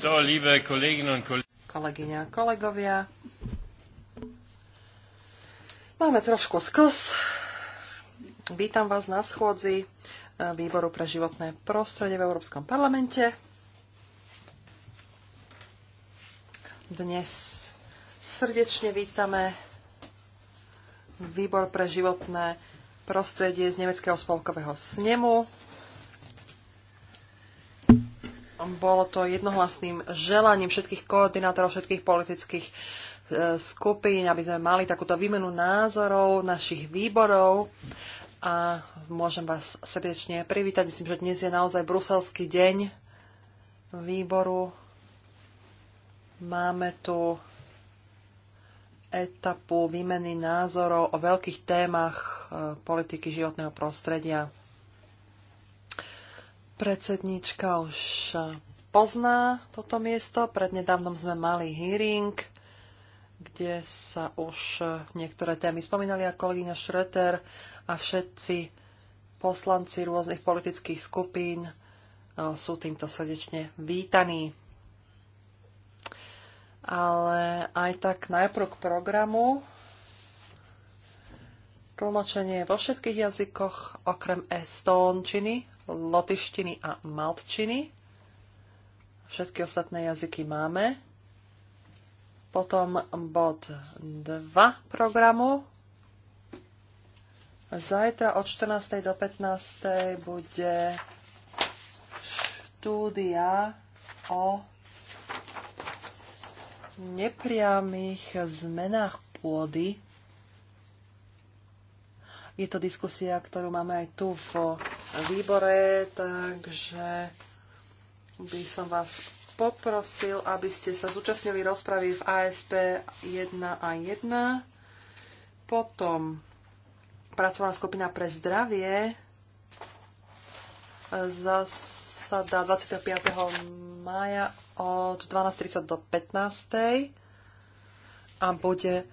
So, liebe Kolleginnen und Kolegyňa, kolegovia. Máme trošku skos. Vítam vás na schôdzi e, Výboru pre životné prostredie v Európskom parlamente. Dnes srdečne vítame Výbor pre životné prostredie z Nemeckého spolkového snemu. Bolo to jednohlasným želaním všetkých koordinátorov, všetkých politických e, skupín, aby sme mali takúto výmenu názorov našich výborov a môžem vás srdečne privítať. Myslím, že dnes je naozaj bruselský deň výboru. Máme tu etapu výmeny názorov o veľkých témach e, politiky životného prostredia. Predsedníčka už eh, pozná toto miesto. Prednedávnom sme mali hearing, kde sa už eh, niektoré témy spomínali a kolegyňa Schröter a všetci poslanci rôznych politických skupín eh, sú týmto srdečne vítaní. Ale aj tak najprv k programu. Tlmočenie vo všetkých jazykoch, okrem estónčiny, lotištiny a maltčiny. Všetky ostatné jazyky máme. Potom bod 2 programu. Zajtra od 14. do 15. bude štúdia o nepriamých zmenách pôdy je to diskusia, ktorú máme aj tu v výbore, takže by som vás poprosil, aby ste sa zúčastnili rozpravy v ASP 1 a 1. Potom pracovná skupina pre zdravie zasada 25. maja od 12.30 do 15.00 a bude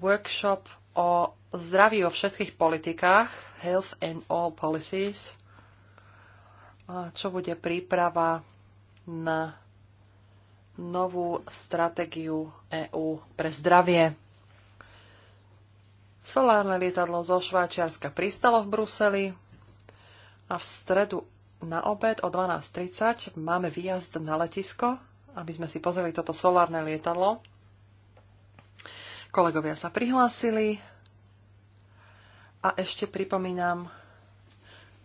workshop o zdraví vo všetkých politikách, health and all policies, čo bude príprava na novú stratégiu EÚ pre zdravie. Solárne lietadlo zo Švajčiarska pristalo v Bruseli a v stredu na obed o 12.30 máme výjazd na letisko, aby sme si pozreli toto solárne lietadlo. Kolegovia sa prihlásili, a ešte pripomínam,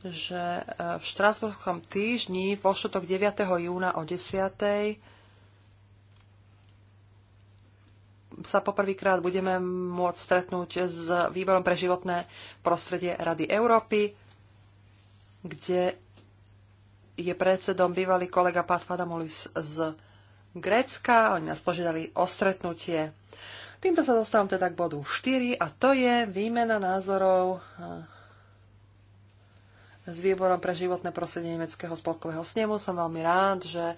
že e, v Štrasburskom týždni vo štotok 9. júna o 10. sa poprvýkrát budeme môcť stretnúť s Výborom pre životné prostredie Rady Európy, kde je predsedom bývalý kolega Pat Padamulis z Grécka. Oni nás požiadali o stretnutie. Týmto sa dostávam teda k bodu 4 a to je výmena názorov s výborom pre životné prostredie Nemeckého spolkového snemu. Som veľmi rád, že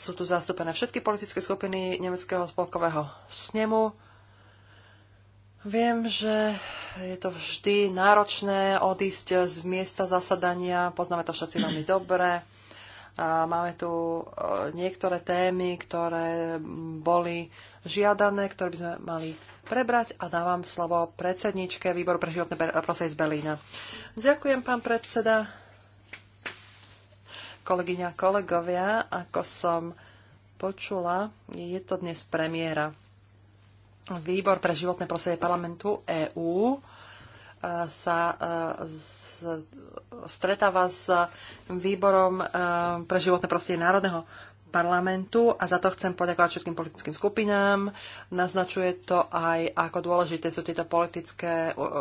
sú tu zastúpené všetky politické skupiny Nemeckého spolkového snemu. Viem, že je to vždy náročné odísť z miesta zasadania, poznáme to všetci veľmi dobre. A máme tu e, niektoré témy, ktoré boli žiadané, ktoré by sme mali prebrať a dávam slovo predsedničke Výboru pre životné prostredie z Berlína. Ďakujem, pán predseda. Kolegyňa, kolegovia, ako som počula, je to dnes premiéra. Výbor pre životné prostredie parlamentu EÚ sa e, stretáva s výborom e, pre životné prostredie Národného parlamentu a za to chcem poďakovať všetkým politickým skupinám. Naznačuje to aj, ako dôležité sú tieto politické, e,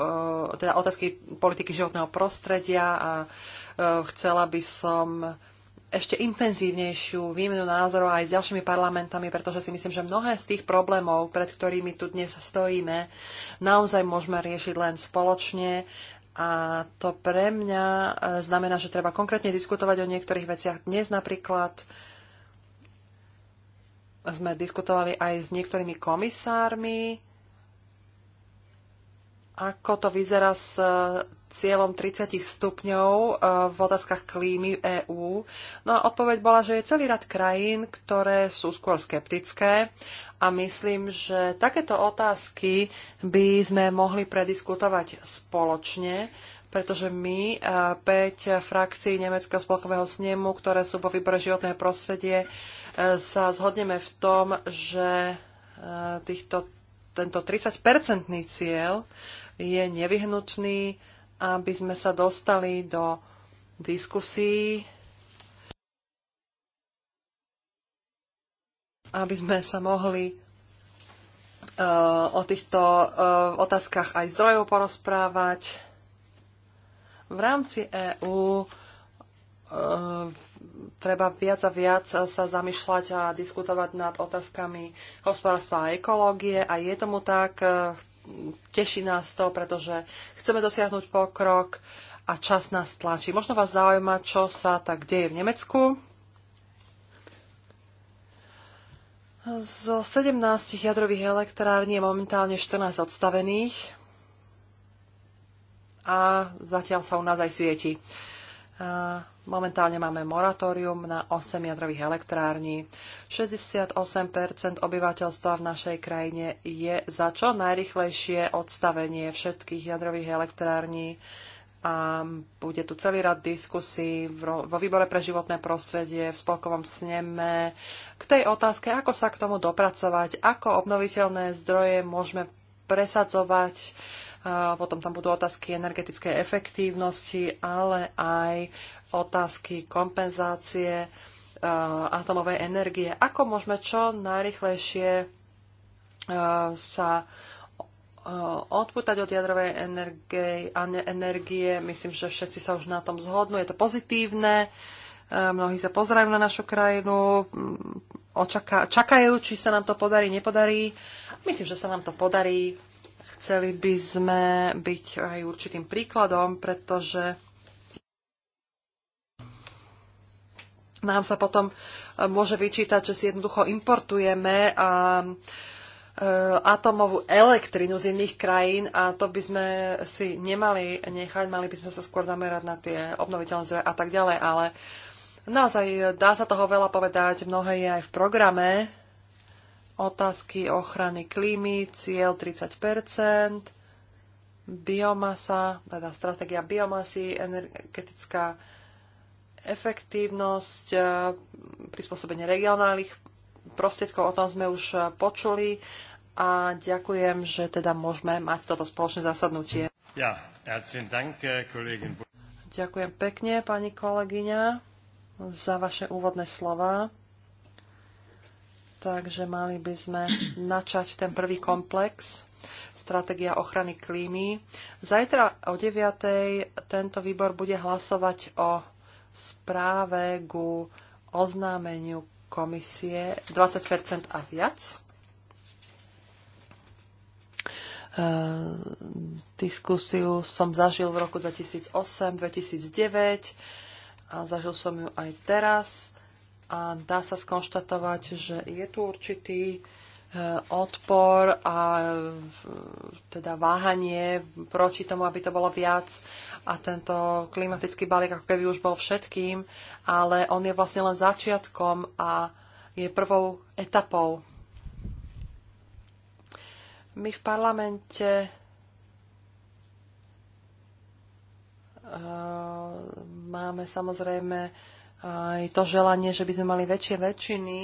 teda otázky politiky životného prostredia a chcela by som ešte intenzívnejšiu výmenu názorov aj s ďalšími parlamentami, pretože si myslím, že mnohé z tých problémov, pred ktorými tu dnes stojíme, naozaj môžeme riešiť len spoločne a to pre mňa e, znamená, že treba konkrétne diskutovať o niektorých veciach. Dnes napríklad sme diskutovali aj s niektorými komisármi, ako to vyzerá s cieľom 30 stupňov eh, v otázkach klímy v e EÚ. No a odpoveď bola, že je celý rad krajín, ktoré sú skôr skeptické a myslím, že takéto otázky by sme mohli prediskutovať spoločne, pretože my, 5 eh, frakcií Nemeckého spolkového snemu, ktoré sú po výbore životného prostredie, eh, sa zhodneme v tom, že týchto, tento 30-percentný cieľ je nevyhnutný aby sme sa dostali do diskusí, aby sme sa mohli uh, o týchto uh, otázkach aj zdrojov porozprávať. V rámci EÚ eh, treba viac a viac sa zamýšľať a diskutovať nad otázkami hospodárstva a ekológie. A je tomu tak, teší nás to, pretože chceme dosiahnuť pokrok a čas nás tlačí. Možno vás zaujíma, čo sa tak deje v Nemecku. Zo 17 jadrových elektrární je momentálne 14 odstavených a zatiaľ sa u nás aj svieti. Momentálne máme moratórium na 8 jadrových elektrární. 68 obyvateľstva v našej krajine je za čo najrychlejšie odstavenie všetkých jadrových elektrární a bude tu celý rad diskusí vo výbore pre životné prostredie, v spolkovom sneme k tej otázke, ako sa k tomu dopracovať, ako obnoviteľné zdroje môžeme presadzovať. Potom tam budú otázky energetickej efektívnosti, ale aj otázky kompenzácie eh, atomovej energie. Ako môžeme čo najrychlejšie eh, sa eh, odputať od jadrovej energie, Myslím, že všetci sa už na tom zhodnú. Je to pozitívne. Mnohí sa pozerajú na našu krajinu, mm, očaká, čakajú, či sa nám to podarí, nepodarí. Myslím, že sa nám to podarí. Chceli by sme byť aj určitým príkladom, pretože nám sa potom e, môže vyčítať, že si jednoducho importujeme a e, e, atomovú elektrínu z iných krajín a to by sme si nemali nechať, mali by sme sa skôr zamerať na tie obnoviteľné zdroje a tak ďalej, ale naozaj dá sa toho veľa povedať, mnohé je aj v programe otázky ochrany klímy, cieľ 30%, biomasa, teda stratégia biomasy, energetická efektívnosť, e, prispôsobenie regionálnych prostriedkov, o tom sme už e, počuli a ďakujem, že teda môžeme mať toto spoločné zasadnutie. Ja, dank, kolegin. Ďakujem pekne, pani kolegyňa, za vaše úvodné slova. Takže mali by sme načať ten prvý komplex stratégia ochrany klímy. Zajtra o 9. tento výbor bude hlasovať o správe ku oznámeniu komisie 20 a viac. Uh, diskusiu som zažil v roku 2008-2009 a zažil som ju aj teraz a dá sa skonštatovať, že je tu určitý Eh, odpor a eh, teda váhanie proti tomu, aby to bolo viac a tento klimatický balík ako keby už bol všetkým, ale on je vlastne len začiatkom a je prvou etapou. My v parlamente eh, máme samozrejme aj to želanie, že by sme mali väčšie väčšiny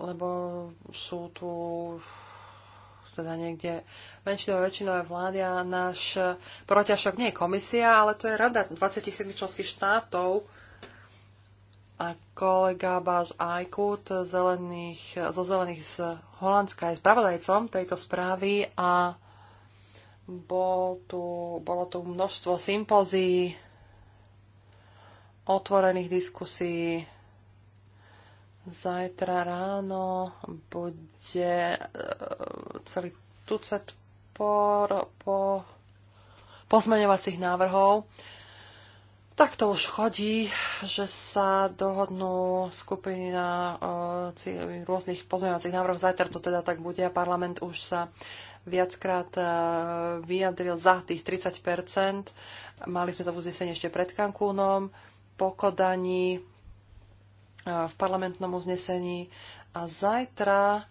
lebo sú tu teda niekde menšinové, väčšinové vlády a náš proťažok nie je komisia, ale to je rada 27 členských štátov a kolega Bas Aikut zelených, zo Zelených z Holandska je spravodajcom tejto správy a bol tu, bolo tu množstvo sympozí, otvorených diskusí, Zajtra ráno bude e, celý tucet po, po pozmeňovacích návrhov. Tak to už chodí, že sa dohodnú skupiny na uh, rôznych pozmeňovacích návrhov. Zajtra to teda tak bude a parlament už sa viackrát uh, vyjadril za tých 30 Mali sme to v uznesení ešte pred Cancúnom, po kodaní. Eh, v parlamentnom uznesení a zajtra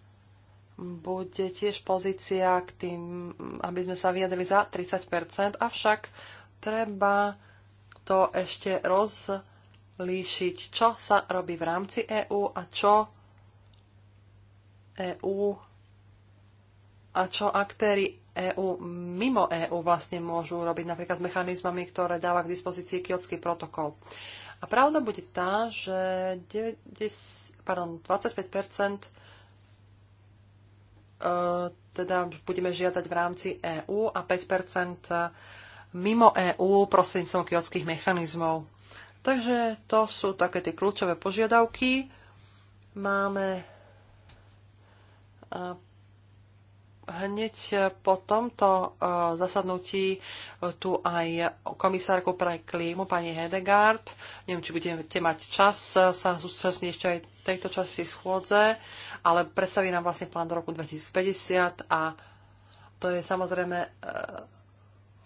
bude tiež pozícia k tým, aby sme sa vyjadrili za 30%, avšak treba to ešte rozlíšiť, čo sa robí v rámci EÚ a čo EÚ a čo aktéry EÚ mimo EÚ vlastne môžu robiť napríklad s mechanizmami, ktoré dáva k dispozícii kiotský protokol. Uh, a pravda bude tá, že 90, pardon, 25 e, teda budeme žiadať v rámci EÚ a 5 mimo EÚ prostredníctvom kiotských mechanizmov. Takže to sú také tie kľúčové požiadavky. Máme e, Hneď po tomto e, zasadnutí e, tu aj komisárku pre klímu, pani Hedegard. Neviem, či budete mať čas sa zúčastniť ešte aj tejto časti schôdze, ale predstaví nám vlastne plán do roku 2050 a to je samozrejme e,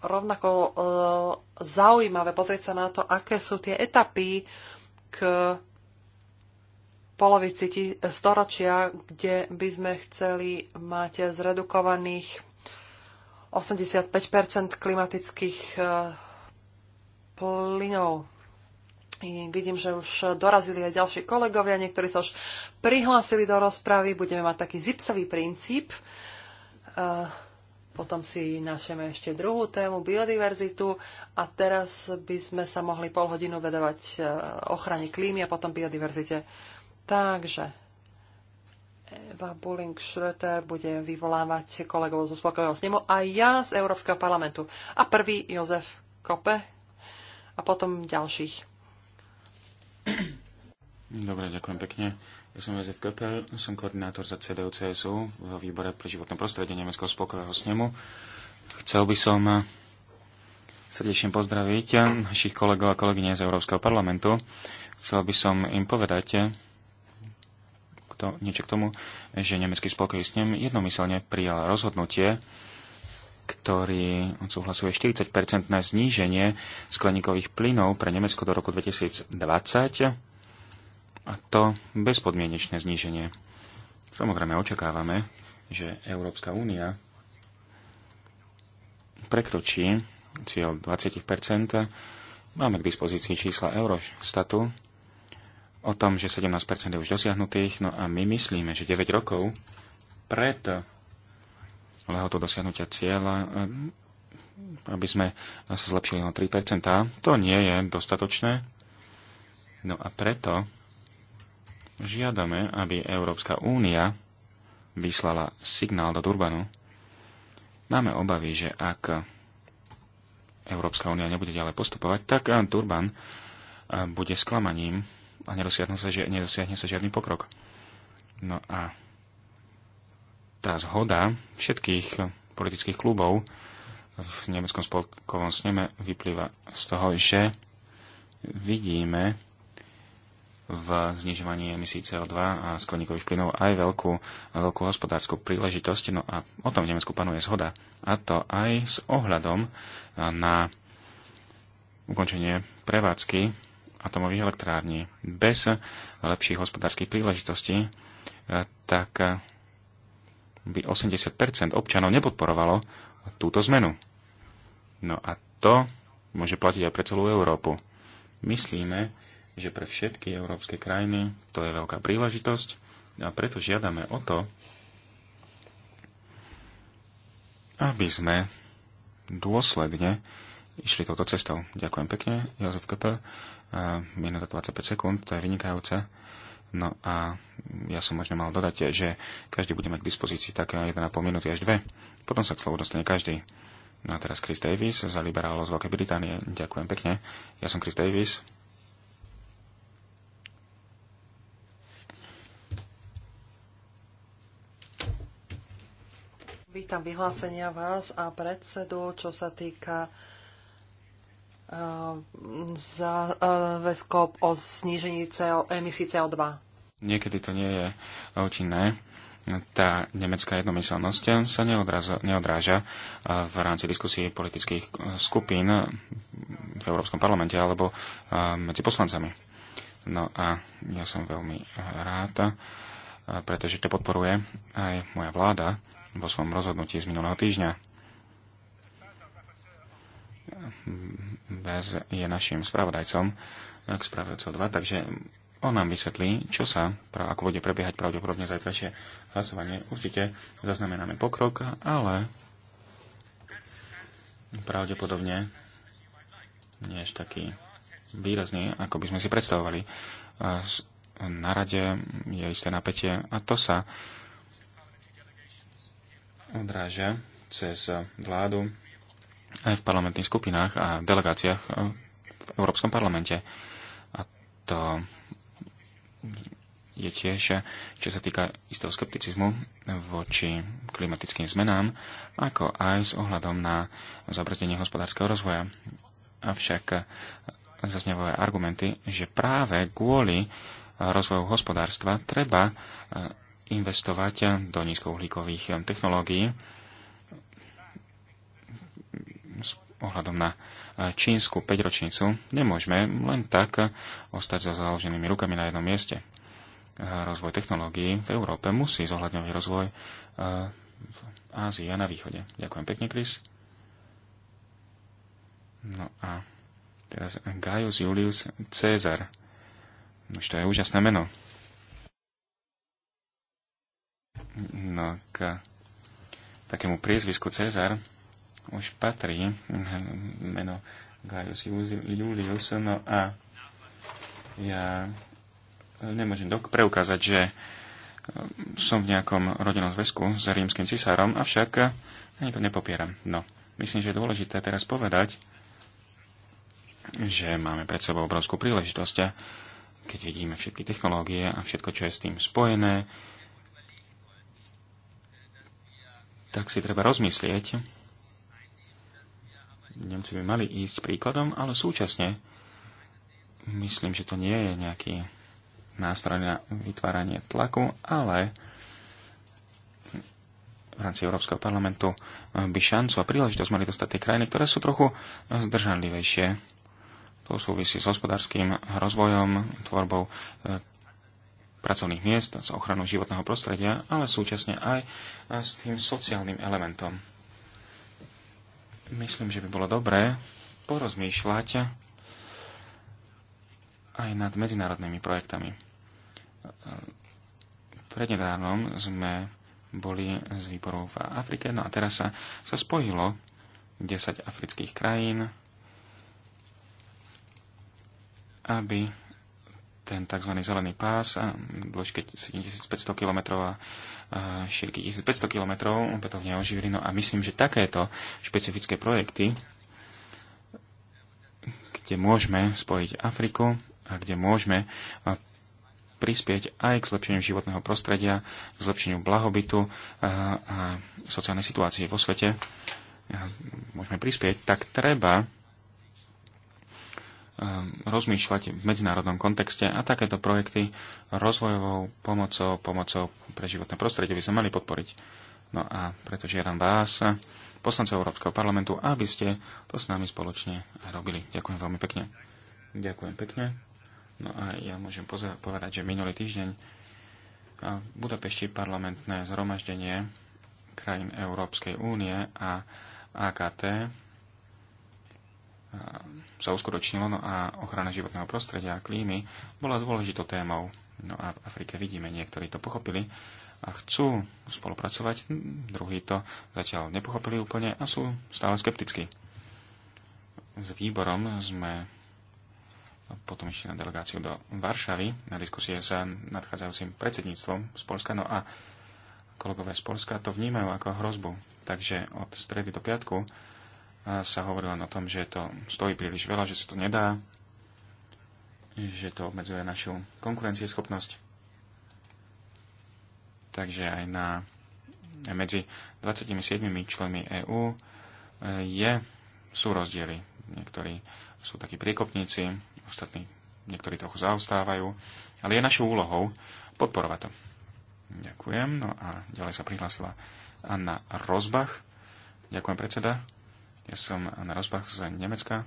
rovnako zaujímavé pozrieť sa na to, aké sú tie etapy k polovici storočia, kde by sme chceli mať zredukovaných 85 klimatických e, plynov. I vidím, že už dorazili aj ďalší kolegovia, niektorí sa už prihlásili do rozpravy. Budeme mať taký zipsový princíp. E, potom si našeme ešte druhú tému, biodiverzitu. A teraz by sme sa mohli pol hodinu vedovať e, ochrane klímy a potom biodiverzite. Takže Eva Bulling Schröter bude vyvolávať kolegov zo Spolkového snemu a ja z Európskeho parlamentu. A prvý Jozef Kope a potom ďalších. Dobre, ďakujem pekne. Ja som Jozef Köpel, som koordinátor za CDU-CSU v výbore pre životné prostredie Nemeckého spolkového snemu. Chcel by som srdečne pozdraviť našich kolegov a kolegyne z Európskeho parlamentu. Chcel by som im povedať, to, niečo k tomu, že nemecký spolkový snem jednomyselne prijal rozhodnutie, ktorý odsúhlasuje 40-percentné zníženie skleníkových plynov pre Nemecko do roku 2020 a to bezpodmienečné zníženie. Samozrejme očakávame, že Európska únia prekročí cieľ 20 Máme k dispozícii čísla Eurostatu, o tom, že 17% je už dosiahnutých, no a my myslíme, že 9 rokov pred lehotu dosiahnutia cieľa, eh, aby sme sa zlepšili o 3%, to nie je dostatočné. No a preto žiadame, aby Európska únia vyslala signál do Durbanu. Máme obavy, že ak Európska únia nebude ďalej postupovať, tak eh, Durban eh, bude sklamaním a nedosiahne sa, že, nedosiahne sa žiadny pokrok. No a tá zhoda všetkých politických klubov v Nemeckom spolkovom sneme vyplýva z toho, že vidíme v znižovaní emisí CO2 a skleníkových plynov aj veľkú, veľkú hospodárskú príležitosť. No a o tom v Nemecku panuje zhoda. A to aj s ohľadom na ukončenie prevádzky atomových elektrární. Bez lepších hospodárskych príležitostí eh, tak eh, by 80 občanov nepodporovalo túto zmenu. No a to môže platiť aj pre celú Európu. Myslíme, že pre všetky európske krajiny to je veľká príležitosť a preto žiadame o to, aby sme dôsledne išli touto cestou. Ďakujem pekne, Jozef Kepel minúta 25 sekúnd, to je vynikajúce. No a ja som možno mal dodať, že každý bude mať k dispozícii tak 1,5 minúty až 2. Potom sa k slovu dostane každý. No a teraz Chris Davis za liberálov z Veľkej Británie. Ďakujem pekne. Ja som Chris Davis. Vítam vyhlásenia vás a predsedu, čo sa týka Eh, záväzkov eh, o snížení CO, emisí CO2. Niekedy to nie je účinné. Tá nemecká jednomyselnosť sa neodráža eh, v rámci diskusí politických skupín v Európskom parlamente alebo medzi poslancami. No a ja som veľmi rád, pretože to podporuje aj moja vláda vo svojom rozhodnutí z minulého týždňa bez je našim spravodajcom k správe CO2, takže on nám vysvetlí, čo sa, ako bude prebiehať pravdepodobne zajtrajšie hlasovanie. Určite zaznamenáme pokrok, ale pravdepodobne nie je taký výrazný, ako by sme si predstavovali. Na rade je isté napätie a to sa odráža cez vládu aj v parlamentných skupinách a delegáciách eh, v Európskom parlamente. A to je tiež, čo sa týka istého skepticizmu voči klimatickým zmenám, ako aj s ohľadom na zabrzdenie hospodárskeho rozvoja. Avšak zaznievajú argumenty, že práve kvôli rozvoju hospodárstva treba eh, investovať do nízkouhlíkových technológií ohľadom na e, čínsku 5-ročnicu, nemôžeme len tak e, ostať za založenými rukami na jednom mieste. E, rozvoj technológií v Európe musí zohľadňovať rozvoj v Ázii a na východe. Ďakujem pekne, Chris. No a teraz Gaius Julius Cezar. Už to je úžasné meno. No k takému priezvisku Cezar už patrí meno Gaius Julius, no a ja nemôžem dok- preukázať, že um, som v nejakom rodinnom zväzku s rímským cisárom, avšak eh, ani to nepopieram. No, myslím, že je dôležité teraz povedať, že máme pred sebou obrovskú príležitosť, eh, keď vidíme všetky technológie a všetko, čo je s tým spojené, tak si treba rozmyslieť, Nemci by mali ísť príkladom, ale súčasne myslím, že to nie je nejaký nástroj na vytváranie tlaku, ale v rámci Európskeho parlamentu by šancu a príležitosť mali dostať tie krajiny, ktoré sú trochu zdržanlivejšie. To súvisí s hospodárským rozvojom, tvorbou eh, pracovných miest, s ochranou životného prostredia, ale súčasne aj s tým sociálnym elementom myslím, že by bolo dobré porozmýšľať aj nad medzinárodnými projektami. Prednedávnom sme boli z výborov v Afrike, no a teraz sa, sa spojilo 10 afrických krajín, aby ten tzv. zelený pás dĺžke 7500 km šírky 1500 km opätovne oživili. No a myslím, že takéto špecifické projekty, kde môžeme spojiť Afriku a kde môžeme prispieť aj k zlepšeniu životného prostredia, k zlepšeniu blahobytu a sociálnej situácie vo svete, môžeme prispieť, tak treba Ehm, rozmýšľať v medzinárodnom kontexte a takéto projekty rozvojovou pomocou, pomocou pre životné prostredie by sa mali podporiť. No a preto žiadam vás, poslancov Európskeho parlamentu, aby ste to s nami spoločne robili. Ďakujem veľmi pekne. Ďakujem pekne. No a ja môžem povedať, že minulý týždeň v Budapešti parlamentné zhromaždenie krajín Európskej únie a AKT Eh, sa uskutočnilo no a ochrana životného prostredia a klímy bola dôležitou témou. No a v Afrike vidíme, niektorí to pochopili a chcú spolupracovať, druhí to zatiaľ nepochopili úplne a sú stále skeptickí. S výborom sme potom ešte na delegáciu do Varšavy na diskusie sa nadchádzajúcim predsedníctvom z Polska. No a kolegové z Polska to vnímajú ako hrozbu. Takže od stredy do piatku sa hovorí len o tom, že to stojí príliš veľa, že sa to nedá, že to obmedzuje našu konkurencieschopnosť. Takže aj na medzi 27 členmi EÚ e, je, sú rozdiely. Niektorí sú takí priekopníci, ostatní niektorí trochu zaostávajú, ale je našou úlohou podporovať to. Ďakujem. No a ďalej sa prihlásila Anna Rozbach. Ďakujem, predseda. Ja som na Rozbach z Nemecka,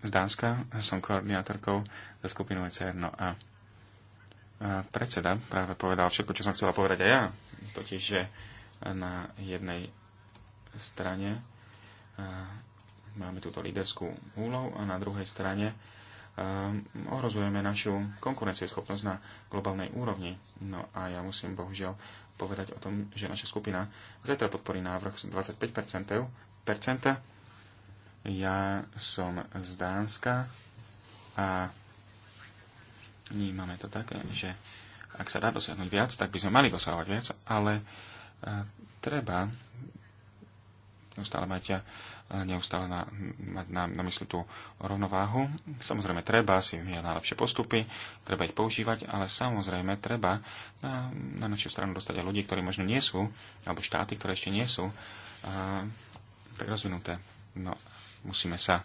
z Dánska. Som koordinátorkou za skupinu ECR. No a predseda práve povedal všetko, čo som chcela povedať aj ja. Totiž, že na jednej strane máme túto líderskú úlohu a na druhej strane ohrozujeme našu konkurencieschopnosť na globálnej úrovni. No a ja musím bohužiaľ povedať o tom, že naša skupina zajtra podporí návrh 25%. Ja som z Dánska a vnímame to také, že ak sa dá dosiahnuť viac, tak by sme mali dosahovať viac, ale eh, treba ustále mať eh, neustále na, mať na, na mysli tú rovnováhu. Samozrejme, treba si vyvíjať najlepšie postupy, treba ich používať, ale samozrejme, treba na, na našu stranu dostať aj ľudí, ktorí možno nie sú, alebo štáty, ktoré ešte nie sú a, tak rozvinuté. No, musíme sa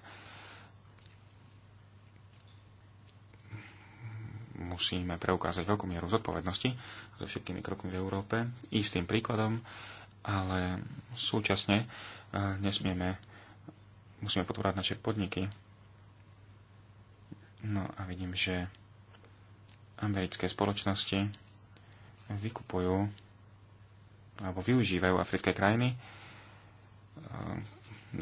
musíme preukázať veľkú mieru zodpovednosti so všetkými krokmi v Európe, istým príkladom, ale súčasne nesmieme musíme podporovať naše podniky. No a vidím, že americké spoločnosti vykupujú alebo využívajú africké krajiny, e,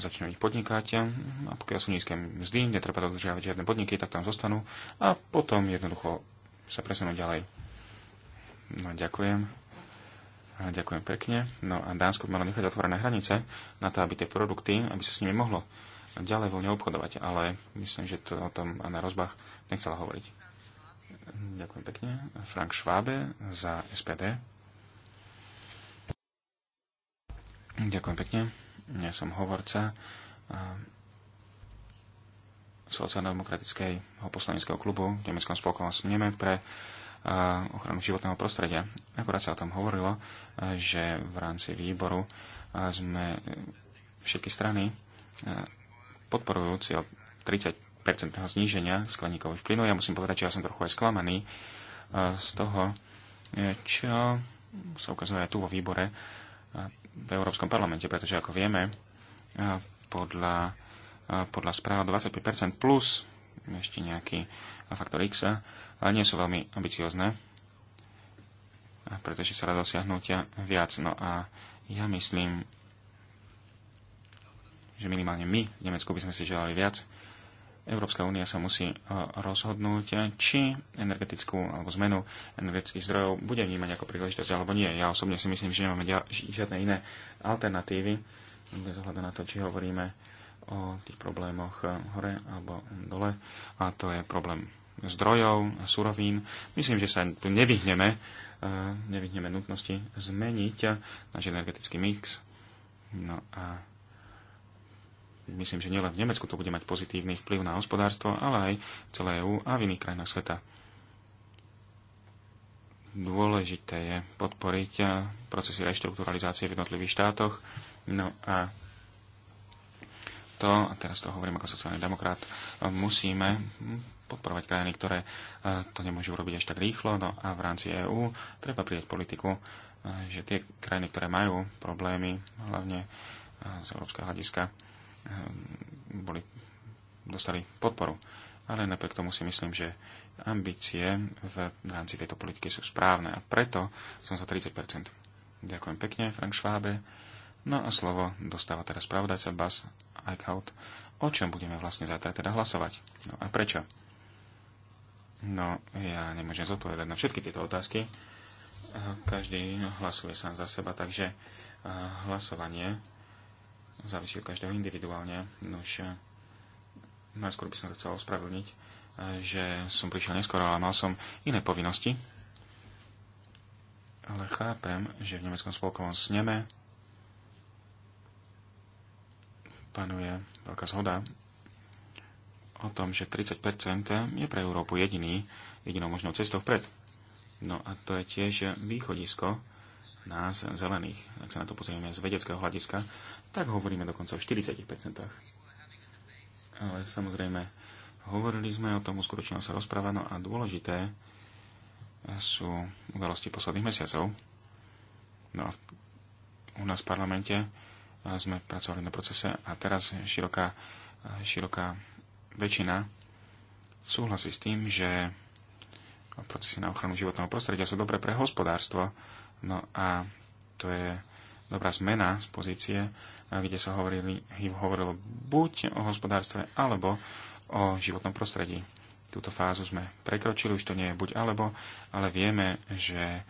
začnú ich podnikať a pokiaľ sú nízke mzdy, netreba dodržiavať žiadne podniky, tak tam zostanú a potom jednoducho sa presunú ďalej. No, ďakujem ďakujem pekne. No a Dánsko by malo nechať otvorené hranice na to, aby tie produkty, aby sa s nimi mohlo ďalej voľne obchodovať, ale myslím, že to o tom Anna Rozbach nechcela hovoriť. Ďakujem pekne. Frank Schwabe za SPD. Ďakujem pekne. Ja som hovorca sociálno-demokratického poslaneckého klubu v Nemeckom spolkovom sneme pre ochranu životného prostredia. Akorát sa o tom hovorilo, e, že v rámci výboru e, sme e, všetky strany podporujú cieľ 30-percentného zníženia skleníkových plynov. Ja musím povedať, že ja som trochu aj sklamaný z toho, čo sa ukazuje tu vo výbore v Európskom parlamente, pretože ako vieme, podľa, podľa správa 25% plus ešte nejaký faktor X ale nie sú veľmi ambiciozne, pretože sa dá dosiahnuť viac. No a ja myslím, že minimálne my v Nemecku by sme si želali viac. Európska únia sa musí e, rozhodnúť, či energetickú alebo zmenu energetických zdrojov bude vnímať ako príležitosť alebo nie. Ja osobne si myslím, že nemáme žiadne iné alternatívy, bez ohľadu na to, či hovoríme o tých problémoch e, hore alebo dole. A to je problém zdrojov a surovín. Myslím, že sa tu nevyhneme, e, nevyhneme nutnosti zmeniť e, náš energetický mix. No a myslím, že nielen v Nemecku to bude mať pozitívny vplyv na hospodárstvo, ale aj v celé EÚ a v iných krajinách sveta. Dôležité je podporiť e, procesy reštrukturalizácie v jednotlivých štátoch. No a to, a teraz to hovorím ako sociálny demokrat, musíme podporovať krajiny, ktoré e, to nemôžu robiť až tak rýchlo. No a v rámci EÚ treba prijať politiku, e, že tie krajiny, ktoré majú problémy, hlavne e, z európskeho hľadiska, boli, dostali podporu. Ale napriek tomu si myslím, že ambície v rámci tejto politiky sú správne a preto som za 30 Ďakujem pekne, Frank Švábe. No a slovo dostáva teraz pravodajca Bas Eichhout, o čom budeme vlastne zajtra teda hlasovať. No a prečo? No, ja nemôžem zodpovedať na všetky tieto otázky. Každý hlasuje sám za seba, takže eh, hlasovanie závisí od každého individuálne. už eh, najskôr by som chcel ospravedlniť, eh, že som prišiel neskoro, ale mal som iné povinnosti. Ale chápem, že v Nemeckom spolkovom sneme panuje veľká zhoda o tom, že 30% je pre Európu jediný, jedinou možnou cestou vpred. No a to je tiež východisko nás, zelených. Ak sa na to pozrieme z vedeckého hľadiska, tak hovoríme dokonca o 40%. Ale samozrejme, hovorili sme o tom, uskutočnila sa rozpráva, no a dôležité sú udalosti posledných mesiacov. No a u nás v parlamente sme pracovali na procese a teraz široká, široká väčšina súhlasí s tým, že procesy na ochranu životného prostredia sú dobré pre hospodárstvo. No a to je dobrá zmena z pozície, kde sa hovorili, hovorilo buď o hospodárstve, alebo o životnom prostredí. Túto fázu sme prekročili, už to nie je buď alebo, ale vieme, že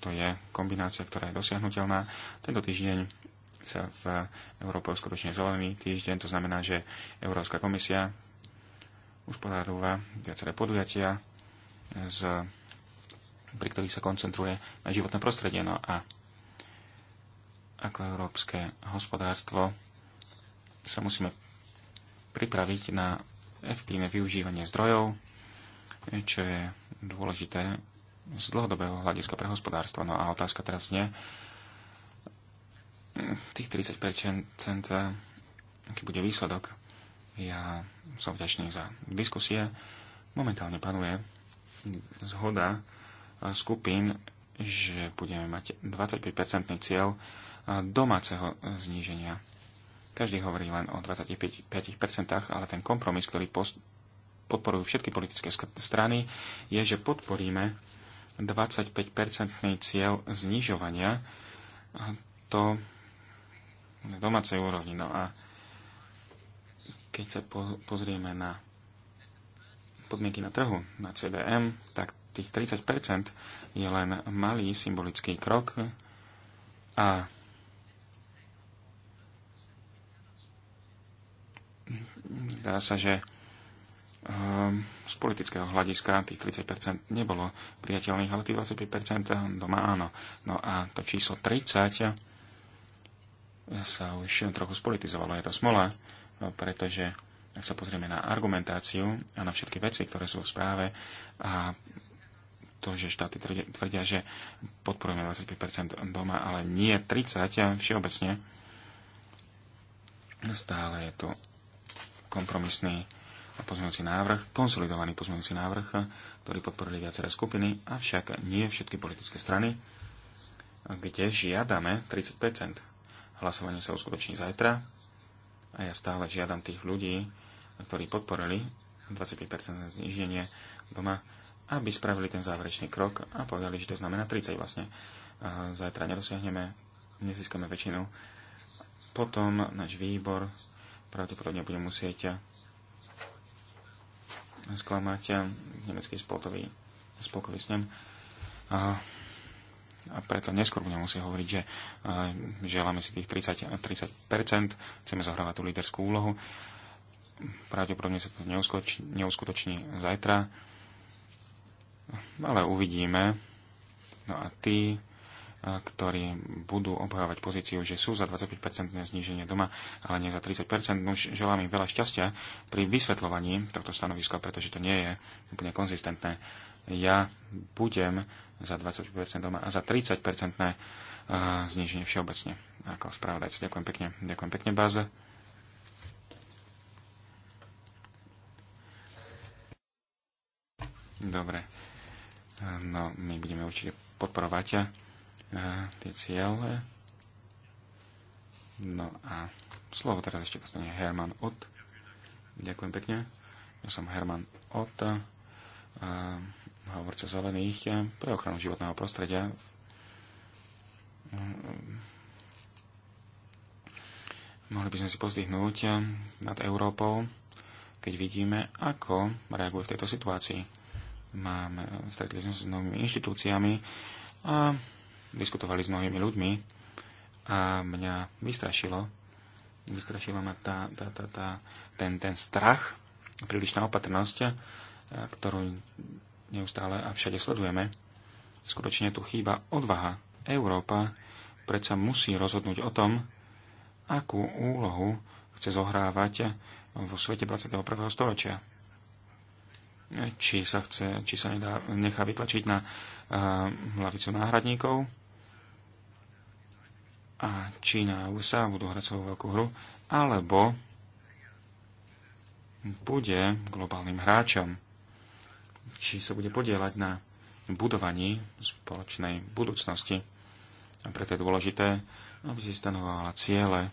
to je kombinácia, ktorá je dosiahnutelná. Tento týždeň sa v Európe skutočne zelený týždeň. To znamená, že Európska komisia usporiadúva viaceré podujatia, z, pri ktorých sa koncentruje na životné prostredie. No a ako európske hospodárstvo sa musíme pripraviť na efektívne využívanie zdrojov, čo je dôležité z dlhodobého hľadiska pre hospodárstvo. No a otázka teraz nie, tých 30% aký bude výsledok. Ja som vďačný za diskusie. Momentálne panuje zhoda skupín, že budeme mať 25-percentný cieľ domáceho zníženia. Každý hovorí len o 25%, ale ten kompromis, ktorý podporujú všetky politické strany, je, že podporíme 25-percentný cieľ znižovania. To na domácej úrovni. No a keď sa po, pozrieme na podmienky na trhu, na CDM, tak tých 30% je len malý symbolický krok a dá sa, že ehm, z politického hľadiska tých 30% nebolo priateľných, ale tých 25% doma áno. No a to číslo 30 sa už trochu spolitizovalo. Je to smola, no, pretože ak sa pozrieme na argumentáciu a na všetky veci, ktoré sú v správe a to, že štáty tvrdia, že podporujeme 25% doma, ale nie 30 všeobecne, stále je tu kompromisný pozmeňujúci návrh, konsolidovaný pozmeňujúci návrh, ktorý podporili viaceré skupiny, avšak nie všetky politické strany, kde žiadame 30 hlasovanie sa uskutoční zajtra a ja stále žiadam tých ľudí, ktorí podporili 25% zniženie doma, aby spravili ten záverečný krok a povedali, že to znamená 30 vlastne. Zajtra nedosiahneme, nezískame väčšinu. Potom náš výbor pravdepodobne bude musieť sklamať nemecký spolkový, spolkový snem a preto neskôr budem musieť hovoriť, že eh, želáme si tých 30, 30%, chceme zohrávať tú líderskú úlohu. Pravdepodobne sa to neuskutoční, neuskutoční zajtra, ale uvidíme. No a tí, eh, ktorí budú obhávať pozíciu, že sú za 25 zníženie doma, ale nie za 30%. No už želám im veľa šťastia pri vysvetľovaní tohto stanoviska, pretože to nie je úplne konzistentné ja budem za 20% doma a za 30% zniženie všeobecne ako spravodajca. Ďakujem pekne. Ďakujem pekne, Baz. Dobre. No, my budeme určite podporovať tie ciele. No a slovo teraz ešte dostane Herman Ott. Ďakujem pekne. Ja som Herman Ott. Uh, hovorca zelených eh, pre ochranu životného prostredia mm. mohli by sme si pozdvihnúť eh, nad Európou, keď vidíme, ako reaguje v tejto situácii. Máme, eh, stretli sme sa s novými inštitúciami a diskutovali s mnohými ľuďmi a mňa vystrašilo, vystrašila ma tá, tá, tá, tá, ten, ten strach, prílišná opatrnosť, ktorú neustále a všade sledujeme. Skutočne tu chýba odvaha. Európa predsa musí rozhodnúť o tom, akú úlohu chce zohrávať vo svete 21. storočia. Či sa, chce, či sa nedá, nechá vytlačiť na uh, hlavicu náhradníkov a Čína a USA budú hrať svoju veľkú hru, alebo bude globálnym hráčom či sa bude podielať na budovaní spoločnej budúcnosti. A preto je dôležité, aby si stanovala ciele,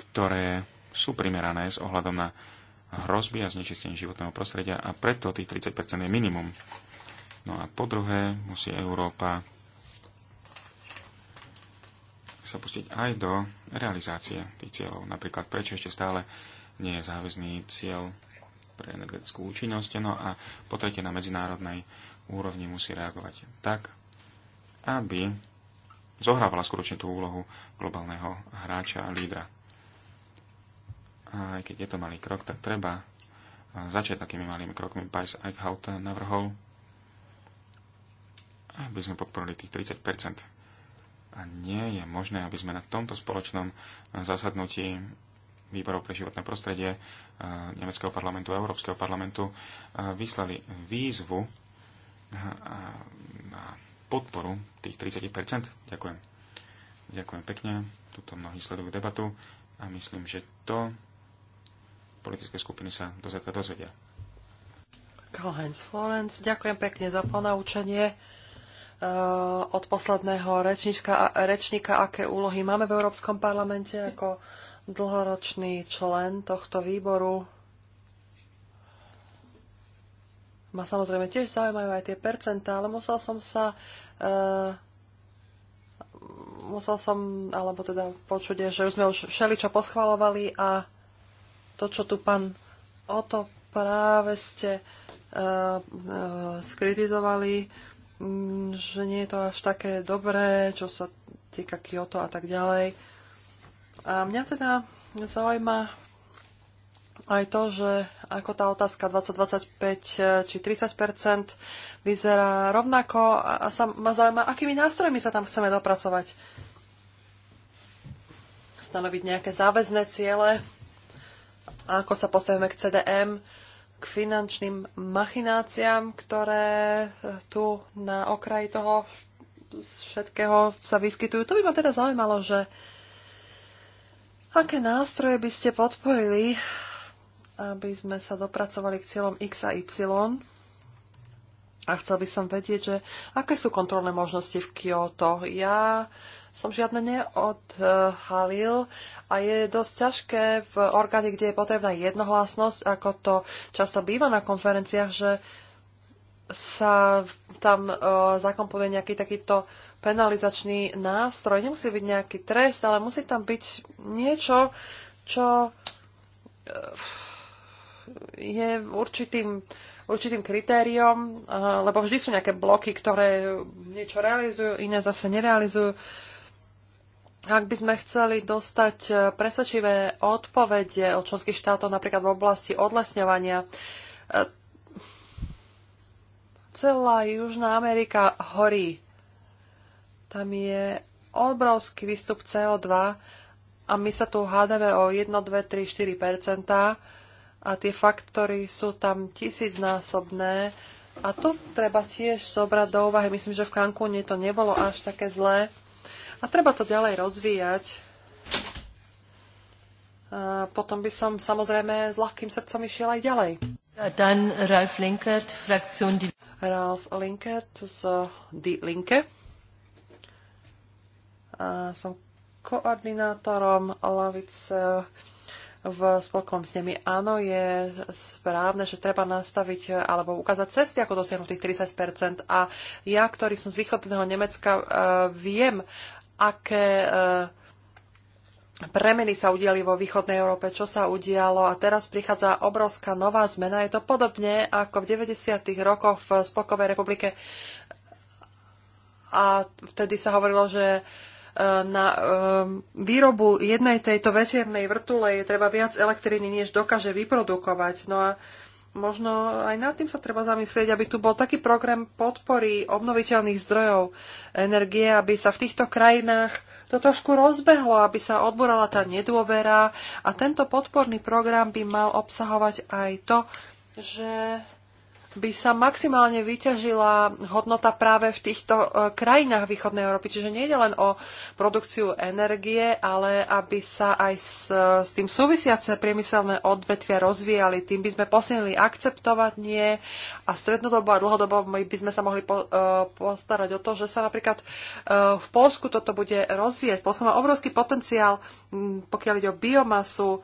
ktoré sú primerané s ohľadom na hrozby a znečistenie životného prostredia a preto tých 30% je minimum. No a po druhé musí Európa sa pustiť aj do realizácie tých cieľov. Napríklad prečo ešte stále nie je záväzný cieľ pre energetickú účinnosť, no a po tretie na medzinárodnej úrovni musí reagovať tak, aby zohrávala skutočne tú úlohu globálneho hráča a lídra. A aj keď je to malý krok, tak treba začať takými malými krokmi. Bajs Eichhout navrhol, aby sme podporili tých 30 a nie je možné, aby sme na tomto spoločnom zasadnutí výborov pre životné prostredie e, Nemeckého parlamentu a Európskeho parlamentu e, vyslali výzvu e, na podporu tých 30 Ďakujem. Ďakujem pekne. Tuto mnohí sledujú debatu a myslím, že to politické skupiny sa do dozvedia. Karl-Heinz Florence, ďakujem pekne za ponaučenie od posledného rečníka, rečníka, aké úlohy máme v Európskom parlamente ako dlhoročný člen tohto výboru. Ma samozrejme tiež zaujímajú aj tie percentá, ale musel som sa uh, musel som, alebo teda počuť, že už sme už všeličo poschvalovali a to, čo tu pán Oto práve ste uh, uh, skritizovali, mm, že nie je to až také dobré, čo sa týka Kyoto a tak ďalej. A mňa teda zaujíma aj to, že ako tá otázka 2025 eh, či 30 vyzerá rovnako a sa ma zaujíma, akými nástrojmi sa tam chceme dopracovať. Stanoviť nejaké záväzné ciele, ako sa postavíme k CDM, k finančným machináciám, ktoré eh, tu na okraji toho všetkého sa vyskytujú. To by ma teda zaujímalo, že Aké nástroje by ste podporili, aby sme sa dopracovali k cieľom X a Y? A chcel by som vedieť, že aké sú kontrolné možnosti v Kyoto. Ja som žiadne neodhalil a je dosť ťažké v orgáne, kde je potrebná jednohlasnosť, ako to často býva na konferenciách, že sa tam uh, zakomponuje nejaký takýto uh, penalizačný nástroj. Nemusí byť nejaký trest, ale musí tam byť niečo, čo eh, je určitým, určitým kritériom, eh, lebo vždy sú nejaké bloky, ktoré niečo realizujú, iné zase nerealizujú. Ak by sme chceli dostať eh, presvedčivé odpovede od členských štátov napríklad v oblasti odlesňovania, celá Južná Amerika horí. Tam je obrovský výstup CO2 a my sa tu hádame o 1, 2, 3, 4 a tie faktory sú tam tisícnásobné a to treba tiež zobrať do úvahy. Myslím, že v Cancúne to nebolo až také zlé a treba to ďalej rozvíjať. A potom by som samozrejme s ľahkým srdcom išiel aj ďalej. Dan Ralf Linkert, frakcion Die... Ralf Linkert z Die Linke a som koordinátorom lavice v spolkom s nimi. Áno, je správne, že treba nastaviť alebo ukázať cesty, ako dosiahnuť tých 30 A ja, ktorý som z východného Nemecka, e, viem, aké e, premeny sa udiali vo východnej Európe, čo sa udialo a teraz prichádza obrovská nová zmena. Je to podobne ako v 90. rokoch v Spolkovej republike a vtedy sa hovorilo, že uh, Eh, na eh, výrobu jednej tejto veternej vrtule je treba viac elektriny, než dokáže vyprodukovať. No a možno aj nad tým sa treba zamyslieť, aby tu bol taký program podpory obnoviteľných zdrojov energie, aby sa v týchto krajinách to trošku rozbehlo, aby sa odborala tá nedôvera a tento podporný program by mal obsahovať aj to, že by sa maximálne vyťažila hodnota práve v týchto e, krajinách východnej Európy. Čiže nejde len o produkciu energie, ale aby sa aj s, s tým súvisiace priemyselné odvetvia rozvíjali. Tým by sme posilnili akceptovanie a strednodobo a dlhodobo by sme sa mohli po, e, postarať o to, že sa napríklad e, v Polsku toto bude rozvíjať. Polsko má obrovský potenciál, pokiaľ ide o biomasu,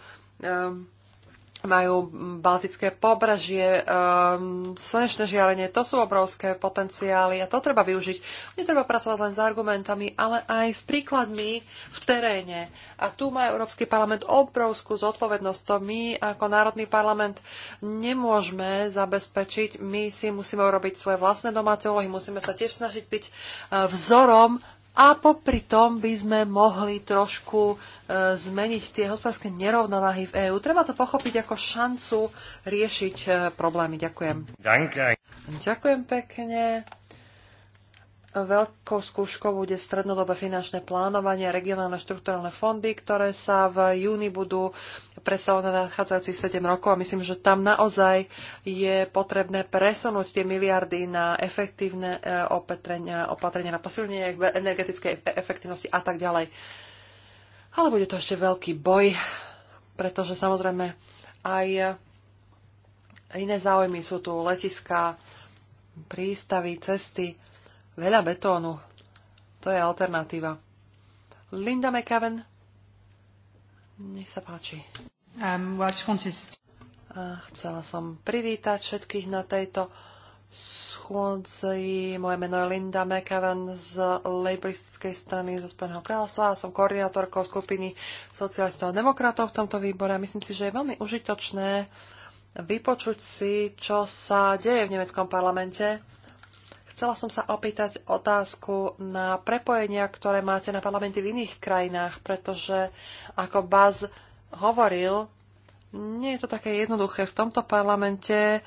majú baltické pobrežie, um, slnečné žiarenie, to sú obrovské potenciály a to treba využiť. Netreba pracovať len s argumentami, ale aj s príkladmi v teréne. A tu má Európsky parlament obrovskú zodpovednosť. To my ako Národný parlament nemôžeme zabezpečiť. My si musíme urobiť svoje vlastné domáce úlohy, musíme sa tiež snažiť byť eh, vzorom a popri tom by sme mohli trošku e, zmeniť tie hospodárske nerovnováhy v EÚ. Treba to pochopiť ako šancu riešiť e, problémy. Ďakujem. Danke. Ďakujem pekne. Veľkou skúškou bude strednodobé finančné plánovanie a regionálne štruktúrálne fondy, ktoré sa v júni budú predstavovať na nadchádzajúcich 7 rokov a myslím, že tam naozaj je potrebné presunúť tie miliardy na efektívne e, opatrenia, opatrenia na posilnenie energetickej efektivnosti a tak ďalej. Ale bude to ešte veľký boj, pretože samozrejme aj iné záujmy sú tu letiska, prístavy, cesty veľa betónu. To je alternatíva. Linda McAven. nech sa páči. Um, well, A chcela som privítať všetkých na tejto schôdzi. Moje meno je Linda McAven z Labouristickej strany zo Spojeného kráľovstva a som koordinátorkou skupiny socialistov a demokratov v tomto výbore. Myslím si, že je veľmi užitočné vypočuť si, čo sa deje v nemeckom parlamente Chcela som sa opýtať otázku na prepojenia, ktoré máte na parlamenty v iných krajinách, pretože ako Baz hovoril, nie je to také jednoduché. V tomto parlamente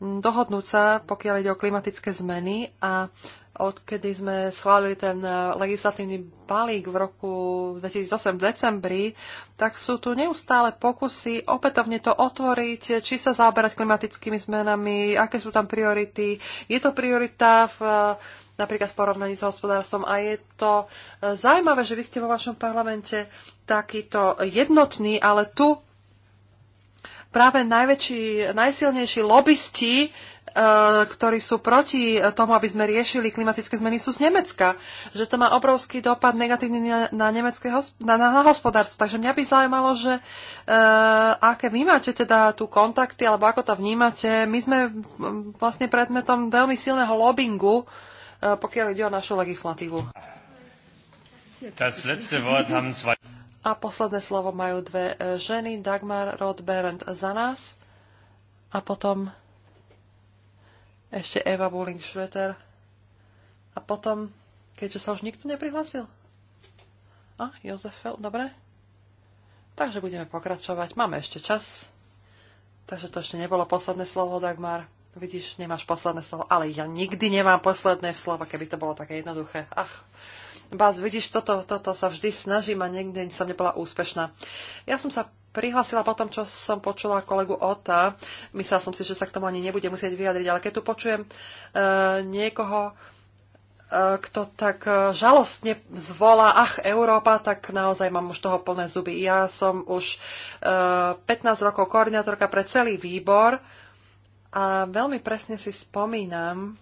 dohodnúť sa, pokiaľ ide o klimatické zmeny a odkedy sme schválili ten e, legislatívny balík v roku 2008 v decembri, tak sú tu neustále pokusy opätovne to otvoriť, či sa zaoberať klimatickými zmenami, aké sú tam priority. Je to priorita v e, napríklad v porovnaní s hospodárstvom. A je to e, zaujímavé, že vy ste vo vašom parlamente takýto jednotný, ale tu práve najväčší, najsilnejší lobbysti e, ktorí sú proti tomu, aby sme riešili klimatické zmeny, sú z Nemecka. Že to má obrovský dopad negatívny na, nemecké, na, na hospodárstvo. Takže mňa by zaujímalo, že uh, aké vy máte teda tu kontakty, alebo ako to vnímate. My sme vlastne predmetom veľmi silného lobbingu, uh, pokiaľ ide o našu legislatívu. A posledné slovo majú dve e, ženy, Dagmar Roth-Berend za nás a potom ešte Eva Bulling Schweter. A potom, keďže sa už nikto neprihlásil. A, Jozef Feld, dobre. Takže budeme pokračovať. Máme ešte čas. Takže to ešte nebolo posledné slovo, Dagmar. Vidíš, nemáš posledné slovo. Ale ja nikdy nemám posledné slovo, keby to bolo také jednoduché. Ach, Bás, vidíš, toto, toto sa vždy snažím a niekde som nebola úspešná. Ja som sa prihlásila po tom, čo som počula kolegu Ota. Myslela som si, že sa k tomu ani nebude musieť vyjadriť, ale keď tu počujem e, niekoho, e, kto tak žalostne zvolá, ach, Európa, tak naozaj mám už toho plné zuby. Ja som už e, 15 rokov koordinátorka pre celý výbor a veľmi presne si spomínam,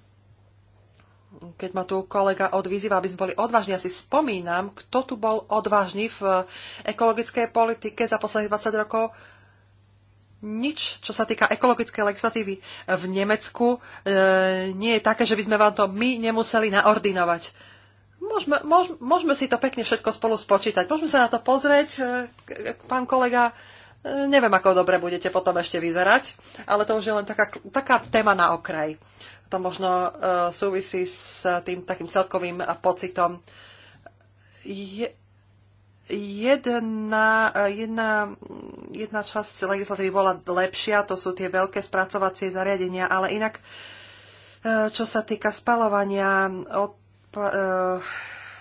keď ma tu kolega odvyzýva, aby sme boli odvážni, ja si spomínam, kto tu bol odvážny v ekologickej politike za posledných 20 rokov. Nič, čo sa týka ekologickej legislatívy v Nemecku, e, nie je také, že by sme vám to my nemuseli naordinovať. Môžeme, môž, môžeme si to pekne všetko spolu spočítať. Môžeme sa na to pozrieť, e, e pán kolega. E, neviem, ako dobre budete potom ešte vyzerať, ale to už je len taká, taká téma na okraj. E, to možno e, súvisí s tým takým celkovým pocitom. Je, jedna, jedna, jedna časť legislatívy bola lepšia, to sú tie veľké spracovacie zariadenia, ale inak, e, čo sa týka spalovania, uh,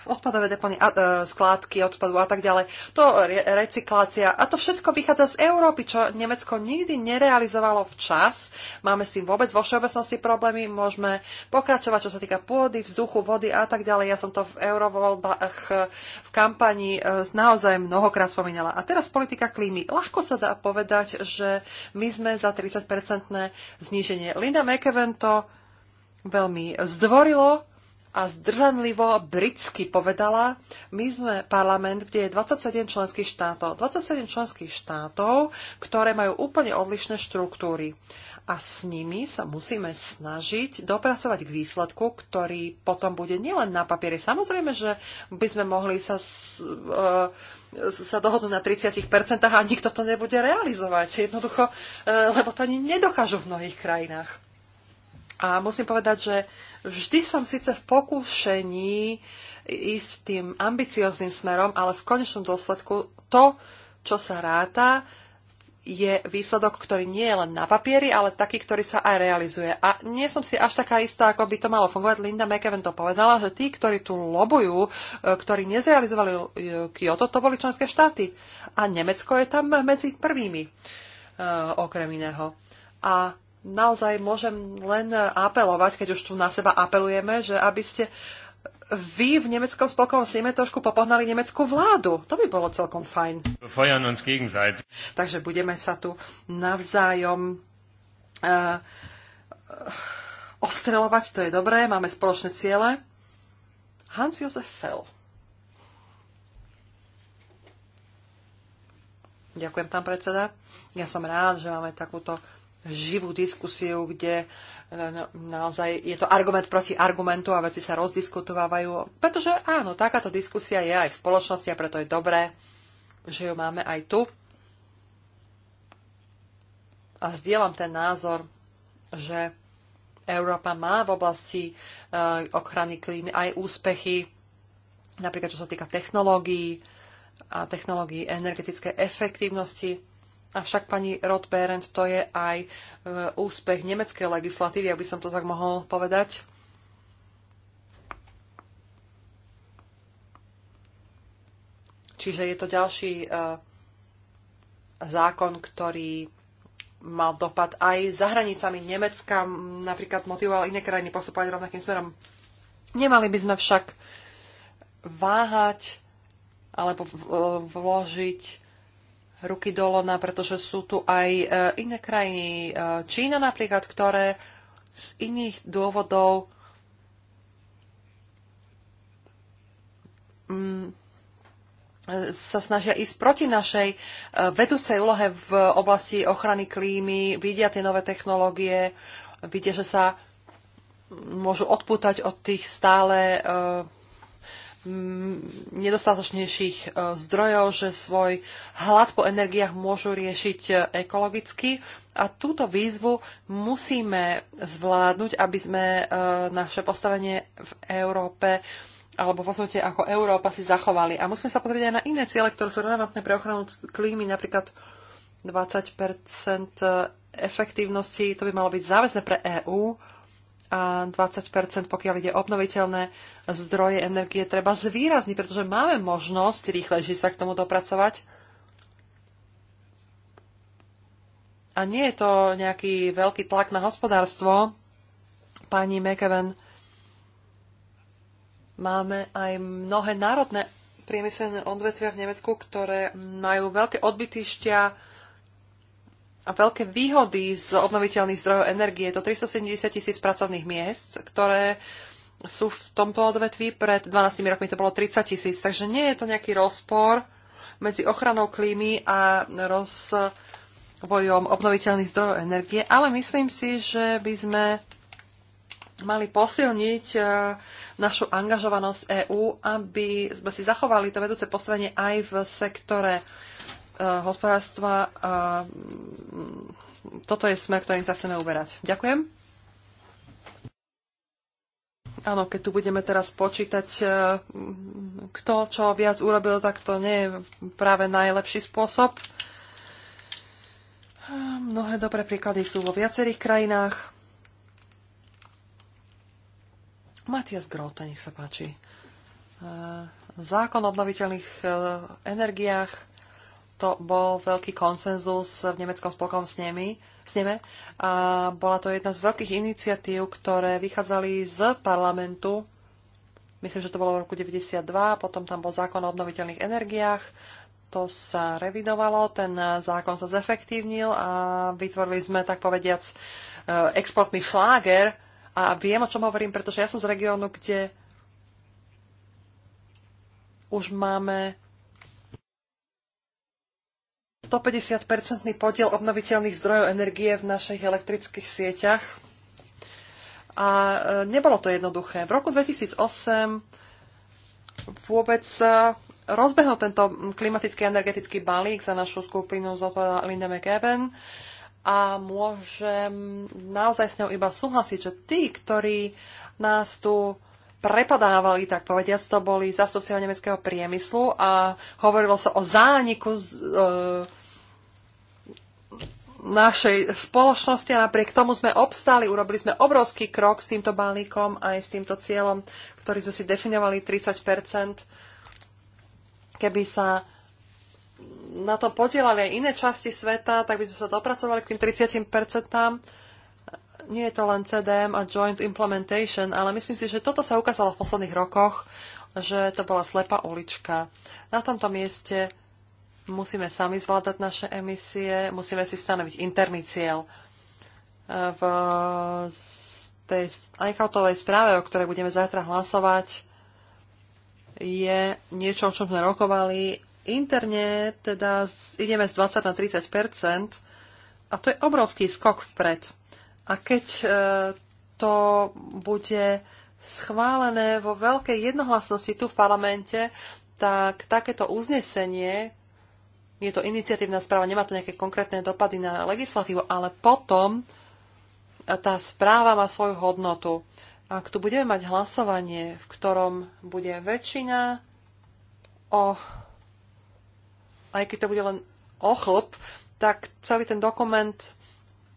odpadové depony, a, e, skládky odpadu a tak ďalej. To re, recyklácia a to všetko vychádza z Európy, čo Nemecko nikdy nerealizovalo včas. Máme s tým vôbec vo všeobecnosti problémy, môžeme pokračovať, čo sa týka pôdy, vzduchu, vody a tak ďalej. Ja som to v eurovoľbách e, v kampani e, naozaj mnohokrát spomínala. A teraz politika klímy. Ľahko sa dá povedať, že my sme za 30-percentné zníženie. Linda McEwen to veľmi zdvorilo a zdržanlivo britsky povedala, my sme parlament, kde je 27 členských štátov. 27 členských štátov, ktoré majú úplne odlišné štruktúry. A s nimi sa musíme snažiť dopracovať k výsledku, ktorý potom bude nielen na papieri. Samozrejme, že by sme mohli sa e, sa dohodnú na 30% a nikto to nebude realizovať. Jednoducho, e, lebo to ani nedokážu v mnohých krajinách. A musím povedať, že vždy som síce v pokúšení ísť tým ambiciozným smerom, ale v konečnom dôsledku to, čo sa ráta, je výsledok, ktorý nie je len na papieri, ale taký, ktorý sa aj realizuje. A nie som si až taká istá, ako by to malo fungovať. Linda McEwen to povedala, že tí, ktorí tu lobujú, e, ktorí nezrealizovali e, Kyoto, to boli členské štáty. A Nemecko je tam medzi prvými, e, okrem iného. A naozaj môžem len apelovať, keď už tu na seba apelujeme, že aby ste vy v nemeckom spolkovom sneme trošku popohnali nemeckú vládu. To by bolo celkom fajn. Takže budeme sa tu navzájom uh, ostrelovať, to je dobré, máme spoločné ciele. Hans-Josef Fell. Ďakujem, pán predseda. Ja som rád, že máme takúto živú diskusiu, kde e, naozaj je to argument proti argumentu a veci sa rozdiskutovávajú. Pretože áno, takáto diskusia je aj v spoločnosti a preto je dobré, že ju máme aj tu. A zdieľam ten názor, že Európa má v oblasti e, ochrany klímy aj úspechy, napríklad čo sa týka technológií a technológií energetickej efektívnosti Avšak, pani Roth-Berendt, to je aj e, úspech nemeckej legislatívy, aby som to tak mohol povedať. Čiže je to ďalší e, zákon, ktorý mal dopad aj za hranicami Nemecka, napríklad motivoval iné krajiny postupovať rovnakým smerom. Nemali by sme však váhať alebo e, vložiť ruky do lona, pretože sú tu aj e, iné krajiny, e, Čína napríklad, ktoré z iných dôvodov mm, sa snažia ísť proti našej e, vedúcej úlohe v oblasti ochrany klímy, vidia tie nové technológie, vidia, že sa môžu odpútať od tých stále Mm, nedostatočnejších e, zdrojov, že svoj hlad po energiách môžu riešiť e, ekologicky. A túto výzvu musíme zvládnuť, aby sme e, naše postavenie v Európe alebo v podstate ako Európa si zachovali. A musíme sa pozrieť aj na iné ciele, ktoré sú relevantné pre ochranu klímy, napríklad 20 efektívnosti, to by malo byť záväzne pre EÚ a 20 pokiaľ ide obnoviteľné zdroje energie, treba zvýrazniť, pretože máme možnosť rýchlejšie sa k tomu dopracovať. A nie je to nejaký veľký tlak na hospodárstvo. Pani McEwen, máme aj mnohé národné priemyselné odvetvia v Nemecku, ktoré majú veľké odbytištia, a veľké výhody z obnoviteľných zdrojov energie. Je to 370 tisíc pracovných miest, ktoré sú v tomto odvetví. Pred 12 rokmi to bolo 30 tisíc. Takže nie je to nejaký rozpor medzi ochranou klímy a rozvojom obnoviteľných zdrojov energie, ale myslím si, že by sme mali posilniť e, našu angažovanosť EÚ, aby sme si zachovali to vedúce postavenie aj v sektore E, hospodárstva a mm, toto je smer, ktorým sa chceme uberať. Ďakujem. Áno, keď tu budeme teraz počítať, e, kto čo viac urobil, tak to nie je práve najlepší spôsob. E, mnohé dobré príklady sú vo viacerých krajinách. Matias Grote, nech sa páči. Zákon o obnoviteľných energiách to bol veľký konsenzus v nemeckom nimi, s sneme a bola to jedna z veľkých iniciatív, ktoré vychádzali z parlamentu. Myslím, že to bolo v roku 1992, potom tam bol zákon o obnoviteľných energiách, to sa revidovalo, ten zákon sa zefektívnil a vytvorili sme, tak povediac, e, exportný šláger. A viem, o čom hovorím, pretože ja som z regiónu, kde už máme 150-percentný podiel obnoviteľných zdrojov energie v našich elektrických sieťach. A e, nebolo to jednoduché. V roku 2008 vôbec e, rozbehol tento klimatický energetický balík za našu skupinu z Linda McEwen a môžem naozaj s ňou iba súhlasiť, že tí, ktorí nás tu prepadávali, tak povediac, to boli zastupcovia nemeckého priemyslu a hovorilo sa o zániku z, e, našej spoločnosti a napriek tomu sme obstáli, urobili sme obrovský krok s týmto balíkom aj s týmto cieľom, ktorý sme si definovali 30%. Keby sa na to podielali aj iné časti sveta, tak by sme sa dopracovali k tým 30% nie je to len CDM a Joint Implementation, ale myslím si, že toto sa ukázalo v posledných rokoch, že to bola slepá ulička. Na tomto mieste musíme sami zvládať naše emisie, musíme si stanoviť interný cieľ. V tej iCloudovej správe, o ktorej budeme zajtra hlasovať, je niečo, o čom sme rokovali. Interne teda ideme z 20 na 30 a to je obrovský skok vpred. A keď e, to bude schválené vo veľkej jednohlasnosti tu v parlamente, tak takéto uznesenie, je to iniciatívna správa, nemá to nejaké konkrétne dopady na legislatívu, ale potom tá správa má svoju hodnotu. Ak tu budeme mať hlasovanie, v ktorom bude väčšina o... aj keď to bude len o chlb, tak celý ten dokument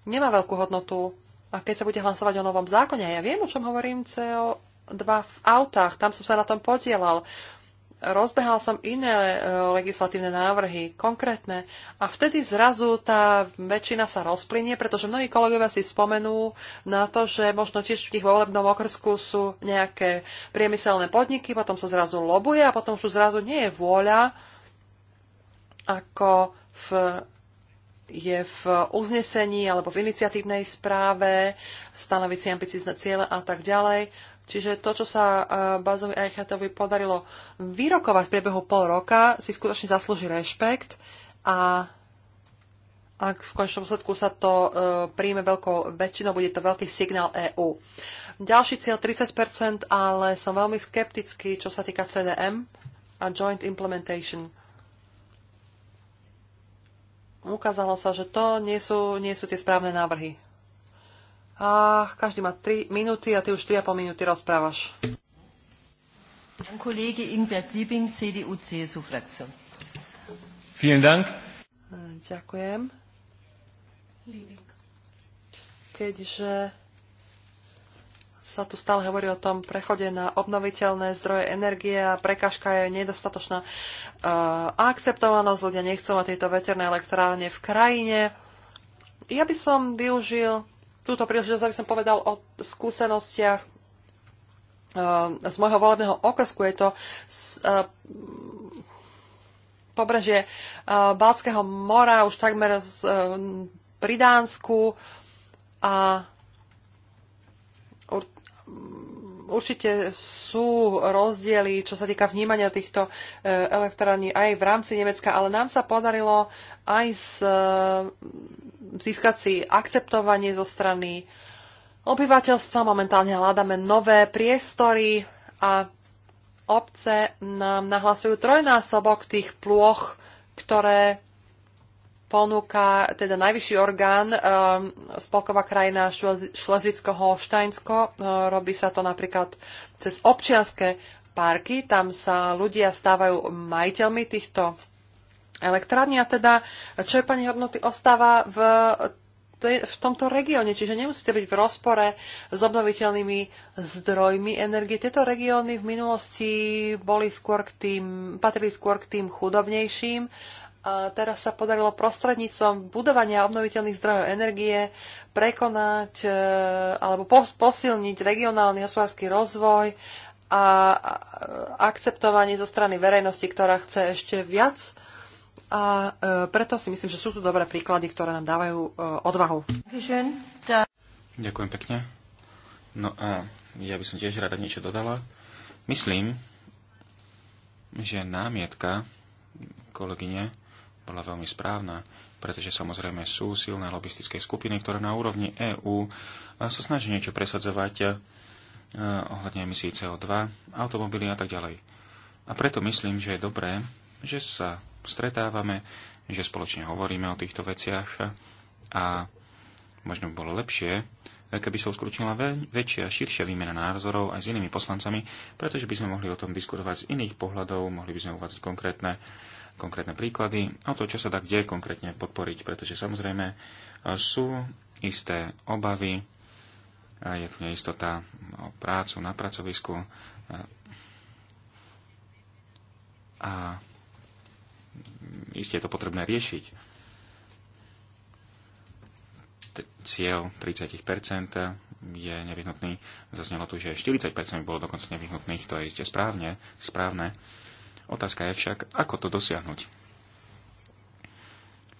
nemá veľkú hodnotu. A keď sa bude hlasovať o novom zákone, ja viem, o čom hovorím, CO2 v autách, tam som sa na tom podielal. Rozbehal som iné e, legislatívne návrhy, konkrétne. A vtedy zrazu tá väčšina sa rozplynie, pretože mnohí kolegovia si spomenú na to, že možno tiež v ich volebnom okrsku sú nejaké priemyselné podniky, potom sa zrazu lobuje a potom už zrazu nie je vôľa ako v je v uznesení alebo v iniciatívnej správe, stanoviť si ambiciozne ciele a tak ďalej. Čiže to, čo sa e, Bazovi Eichhartovi podarilo vyrokovať v priebehu pol roka, si skutočne zaslúži rešpekt a ak v končnom sledku sa to e, príjme veľkou väčšinou, bude to veľký signál EÚ. Ďalší cieľ 30%, ale som veľmi skeptický, čo sa týka CDM a Joint Implementation ukázalo sa, že to nie sú, nie sú tie správne návrhy. A každý má 3 minúty a ty už 3,5 minúty rozprávaš. Kollege Ingbert Liebing, CDU-CSU-Fraktion. Vielen Dank. Hm, ďakujem. Keďže sa tu stále hovorí o tom prechode na obnoviteľné zdroje energie a prekažka je nedostatočná uh, akceptovanosť. Ľudia nechcú mať tieto veterné elektrárne v krajine. Ja by som využil túto príležitosť, aby som povedal o skúsenostiach e, z môjho volebného okresku. Je to z, uh, e, pobrežie uh, Balckého mora, už takmer z, uh, pri Dánsku a určite sú rozdiely, čo sa týka vnímania týchto e, elektrární aj v rámci Nemecka, ale nám sa podarilo aj z, e, získať si akceptovanie zo strany obyvateľstva. Momentálne hľadáme nové priestory a obce nám nahlasujú trojnásobok tých plôch, ktoré ponúka teda najvyšší orgán, um, spolková krajina Šlezicko-Holštajnsko. Uh, robí sa to napríklad cez občianské parky, tam sa ľudia stávajú majiteľmi týchto elektrární a teda čerpanie hodnoty ostáva v, v tomto regióne, čiže nemusíte byť v rozpore s obnoviteľnými zdrojmi energie. Tieto regióny v minulosti boli skôr k tým, patrili skôr k tým chudobnejším, a teraz sa podarilo prostredníctvom budovania obnoviteľných zdrojov energie prekonať e, alebo posilniť regionálny hospodársky rozvoj a akceptovanie zo strany verejnosti, ktorá chce ešte viac. A e, preto si myslím, že sú tu dobré príklady, ktoré nám dávajú e, odvahu. Ďakujem pekne. No a ja by som tiež rada niečo dodala. Myslím, že námietka kolegyne bola veľmi správna, pretože samozrejme sú silné lobistické skupiny, ktoré na úrovni EÚ e, sa snaží niečo presadzovať e, ohľadne emisí CO2, automobily a tak ďalej. A preto myslím, že je dobré, že sa stretávame, že spoločne hovoríme o týchto veciach a možno by bolo lepšie, keby sa uskutočnila väčšia, a širšia výmena názorov aj s inými poslancami, pretože by sme mohli o tom diskutovať z iných pohľadov, mohli by sme uvádzať konkrétne konkrétne príklady o to, čo sa dá kde konkrétne podporiť, pretože samozrejme e, sú isté obavy, je tu neistota o prácu na pracovisku e, a isté je to potrebné riešiť. Cieľ 30% je nevyhnutný. Zaznelo tu, že 40% bolo dokonca nevyhnutných, to je isté správne, správne Otázka je však, ako to dosiahnuť.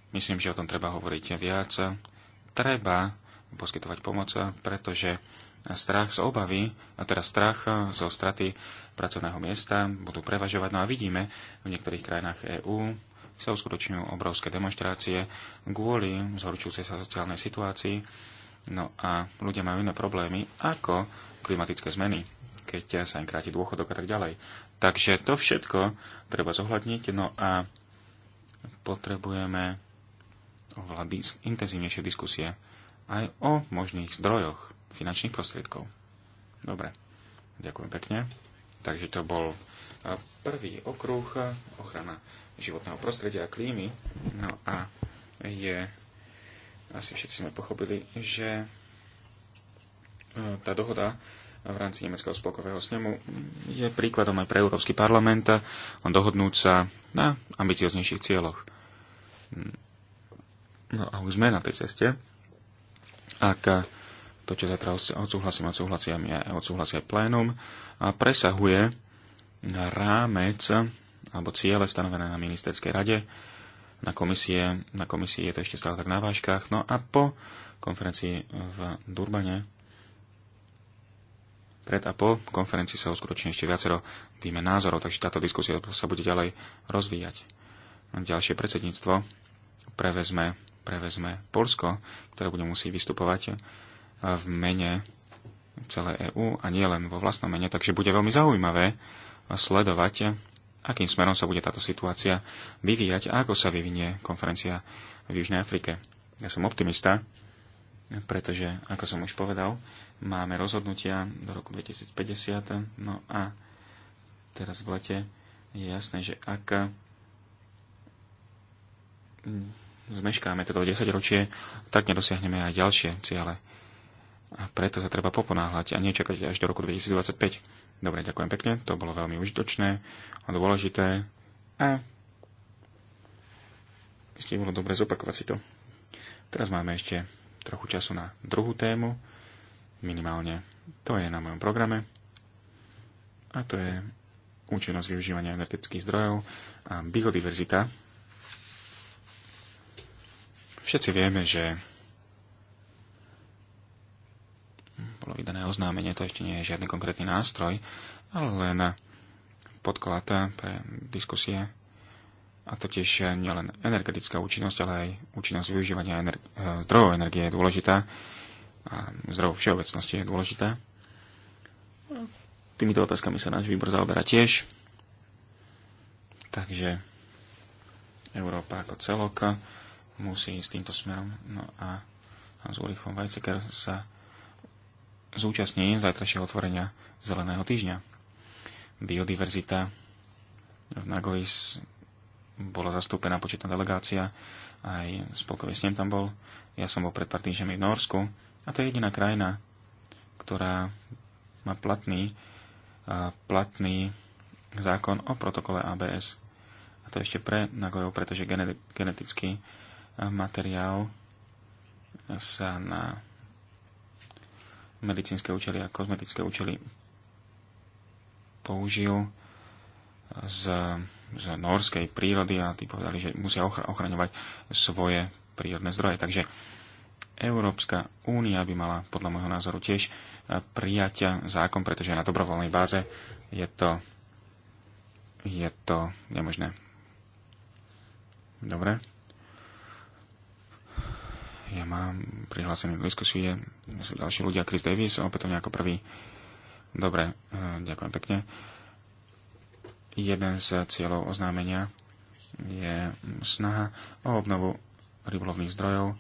Myslím, že o tom treba hovoriť viac. Treba poskytovať pomoc, pretože strach z obavy, a teda strach zo straty pracovného miesta budú prevažovať. No a vidíme, v niektorých krajinách EÚ sa uskutočňujú obrovské demonstrácie kvôli zhorčujúcej sa sociálnej situácii. No a ľudia majú iné problémy ako klimatické zmeny, keď sa im kráti dôchodok a tak ďalej. Takže to všetko treba zohľadniť, no a potrebujeme oveľa disk- intenzívnejšie diskusie aj o možných zdrojoch finančných prostriedkov. Dobre, ďakujem pekne. Takže to bol prvý okruh ochrana životného prostredia a klímy. No a je, asi všetci sme pochopili, že e, tá dohoda v rámci Nemeckého spolkového snemu je príkladom aj pre Európsky parlament on dohodnúť sa na ambicioznejších cieľoch. No a už sme na tej ceste. Ak to, čo zatra odsúhlasím, odsúhlasím aj odsúhlasia plénum, a presahuje rámec alebo ciele stanovené na ministerskej rade, na komisie, na komisie je to ešte stále tak na vážkach. No a po konferencii v Durbane pred a po konferencii sa uskutoční ešte viacero výmen názorov, takže táto diskusia sa bude ďalej rozvíjať. Ďalšie predsedníctvo prevezme, prevezme Polsko, ktoré bude musieť vystupovať v mene celé EÚ a nie len vo vlastnom mene, takže bude veľmi zaujímavé sledovať, akým smerom sa bude táto situácia vyvíjať a ako sa vyvinie konferencia v Južnej Afrike. Ja som optimista, pretože, ako som už povedal, máme rozhodnutia do roku 2050. No a teraz v lete je jasné, že ak zmeškáme toto 10 ročie, tak nedosiahneme aj ďalšie ciele. A preto sa treba poponáhľať a nečakať až do roku 2025. Dobre, ďakujem pekne, to bolo veľmi užitočné a dôležité. A ešte bolo dobre zopakovať si to. Teraz máme ešte trochu času na druhú tému minimálne. To je na mojom programe a to je účinnosť využívania energetických zdrojov a biodiverzita. Všetci vieme, že bolo vydané oznámenie, to ešte nie je žiadny konkrétny nástroj, ale len podklad pre diskusie a totiž nielen energetická účinnosť, ale aj účinnosť využívania ener- e, zdrojov energie je dôležitá a zdravo všeobecnosti je dôležité. Týmito otázkami sa náš výbor zaoberá tiež. Takže Európa ako celok musí ísť týmto smerom. No a s Ulrichom Weizsäcker sa zúčastní zajtrajšieho otvorenia Zeleného týždňa. Biodiverzita v Nagois bola zastúpená početná delegácia aj spolkový snem tam bol. Ja som bol pred pár týždňami v Norsku a to je jediná krajina, ktorá má platný, platný zákon o protokole ABS. A to ešte pre Nagojov, pretože genetický materiál sa na medicínske účely a kozmetické účely použil z, z norskej prírody a tí povedali, že musia ochraňovať svoje prírodné zdroje. Takže Európska únia by mala podľa môjho názoru tiež e, prijať zákon, pretože na dobrovoľnej báze je to, je to nemožné. Dobre. Ja mám prihlásený v diskusie sú ďalší ľudia, Chris Davis, opätovne ako prvý. Dobre, e, ďakujem pekne. Jeden z cieľov oznámenia je snaha o obnovu rybolovných zdrojov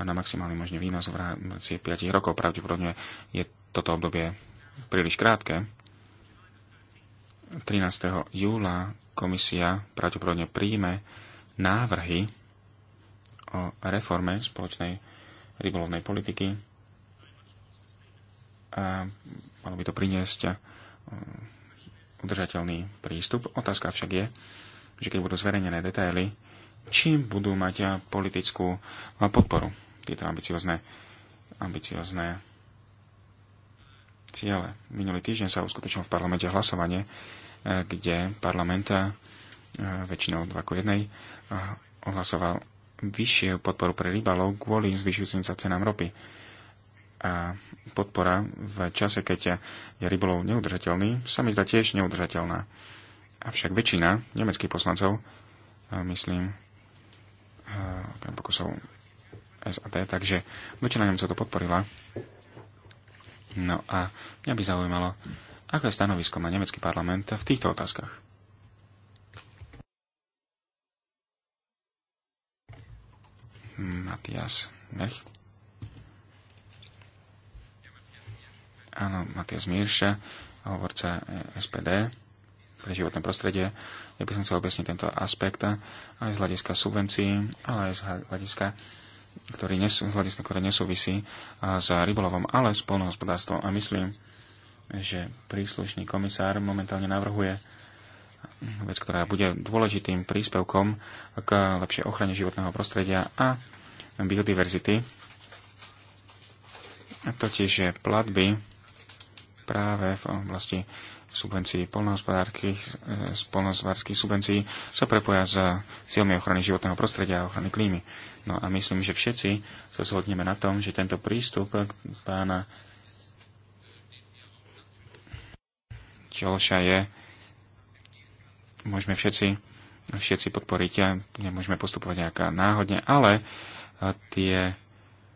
a na maximálny možný výnos v rámci 5 rokov. Pravdepodobne je toto obdobie príliš krátke. 13. júla komisia pravdepodobne príjme návrhy o reforme spoločnej rybolovnej politiky a malo by to priniesť udržateľný prístup. Otázka však je, že keď budú zverejnené detaily, čím budú mať politickú podporu tieto ambiciozne, ambiciozne ciele. Minulý týždeň sa uskutočnilo v parlamente hlasovanie, e, kde parlamenta e, väčšinou 2 k 1 ohlasoval vyššiu podporu pre rybalov kvôli zvyšujúcim sa cenám ropy a podpora v čase, keď je rybolov neudržateľný, sa mi zdá tiež neudržateľná. Avšak väčšina nemeckých poslancov, myslím, okrem pokusov SAT, takže väčšina Nemcov to podporila. No a mňa by zaujímalo, aké stanovisko má nemecký parlament v týchto otázkach. Matias, nech. Áno, Matias Mírša, hovorca eh, SPD pre životné prostredie. Ja by som chcel objasniť tento aspekt eh, aj z hľadiska subvencií, ale aj z hľadiska, ktorý nes, z hľadiska ktoré nesúvisí eh, s rybolovom, ale s polnohospodárstvom. A myslím, že príslušný komisár momentálne navrhuje vec, ktorá bude dôležitým príspevkom k lepšej ochrane životného prostredia a biodiverzity. Totiž, že platby práve v oblasti subvencií polnohospodárských eh, subvencií sa prepoja s cieľmi ochrany životného prostredia a ochrany klímy. No a myslím, že všetci sa zhodneme na tom, že tento prístup pána Čološa je môžeme všetci, všetci podporiť a nemôžeme postupovať nejaká náhodne, ale eh, tie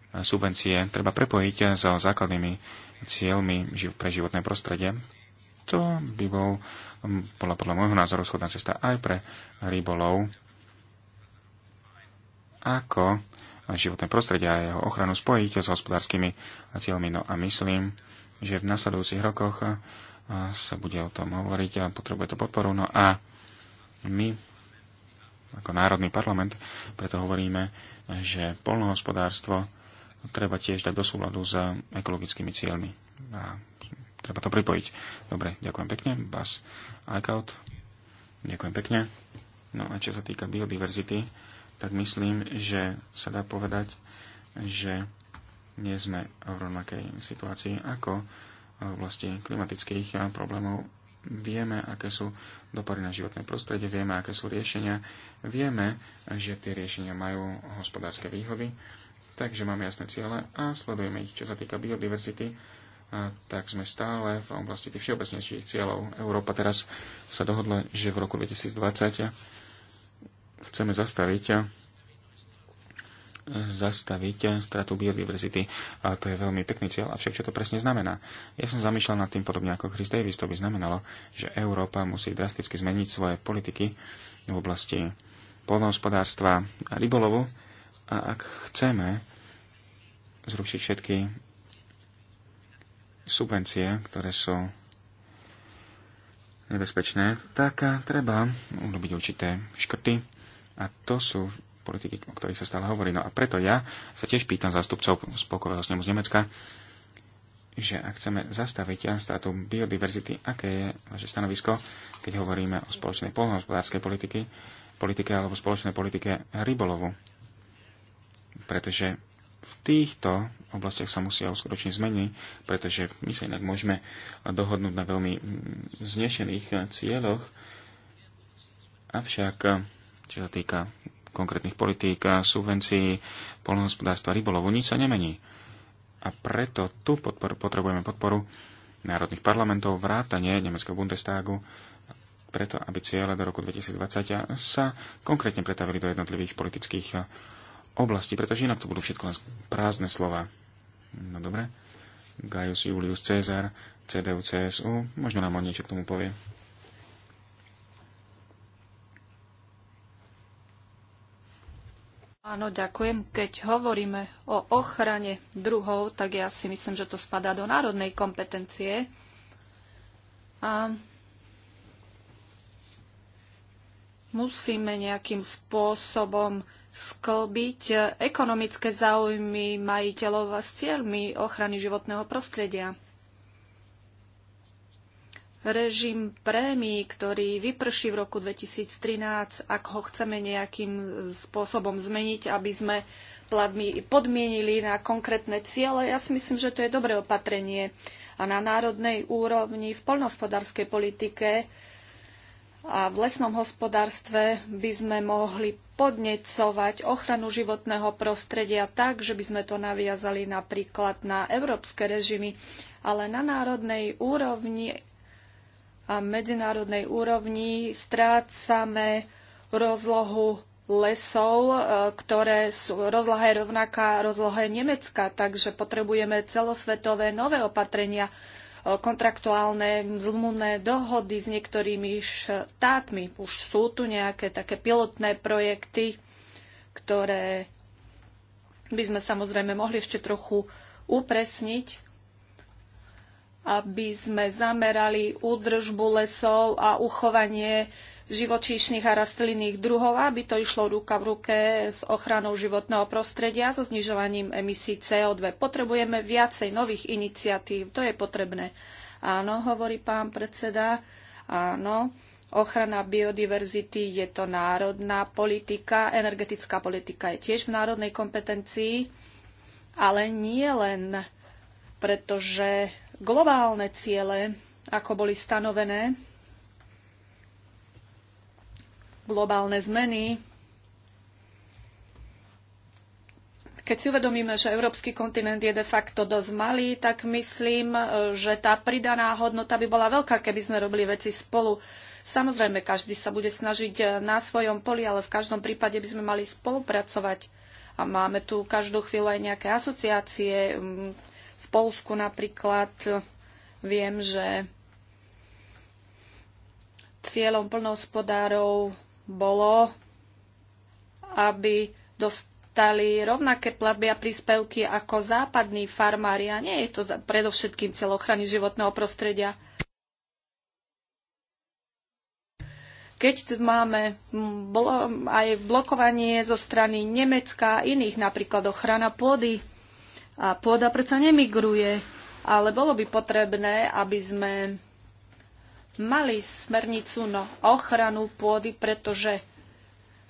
subvencie treba prepojiť so základnými cieľmi pre životné prostredie, to by bol, bola podľa môjho názoru schodná cesta aj pre rybolov, ako životné prostredie a jeho ochranu spojiť s hospodárskymi cieľmi. No a myslím, že v nasledujúcich rokoch sa bude o tom hovoriť a potrebuje to podporu. No a my, ako Národný parlament, preto hovoríme, že polnohospodárstvo treba tiež dať do súladu s ekologickými cieľmi. A treba to pripojiť. Dobre, ďakujem pekne. Bas Icout. Ďakujem pekne. No a čo sa týka biodiverzity, tak myslím, že sa dá povedať, že nie sme v rovnakej situácii ako v oblasti klimatických problémov. Vieme, aké sú dopady na životné prostredie, vieme, aké sú riešenia, vieme, že tie riešenia majú hospodárske výhody Takže máme jasné ciele a sledujeme ich. Čo sa týka biodiverzity, a tak sme stále v oblasti tých všeobecnejších cieľov. Európa teraz sa dohodla, že v roku 2020 chceme zastaviť zastaviť stratu biodiverzity. A to je veľmi pekný cieľ, avšak čo to presne znamená? Ja som zamýšľal nad tým podobne ako Chris Davis. To by znamenalo, že Európa musí drasticky zmeniť svoje politiky v oblasti polnohospodárstva a rybolovu, a ak chceme zrušiť všetky subvencie, ktoré sú nebezpečné, tak treba urobiť určité škrty. A to sú politiky, o ktorých sa stále hovorí. No a preto ja sa tiež pýtam zástupcov Spolkového snemu z Nemecka, že ak chceme zastaviť státu biodiverzity, aké je vaše stanovisko, keď hovoríme o spoločnej polnohospodárskej politike, politike alebo spoločnej politike rybolovu pretože v týchto oblastiach sa musia skutočne zmeniť, pretože my sa inak môžeme dohodnúť na veľmi mm, znešených eh, cieľoch, avšak eh, čo sa týka konkrétnych politík, eh, subvencií, polnohospodárstva, rybolovu, nič sa nemení. A preto tu podporu, potrebujeme podporu národných parlamentov, vrátanie Nemeckého Bundestagu, preto aby cieľe do roku 2020 sa konkrétne pretavili do jednotlivých politických oblasti, pretože inak to budú všetko len prázdne slova. No dobre. Gaius Julius Cezar, CDU, CSU, možno nám on niečo k tomu povie. Áno, ďakujem. Keď hovoríme o ochrane druhov, tak ja si myslím, že to spadá do národnej kompetencie. A musíme nejakým spôsobom sklbiť e, ekonomické záujmy majiteľov s cieľmi ochrany životného prostredia. Režim prémií, ktorý vyprší v roku 2013, ak ho chceme nejakým spôsobom zmeniť, aby sme platmi podmienili na konkrétne ciele, ja si myslím, že to je dobré opatrenie. A na národnej úrovni v poľnohospodárskej politike a v lesnom hospodárstve by sme mohli podnecovať ochranu životného prostredia tak, že by sme to naviazali napríklad na európske režimy, ale na národnej úrovni a medzinárodnej úrovni strácame rozlohu lesov, e, ktoré sú, rozloha je rovnaká rozlohe Nemecka, takže potrebujeme celosvetové nové opatrenia kontraktuálne zlumné dohody s niektorými štátmi. Už sú tu nejaké také pilotné projekty, ktoré by sme samozrejme mohli ešte trochu upresniť, aby sme zamerali údržbu lesov a uchovanie živočíšnych a rastlinných druhov, aby to išlo ruka v ruke s ochranou životného prostredia, so znižovaním emisí CO2. Potrebujeme viacej nových iniciatív, to je potrebné. Áno, hovorí pán predseda, áno. Ochrana biodiverzity je to národná politika, energetická politika je tiež v národnej kompetencii, ale nie len pretože globálne ciele, ako boli stanovené, globálne zmeny. Keď si uvedomíme, že európsky kontinent je de facto dosť malý, tak myslím, že tá pridaná hodnota by bola veľká, keby sme robili veci spolu. Samozrejme, každý sa bude snažiť na svojom poli, ale v každom prípade by sme mali spolupracovať. A máme tu každú chvíľu aj nejaké asociácie. V Polsku napríklad viem, že cieľom plnohospodárov bolo, aby dostali rovnaké platby a príspevky ako západní farmári. A nie je to predovšetkým cieľ ochrany životného prostredia. Keď máme blo- aj blokovanie zo strany Nemecka a iných, napríklad ochrana pôdy, a pôda predsa nemigruje, ale bolo by potrebné, aby sme mali smernicu na ochranu pôdy, pretože e,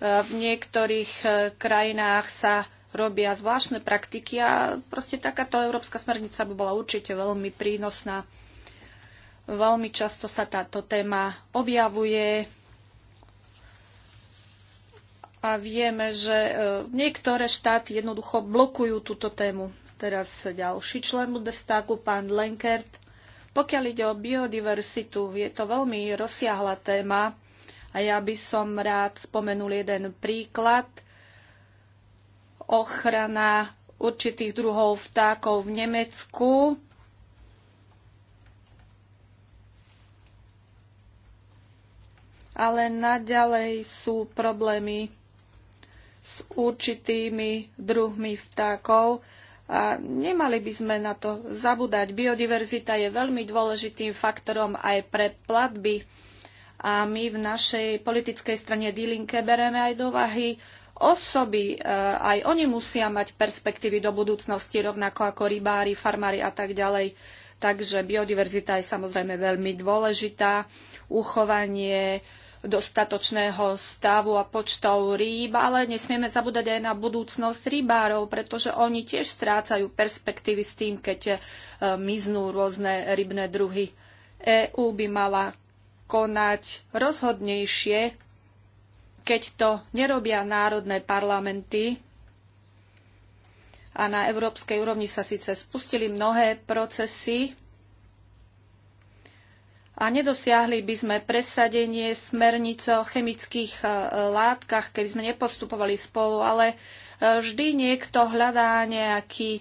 v niektorých e, krajinách sa robia zvláštne praktiky a proste takáto európska smernica by bola určite veľmi prínosná. Veľmi často sa táto téma objavuje a vieme, že e, niektoré štáty jednoducho blokujú túto tému. Teraz ďalší člen Bundestagu, pán Lenkert pokiaľ ide o biodiverzitu, je to veľmi rozsiahla téma a ja by som rád spomenul jeden príklad. Ochrana určitých druhov vtákov v Nemecku. Ale naďalej sú problémy s určitými druhmi vtákov. A nemali by sme na to zabúdať. Biodiverzita je veľmi dôležitým faktorom aj pre platby. A my v našej politickej strane D-Linke bereme aj do vahy osoby. E, aj oni musia mať perspektívy do budúcnosti, rovnako ako rybári, farmári a tak ďalej. Takže biodiverzita je samozrejme veľmi dôležitá. Uchovanie, dostatočného stavu a počtov rýb, ale nesmieme zabúdať aj na budúcnosť rybárov, pretože oni tiež strácajú perspektívy s tým, keď e, miznú rôzne rybné druhy. EÚ by mala konať rozhodnejšie, keď to nerobia národné parlamenty. A na európskej úrovni sa síce spustili mnohé procesy, a nedosiahli by sme presadenie smernice o chemických e, látkach, keby sme nepostupovali spolu, ale e, vždy niekto hľadá nejaký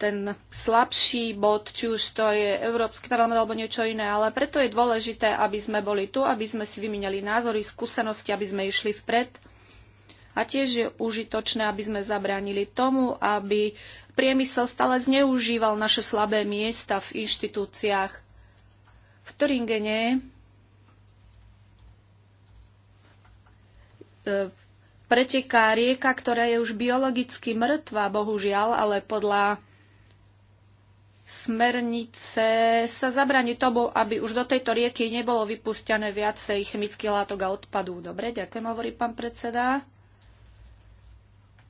ten slabší bod, či už to je Európsky parlament alebo niečo iné, ale preto je dôležité, aby sme boli tu, aby sme si vymenili názory, skúsenosti, aby sme išli vpred. A tiež je užitočné, aby sme zabránili tomu, aby priemysel stále zneužíval naše slabé miesta v inštitúciách Turingene e, preteká rieka, ktorá je už biologicky mŕtva, bohužiaľ, ale podľa smernice sa zabraní tomu, aby už do tejto rieky nebolo vypustené viacej chemických látok a odpadu. Dobre, ďakujem, hovorí pán predseda.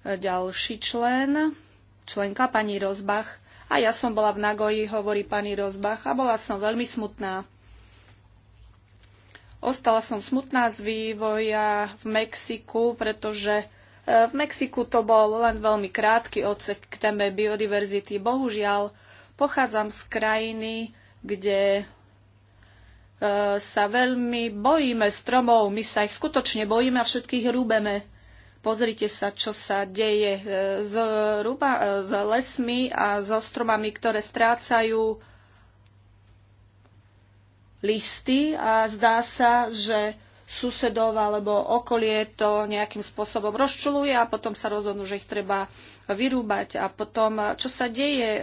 E, ďalší člen, členka pani Rozbach. A ja som bola v Nagoji, hovorí pani Rozbach, a bola som veľmi smutná. Ostala som smutná z vývoja v Mexiku, pretože e, v Mexiku to bol len veľmi krátky odsek k téme biodiverzity. Bohužiaľ, pochádzam z krajiny, kde e, sa veľmi bojíme stromov. My sa ich skutočne bojíme a všetkých rúbeme. Pozrite sa, čo sa deje s, e, s lesmi a so stromami, ktoré strácajú listy a zdá sa, že susedov alebo okolie to nejakým spôsobom rozčuluje a potom sa rozhodnú, že ich treba vyrúbať. A potom, čo sa deje, e,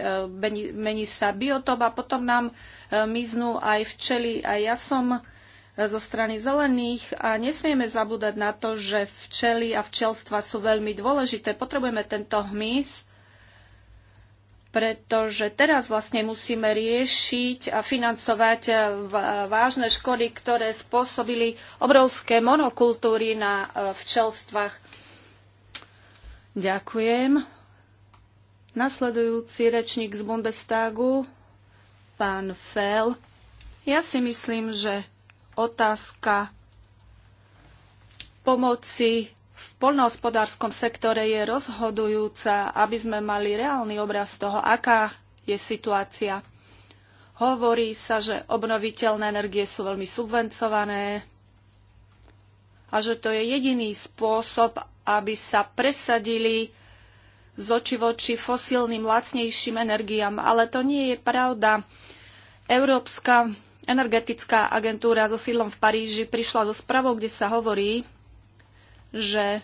mení, sa biotop a potom nám e, miznú aj včely. A ja som e, zo strany zelených a nesmieme zabúdať na to, že včely a včelstva sú veľmi dôležité. Potrebujeme tento hmyz, pretože teraz vlastne musíme riešiť a financovať eh, eh, vážne škody, ktoré spôsobili obrovské monokultúry na eh, včelstvách. Ďakujem. Nasledujúci rečník z Bundestagu, pán Fell. Ja si myslím, že otázka pomoci v poľnohospodárskom sektore je rozhodujúca, aby sme mali reálny obraz toho, aká je situácia. Hovorí sa, že obnoviteľné energie sú veľmi subvencované a že to je jediný spôsob, aby sa presadili z oči voči fosílnym lacnejším energiám. Ale to nie je pravda. Európska energetická agentúra so sídlom v Paríži prišla so správou, kde sa hovorí, že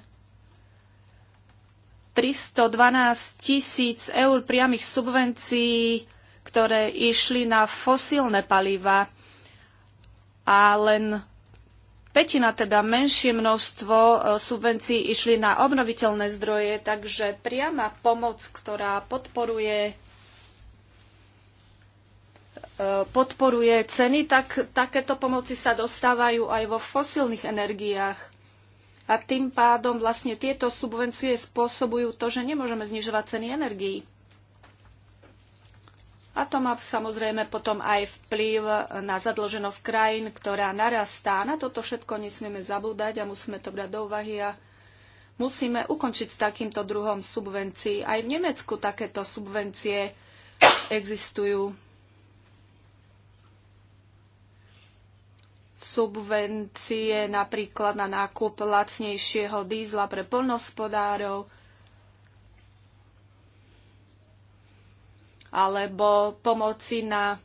312 tisíc eur priamých subvencií, ktoré išli na fosílne paliva a len petina, teda menšie množstvo e, subvencií išli na obnoviteľné zdroje, takže priama pomoc, ktorá podporuje e, podporuje ceny, tak takéto pomoci sa dostávajú aj vo fosilných energiách. A tým pádom vlastne tieto subvencie spôsobujú to, že nemôžeme znižovať ceny energií. A to má samozrejme potom aj vplyv na zadlženosť krajín, ktorá narastá. Na toto všetko nesmieme zabúdať a musíme to brať do úvahy a musíme ukončiť s takýmto druhom subvencií. Aj v Nemecku takéto subvencie existujú. subvencie napríklad na nákup lacnejšieho dízla pre plnospodárov alebo pomoci na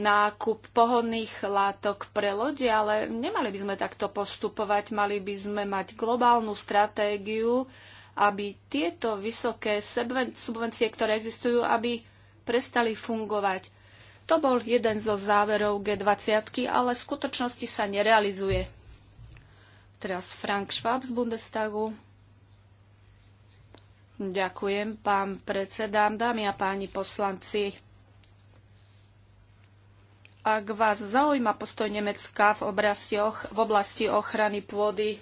nákup pohodných látok pre lode, ale nemali by sme takto postupovať, mali by sme mať globálnu stratégiu, aby tieto vysoké subvencie, ktoré existujú, aby prestali fungovať. To bol jeden zo záverov G20, ale v skutočnosti sa nerealizuje. Teraz Frank Schwab z Bundestagu. Ďakujem, pán predseda, dámy a páni poslanci. Ak vás zaujíma postoj Nemecka v, obrastioch, v oblasti ochrany pôdy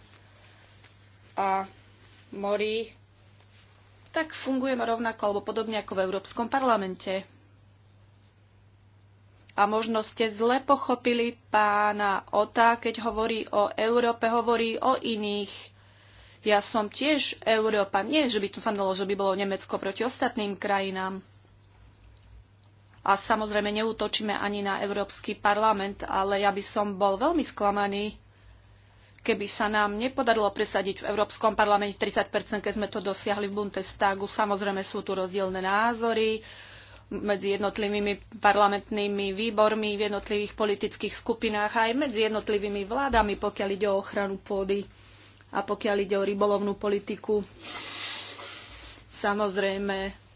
a morí, tak fungujeme rovnako alebo podobne ako v Európskom parlamente. A možno ste zle pochopili pána Ota, keď hovorí o Európe, hovorí o iných. Ja som tiež Európa. Nie, že by to znamenalo, že by bolo Nemecko proti ostatným krajinám. A samozrejme neútočíme ani na Európsky parlament, ale ja by som bol veľmi sklamaný, keby sa nám nepodarilo presadiť v Európskom parlamente 30%, keď sme to dosiahli v Bundestagu. Samozrejme sú tu rozdielne názory, medzi jednotlivými parlamentnými výbormi v jednotlivých politických skupinách aj medzi jednotlivými vládami, pokiaľ ide o ochranu pôdy a pokiaľ ide o rybolovnú politiku. Samozrejme,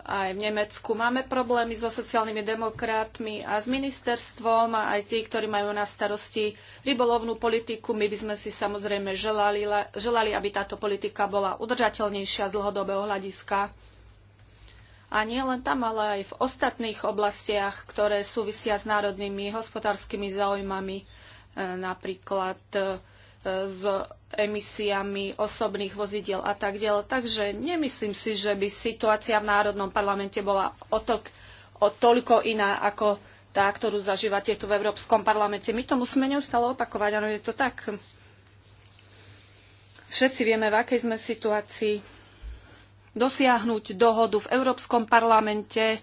aj v Nemecku máme problémy so sociálnymi demokratmi a s ministerstvom a aj tí, ktorí majú na starosti rybolovnú politiku. My by sme si samozrejme želali, želali aby táto politika bola udržateľnejšia z dlhodobého hľadiska a nie len tam, ale aj v ostatných oblastiach, ktoré súvisia s národnými hospodárskymi záujmami, e, napríklad e, s emisiami osobných vozidiel a tak ďalej. Takže nemyslím si, že by situácia v Národnom parlamente bola o, to, o toľko iná ako tá, ktorú zažívate tu v Európskom parlamente. My to musíme neustále opakovať, áno, je to tak. Všetci vieme, v akej sme situácii dosiahnuť dohodu v Európskom parlamente.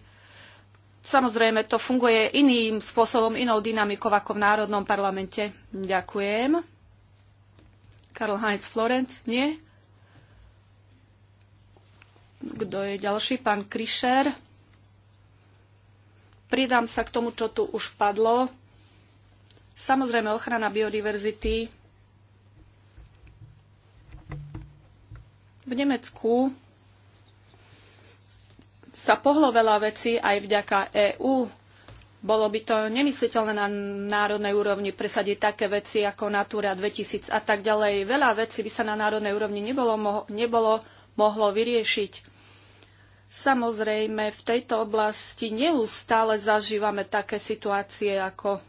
Samozrejme, to funguje iným spôsobom, inou dynamikou ako v Národnom parlamente. Ďakujem. Karl Heinz Florent, nie? Kto je ďalší? Pán Krišer. Pridám sa k tomu, čo tu už padlo. Samozrejme, ochrana biodiverzity. V Nemecku sa pohlo veľa vecí aj vďaka EÚ. Bolo by to nemysliteľné na národnej úrovni presadiť také veci ako Natura 2000 a tak ďalej. Veľa vecí by sa na národnej úrovni nebolo, moho, nebolo mohlo vyriešiť. Samozrejme, v tejto oblasti neustále zažívame také situácie, ako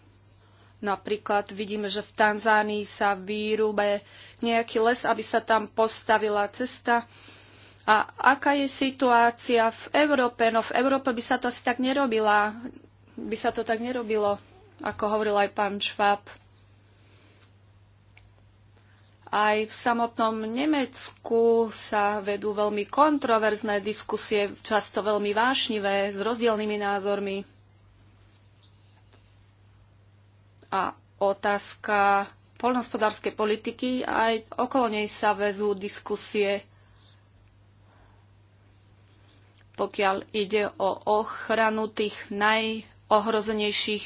napríklad vidíme, že v Tanzánii sa výrube nejaký les, aby sa tam postavila cesta. A aká je situácia v Európe? No v Európe by sa to asi tak nerobila, by sa to tak nerobilo, ako hovoril aj pán Šváb. Aj v samotnom Nemecku sa vedú veľmi kontroverzné diskusie, často veľmi vášnivé, s rozdielnymi názormi. A otázka poľnohospodárskej politiky, aj okolo nej sa vezú diskusie pokiaľ ide o ochranu tých najohrozenejších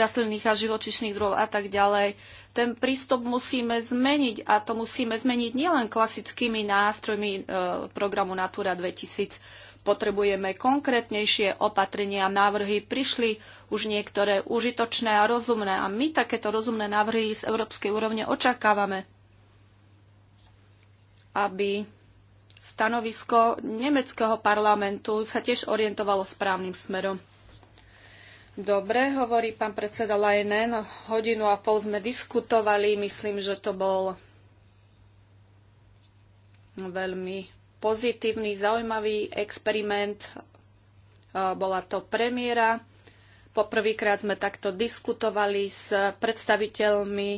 rastlinných a živočišných druhov a tak ďalej. Ten prístup musíme zmeniť a to musíme zmeniť nielen klasickými nástrojmi e, programu Natura 2000. Potrebujeme konkrétnejšie opatrenia, a návrhy prišli už niektoré užitočné a rozumné a my takéto rozumné návrhy z európskej úrovne očakávame, aby stanovisko nemeckého parlamentu sa tiež orientovalo správnym smerom. Dobre, hovorí pán predseda Lajnen. Hodinu a pol sme diskutovali. Myslím, že to bol veľmi pozitívny, zaujímavý experiment. Bola to premiéra. Poprvýkrát sme takto diskutovali s predstaviteľmi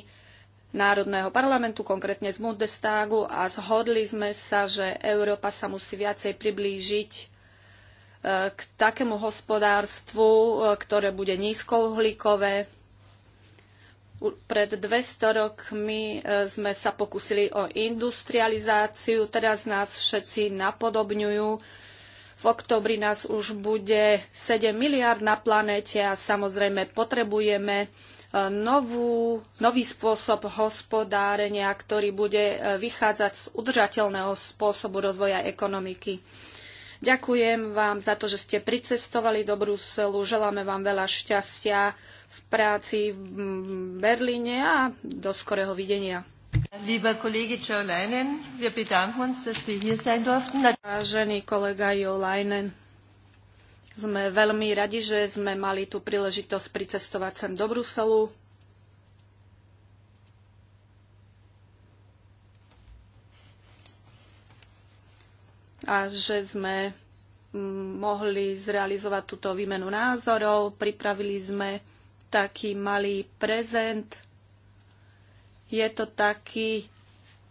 Národného parlamentu, konkrétne z Bundestagu a zhodli sme sa, že Európa sa musí viacej priblížiť e, k takému hospodárstvu, e, ktoré bude nízkouhlíkové. Pred 200 rokmi e, sme sa pokusili o industrializáciu, teraz nás všetci napodobňujú. V oktobri nás už bude 7 miliard na planéte a samozrejme potrebujeme novú, nový spôsob hospodárenia, ktorý bude e, vychádzať z udržateľného spôsobu rozvoja ekonomiky. Ďakujem vám za to, že ste pricestovali do Bruselu. Želáme vám veľa šťastia v práci v Berlíne a do skorého videnia. Lieber Kollege Joe Leinen, wir bedanken uns, dass wir hier sein durften. Vážený kolega Jo Leinen, sme veľmi radi, že sme mali tú príležitosť pricestovať sem do Bruselu. A že sme mm, mohli zrealizovať túto výmenu názorov. Pripravili sme taký malý prezent. Je to taký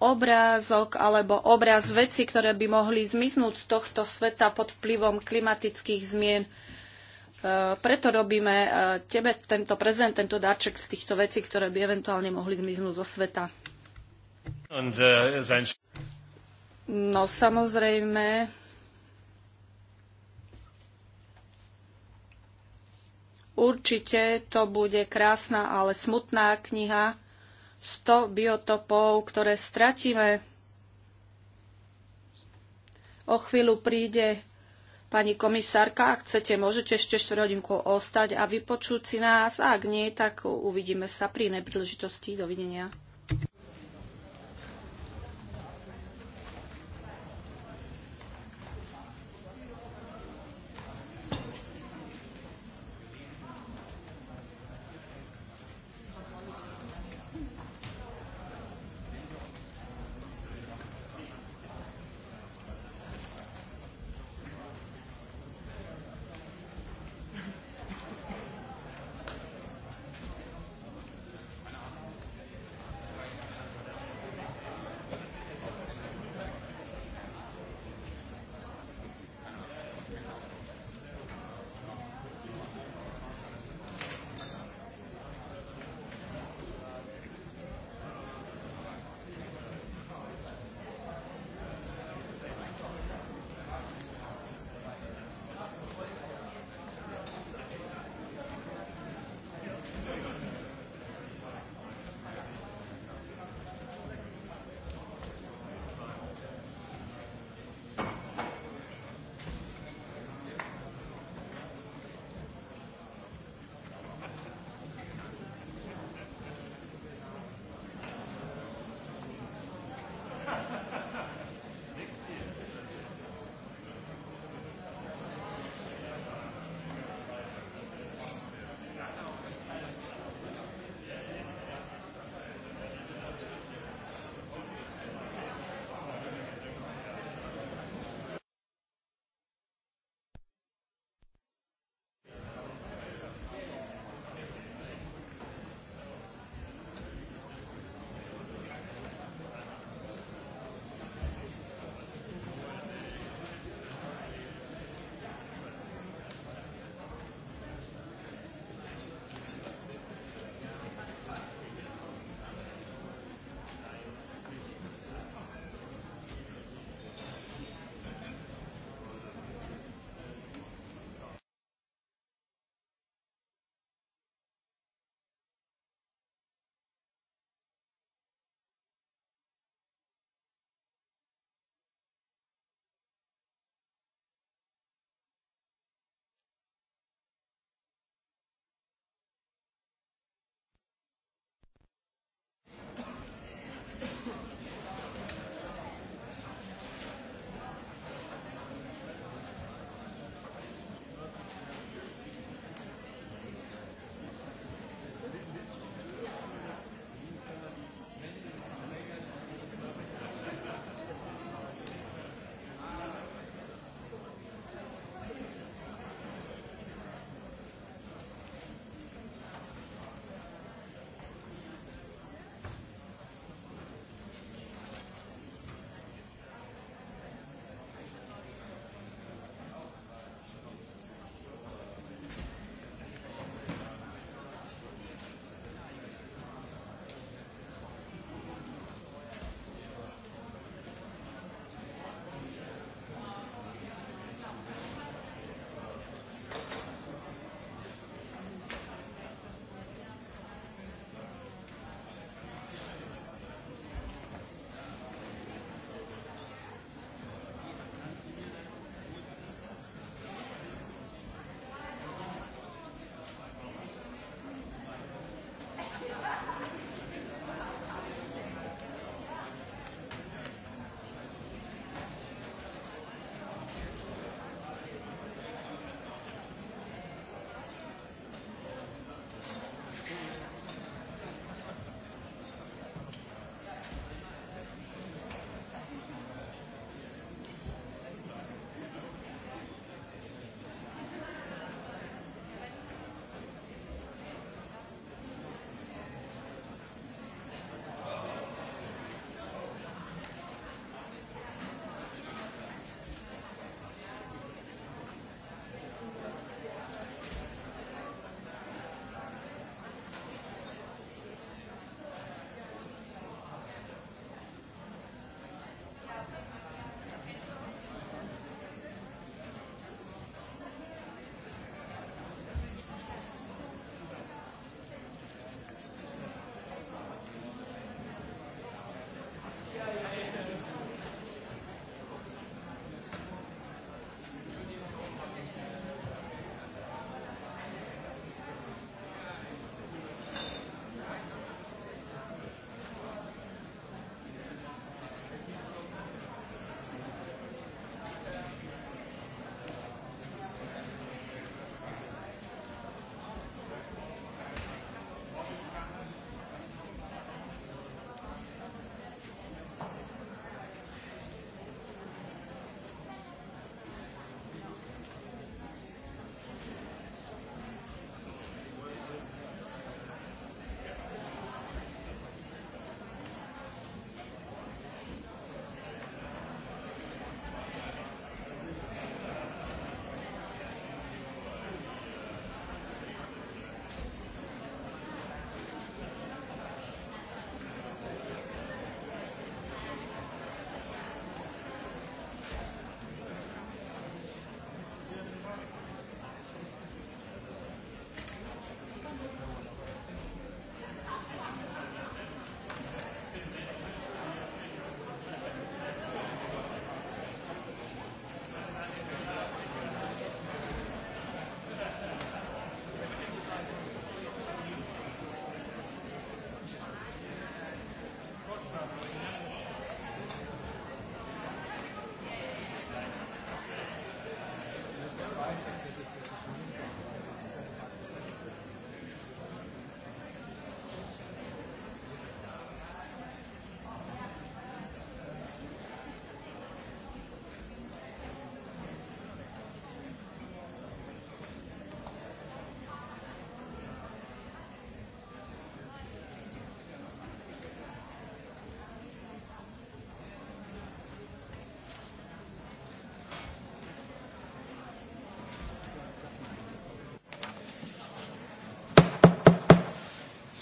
obrázok alebo obraz veci, ktoré by mohli zmiznúť z tohto sveta pod vplyvom klimatických zmien. E, preto robíme e, tebe tento prezent, tento dáček z týchto vecí, ktoré by eventuálne mohli zmiznúť zo sveta. E, no samozrejme, určite to bude krásna, ale smutná kniha 100 biotopov, ktoré stratíme. O chvíľu príde pani komisárka, ak chcete, môžete ešte 4 hodinku ostať a vypočuť si nás. Ak nie, tak uvidíme sa pri nepríležitosti príležitosti. Dovidenia.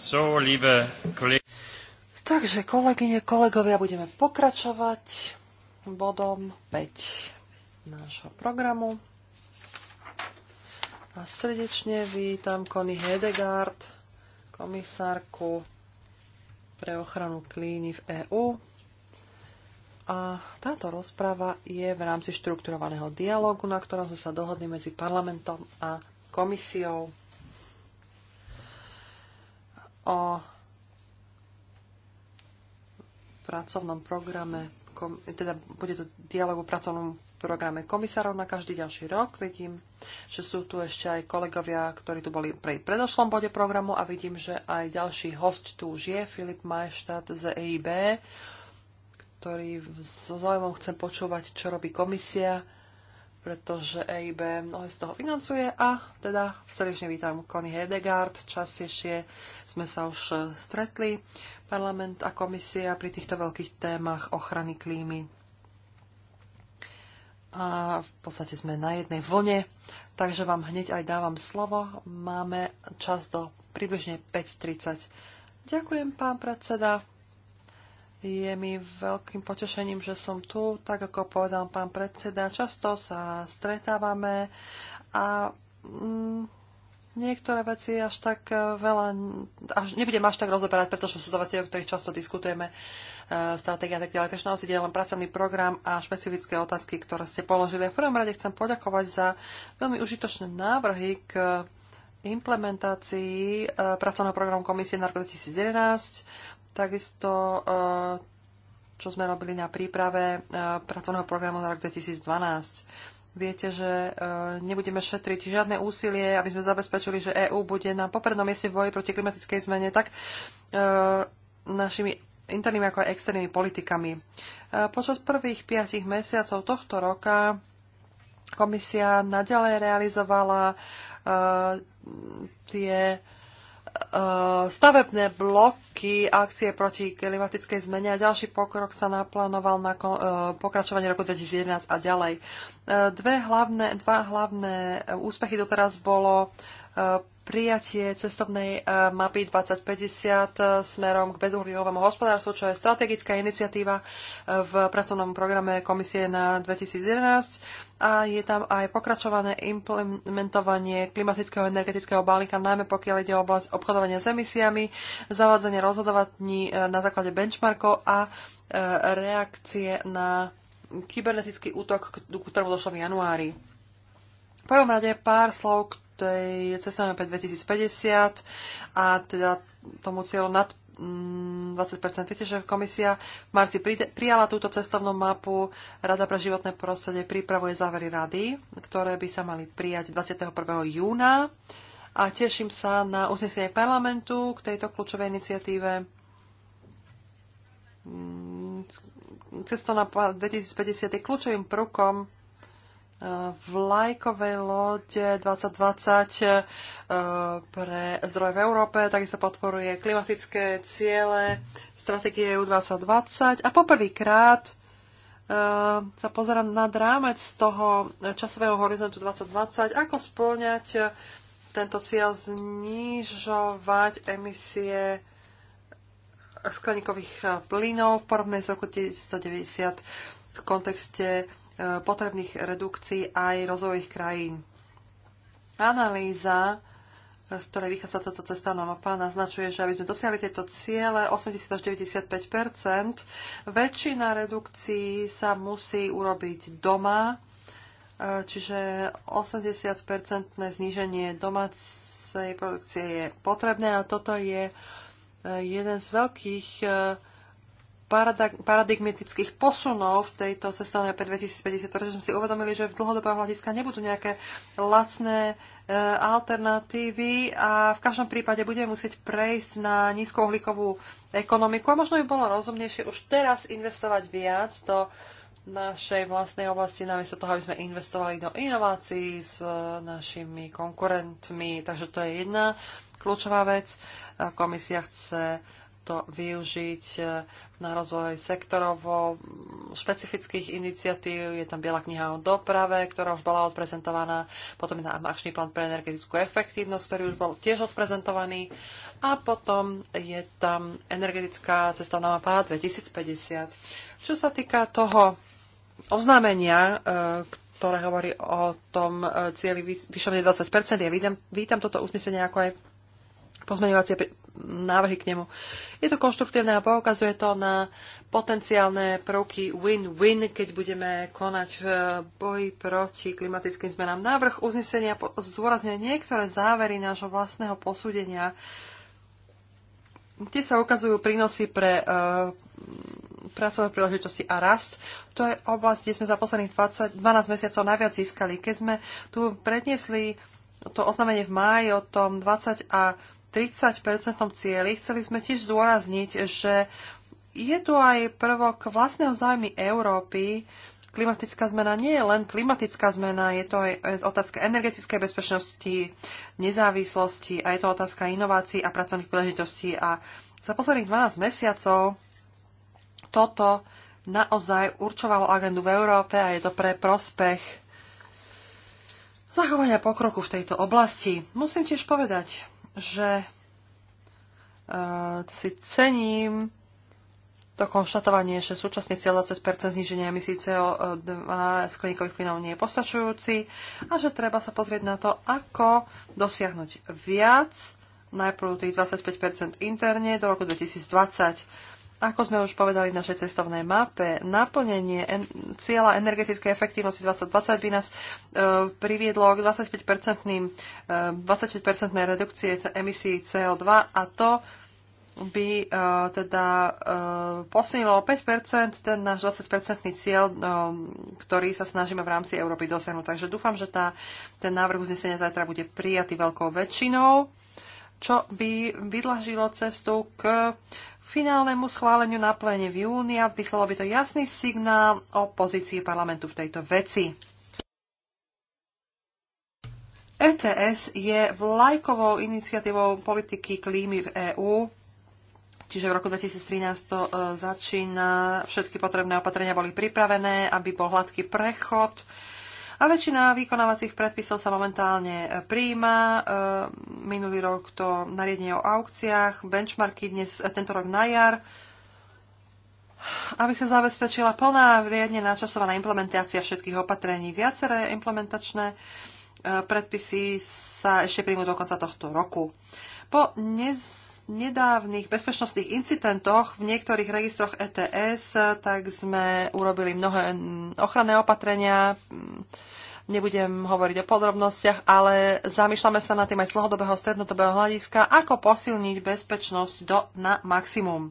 So, liebe koleg- Takže, kolegyne, kolegovia, budeme pokračovať bodom 5 nášho programu. A srdečne vítam Kony Hedegaard, komisárku pre ochranu klíny v EÚ. A táto rozprava je v rámci štrukturovaného dialogu, na ktorom sme sa dohodli medzi parlamentom a komisiou. pracovnom programe, kom, teda bude to dialog o pracovnom programe komisárov na každý ďalší rok. Vidím, že sú tu ešte aj kolegovia, ktorí tu boli pri predošlom bode programu a vidím, že aj ďalší host tu už je, Filip Majštát z EIB, ktorý so záujmom chce počúvať, čo robí komisia pretože EIB mnohé z toho financuje a teda srdečne vítam Connie Hedegaard. Častejšie sme sa už stretli, parlament a komisia, pri týchto veľkých témach ochrany klímy. A v podstate sme na jednej vlne, takže vám hneď aj dávam slovo. Máme čas do približne 5.30. Ďakujem, pán predseda. Je mi veľkým potešením, že som tu. Tak ako povedal pán predseda, často sa stretávame a mm, niektoré veci až tak eh, veľa, až, nebudem až tak rozoberať, pretože sú to veci, o ktorých často diskutujeme, e, eh, stratégia a tak ďalej. Takže naozaj ide len pracovný program a špecifické otázky, ktoré ste položili. V prvom rade chcem poďakovať za veľmi užitočné návrhy k implementácii eh, pracovného programu Komisie na rok 2011. Takisto, eh, čo sme robili na príprave eh, pracovného programu na rok 2012. Viete, že eh, nebudeme šetriť žiadne úsilie, aby sme zabezpečili, že EÚ bude na poprednom mieste v boji proti klimatickej zmene, tak našimi internými ako aj externými politikami. Počas prvých piatich mesiacov tohto roka komisia nadalej realizovala tie E, stavebné bloky, akcie proti klimatickej zmene a ďalší pokrok sa naplánoval na e, pokračovanie roku 2011 a ďalej. E, dve hlavné, dva hlavné úspechy doteraz bolo prijatie cestovnej mapy 2050 smerom k bezuhlíkovému hospodárstvu, čo je strategická iniciatíva v pracovnom programe komisie na 2011 a je tam aj pokračované implementovanie klimatického energetického balíka, najmä pokiaľ ide o oblasť obchodovania s emisiami, zavádzanie rozhodovatní e, na základe benchmarkov a e, reakcie na kybernetický útok, ktorý došlo v januári. V prvom rade pár slov k tej CSMP 2050 a teda tomu cieľu nad 20%. Mm, Viete, že komisia v marci prijala túto cestovnú mapu. Rada pre životné prostredie pripravuje závery rady, ktoré by sa mali prijať 21. júna. A teším sa na uznesenie parlamentu k tejto kľúčovej iniciatíve. Mm, cestovná 2050 je kľúčovým prvkom vlajkovej lode 2020 e, pre zdroje v Európe, takisto podporuje klimatické ciele, stratégie EU 2020 a poprvýkrát e, sa pozerám na rámec toho časového horizontu 2020, ako splňať tento cieľ znižovať emisie skleníkových plynov v porovnej z roku 1990 v kontexte potrebných redukcií aj rozvojových krajín. Analýza, z ktorej vychádza táto cestovná mapa, naznačuje, že aby sme dosiahli tieto ciele 80 až 95 väčšina redukcií sa musí urobiť doma, eh, čiže 80-percentné zníženie domácej produkcie je potrebné a toto je eh, jeden z veľkých eh, paradigmatických posunov v tejto cestovnej 2050, pretože sme si uvedomili, že v dlhodobého hľadiska nebudú nejaké lacné e, alternatívy a v každom prípade budeme musieť prejsť na nízkouhlíkovú ekonomiku a možno by bolo rozumnejšie už teraz investovať viac do našej vlastnej oblasti, namiesto toho, aby sme investovali do inovácií s e, našimi konkurentmi. Takže to je jedna kľúčová vec. Komisia chce to využiť e, na rozvoj sektorovo špecifických iniciatív. Je tam Biela kniha o doprave, ktorá už bola odprezentovaná. Potom je tam akčný plán pre energetickú efektívnosť, ktorý už bol tiež odprezentovaný. A potom je tam energetická cestovná mapa 2050. Čo sa týka toho oznámenia, e, ktoré hovorí o tom e, cieli vyšovne 20%, ja vítam, vítam toto uznesenie ako aj pozmeňovacie návrhy k nemu. Je to konštruktívne a poukazuje to na potenciálne prvky win-win, keď budeme konať v boji proti klimatickým zmenám. Návrh uznesenia zdôrazňuje niektoré závery nášho vlastného posúdenia, kde sa ukazujú prínosy pre uh, pracovné príležitosti a rast. To je oblasť, kde sme za posledných 20, 12 mesiacov najviac získali. Keď sme tu predniesli to oznámenie v máji o tom 20 a 30-percentnom cieli chceli sme tiež zdôrazniť, že je tu aj prvok vlastného zájmy Európy. Klimatická zmena nie je len klimatická zmena, je to aj otázka energetickej bezpečnosti, nezávislosti a je to otázka inovácií a pracovných príležitostí. A za posledných 12 mesiacov toto naozaj určovalo agendu v Európe a je to pre prospech zachovania pokroku v tejto oblasti. Musím tiež povedať, že e, si cením to konštatovanie, že súčasný cieľ 20% zníženia emisí CO2 skleníkových plynov nie je postačujúci a že treba sa pozrieť na to, ako dosiahnuť viac, najprv tých 25% interne do roku 2020. Ako sme už povedali v našej cestovnej mape, naplnenie en- cieľa energetickej efektívnosti 2020 by nás e, priviedlo k 25 e, 25 redukcie emisí CO2 a to by e, teda e, posunilo o 5% ten náš 20 cieľ, e, ktorý sa snažíme v rámci Európy dosiahnuť. Takže dúfam, že tá, ten návrh uznesenia zajtra bude prijatý veľkou väčšinou čo by vydlažilo cestu k finálnemu schváleniu na plene v júni a vyslalo by to jasný signál o pozícii parlamentu v tejto veci. ETS je vlajkovou iniciatívou politiky klímy v EÚ, čiže v roku 2013 to e, začína, všetky potrebné opatrenia boli pripravené, aby bol hladký prechod a väčšina vykonávacích predpisov sa momentálne e, príjma. E, minulý rok to nariadenie o aukciách, benchmarky dnes, e, tento rok na jar, aby sa zabezpečila plná riadne načasovaná implementácia všetkých opatrení. Viaceré implementačné predpisy sa ešte príjmu do konca tohto roku. Po nez nedávnych bezpečnostných incidentoch v niektorých registroch ETS, tak sme urobili mnohé ochranné opatrenia. Nebudem hovoriť o podrobnostiach, ale zamýšľame sa nad tým aj z dlhodobého strednodobého hľadiska, ako posilniť bezpečnosť do, na maximum.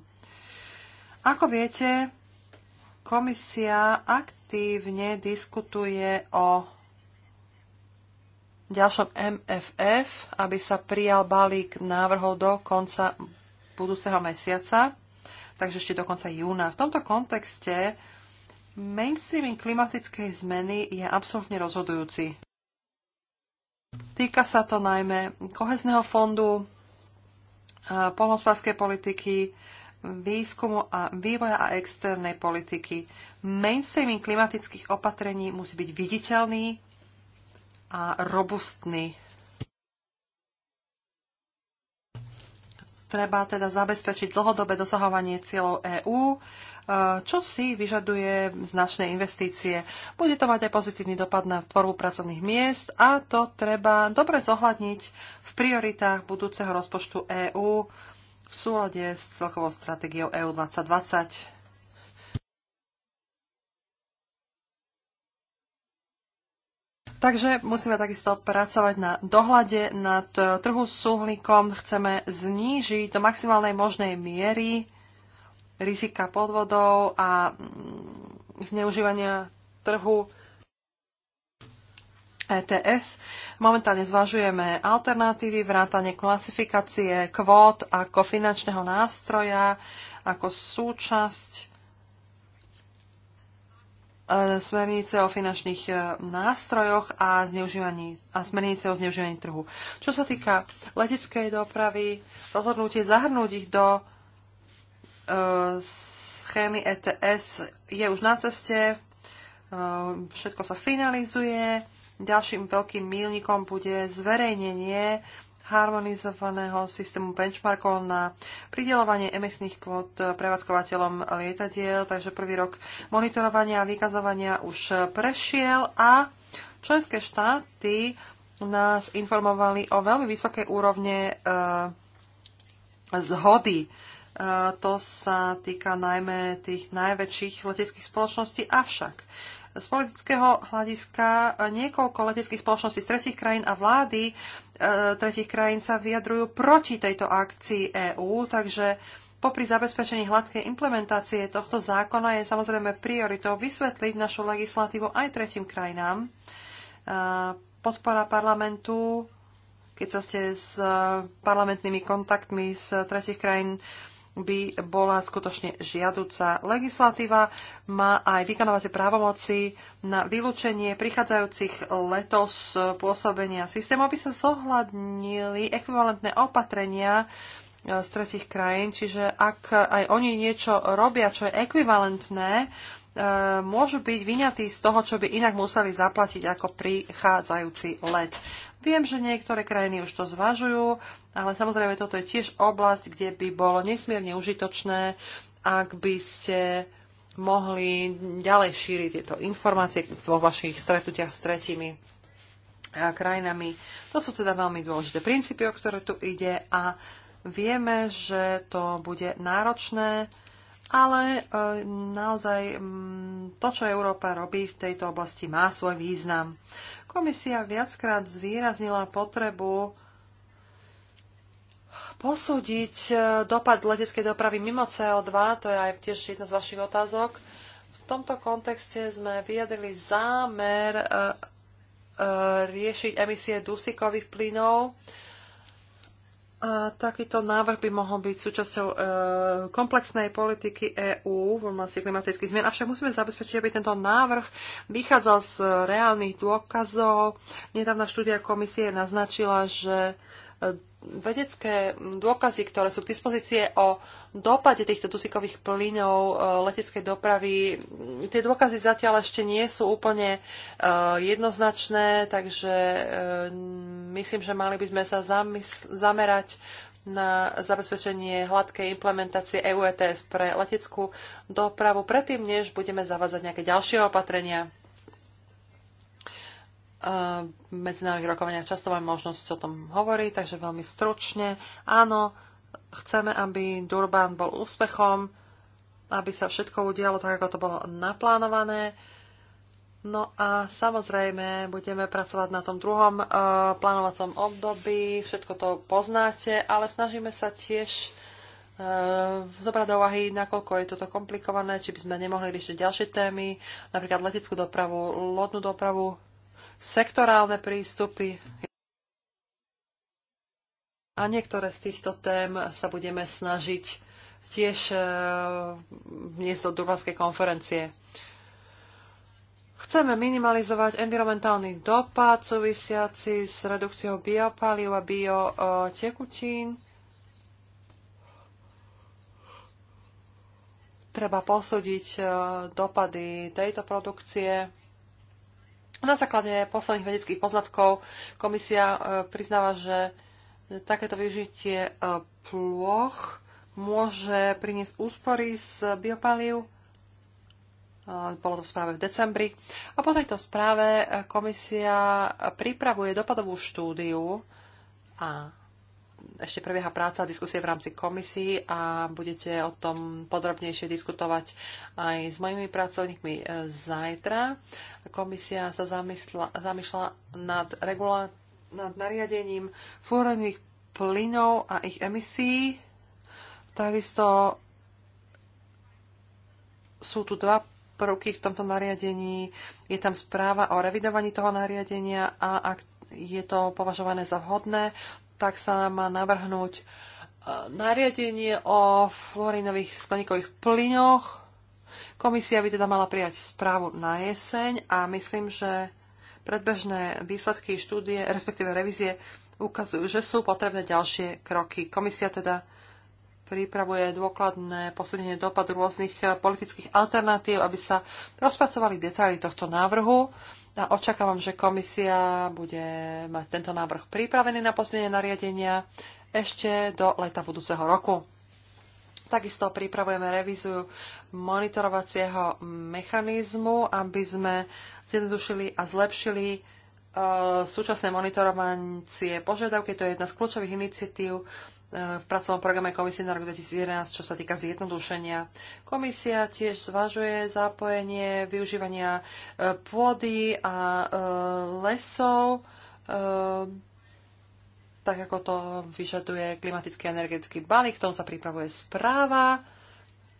Ako viete, komisia aktívne diskutuje o ďalšom MFF, aby sa prijal balík návrhov do konca budúceho mesiaca, takže ešte do konca júna. V tomto kontexte mainstreaming klimatickej zmeny je absolútne rozhodujúci. Týka sa to najmä kohezného fondu, polnospodárskej politiky, výskumu a vývoja a externej politiky. Mainstreaming klimatických opatrení musí byť viditeľný, a robustný. Treba teda zabezpečiť dlhodobé dosahovanie cieľov EÚ, e, čo si vyžaduje značné investície. Bude to mať aj pozitívny dopad na tvorbu pracovných miest a to treba dobre zohľadniť v prioritách budúceho rozpočtu EÚ v súlade s celkovou stratégiou EU 2020. Takže musíme takisto pracovať na dohľade nad eh, trhu s uhlíkom. Chceme znížiť do maximálnej možnej miery rizika podvodov a mm, zneužívania trhu ETS. Momentálne zvažujeme alternatívy, vrátanie klasifikácie kvót ako finančného nástroja, ako súčasť E, smernice o finančných e, nástrojoch a, zneužívaní, a smernice o zneužívaní trhu. Čo sa týka leteckej dopravy, rozhodnutie zahrnúť ich do e, schémy ETS je už na ceste, všetko sa finalizuje. Ďalším veľkým mílnikom bude zverejnenie harmonizovaného systému benchmarkov na pridelovanie emisných kvót prevádzkovateľom lietadiel, takže prvý rok monitorovania a vykazovania už prešiel a členské štáty nás informovali o veľmi vysokej úrovne e, zhody. E, to sa týka najmä tých najväčších leteckých spoločností, avšak z politického hľadiska niekoľko leteckých spoločností z tretich krajín a vlády E, tretich krajín sa vyjadrujú proti tejto akcii EÚ, takže popri zabezpečení hladkej implementácie tohto zákona je samozrejme prioritou vysvetliť našu legislatívu aj tretím krajinám. E, podpora parlamentu, keď sa ste s e, parlamentnými kontaktmi z tretich krajín by bola skutočne žiaduca. Legislatíva má aj vykonávacie právomoci na vylúčenie prichádzajúcich letov z pôsobenia systému, aby sa zohľadnili ekvivalentné opatrenia e, z tretich krajín, čiže ak aj oni niečo robia, čo je ekvivalentné, e, môžu byť vyňatí z toho, čo by inak museli zaplatiť ako prichádzajúci let. Viem, že niektoré krajiny už to zvažujú, ale samozrejme, toto je tiež oblasť, kde by bolo nesmierne užitočné, ak by ste mohli ďalej šíriť tieto informácie vo vašich stretnutiach s tretimi eh, krajinami. To sú teda veľmi dôležité princípy, o ktoré tu ide a vieme, že to bude náročné, ale eh, naozaj mm, to, čo Európa robí v tejto oblasti, má svoj význam. Komisia viackrát zvýraznila potrebu posúdiť e, dopad leteckej dopravy mimo CO2, to je aj tiež jedna z vašich otázok. V tomto kontexte sme vyjadrili zámer e, e, riešiť emisie dusíkových plynov. A takýto návrh by mohol byť súčasťou e, komplexnej politiky EÚ v oblasti klimatických zmien, avšak musíme zabezpečiť, aby tento návrh vychádzal z reálnych dôkazov. Nedávna štúdia komisie naznačila, že vedecké dôkazy, ktoré sú k dispozície o dopade týchto dusíkových plynov e, leteckej dopravy, tie dôkazy zatiaľ ešte nie sú úplne e, jednoznačné, takže e, myslím, že mali by sme sa zamerať na zabezpečenie hladkej implementácie EU ETS pre leteckú dopravu predtým, než budeme zavádzať nejaké ďalšie opatrenia. Eh, medzinárodných rokovaniach často máme možnosť o tom hovoriť, takže veľmi stručne. Áno, chceme, aby Durban bol úspechom, aby sa všetko udialo tak, ako to bolo naplánované. No a samozrejme, budeme pracovať na tom druhom uh, plánovacom období, všetko to poznáte, ale snažíme sa tiež uh, zobrať do úvahy, nakoľko je toto komplikované, či by sme nemohli riešiť ďalšie témy, napríklad leteckú dopravu, lodnú dopravu, sektorálne prístupy. A niektoré z týchto tém sa budeme snažiť tiež e, vniesť do Durbanskej konferencie. Chceme minimalizovať environmentálny dopad súvisiaci s redukciou biopalív a biotekutín. Treba posúdiť e, dopady tejto produkcie na základe posledných vedeckých poznatkov komisia e, priznáva, že takéto využitie e, plôch môže priniesť úspory z biopalív. E, bolo to v správe v decembri. A po tejto správe komisia pripravuje dopadovú štúdiu a ešte prebieha práca a diskusie v rámci komisí a budete o tom podrobnejšie diskutovať aj s mojimi pracovníkmi e, zajtra. Komisia sa zamysla, zamýšľa nad, regula- nad nariadením fúrovných plynov a ich emisí. Takisto sú tu dva prvky v tomto nariadení. Je tam správa o revidovaní toho nariadenia a ak je to považované za vhodné, tak sa má navrhnúť e, nariadenie o fluorinových skleníkových plynoch. Komisia by teda mala prijať správu na jeseň a myslím, že predbežné výsledky štúdie, respektíve revízie, ukazujú, že sú potrebné ďalšie kroky. Komisia teda pripravuje dôkladné posúdenie dopadu rôznych e, politických alternatív, aby sa rozpracovali detaily tohto návrhu a očakávam, že komisia bude mať tento návrh pripravený na pozdenie nariadenia ešte do leta budúceho roku. Takisto pripravujeme revíziu monitorovacieho mechanizmu, aby sme zjednodušili a zlepšili e, súčasné monitorovacie požiadavky. To je jedna z kľúčových iniciatív E, v pracovnom programe komisie na rok 2011, čo sa týka zjednodušenia. Komisia tiež zvažuje zapojenie využívania e, pôdy a e, lesov, tak ako to vyžaduje klimatický a energetický balík. V tom sa pripravuje správa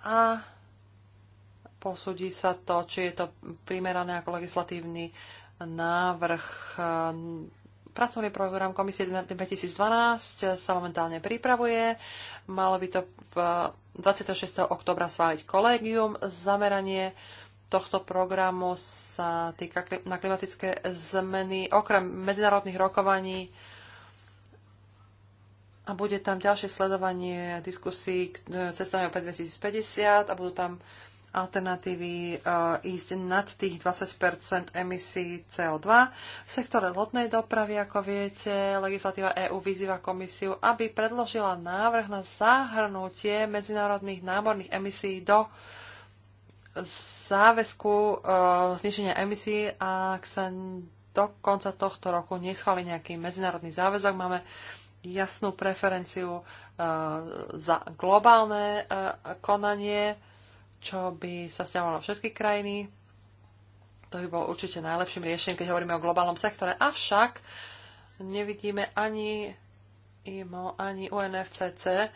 a posúdi sa to, či je to primerané ako legislatívny návrh Pracovný program komisie 2012 sa momentálne pripravuje. Malo by to v 26. Eh, oktobra sváliť kolégium. Zameranie tohto programu sa týka na klimatické zmeny okrem medzinárodných rokovaní a bude tam ďalšie sledovanie diskusí eh, cestami 2050 a budú tam alternatívy e, ísť nad tých 20 emisí CO2. V sektore lodnej dopravy, ako viete, legislatíva EÚ vyzýva komisiu, aby predložila návrh na zahrnutie medzinárodných námorných emisí do záväzku e, zniženia emisí, ak sa do konca tohto roku neschváli nejaký medzinárodný záväzok. Máme jasnú preferenciu e, za globálne konanie čo by sa stiahovalo na všetky krajiny. To by bolo určite najlepším riešením, keď hovoríme o globálnom sektore. Avšak nevidíme ani IMO, ani UNFCC,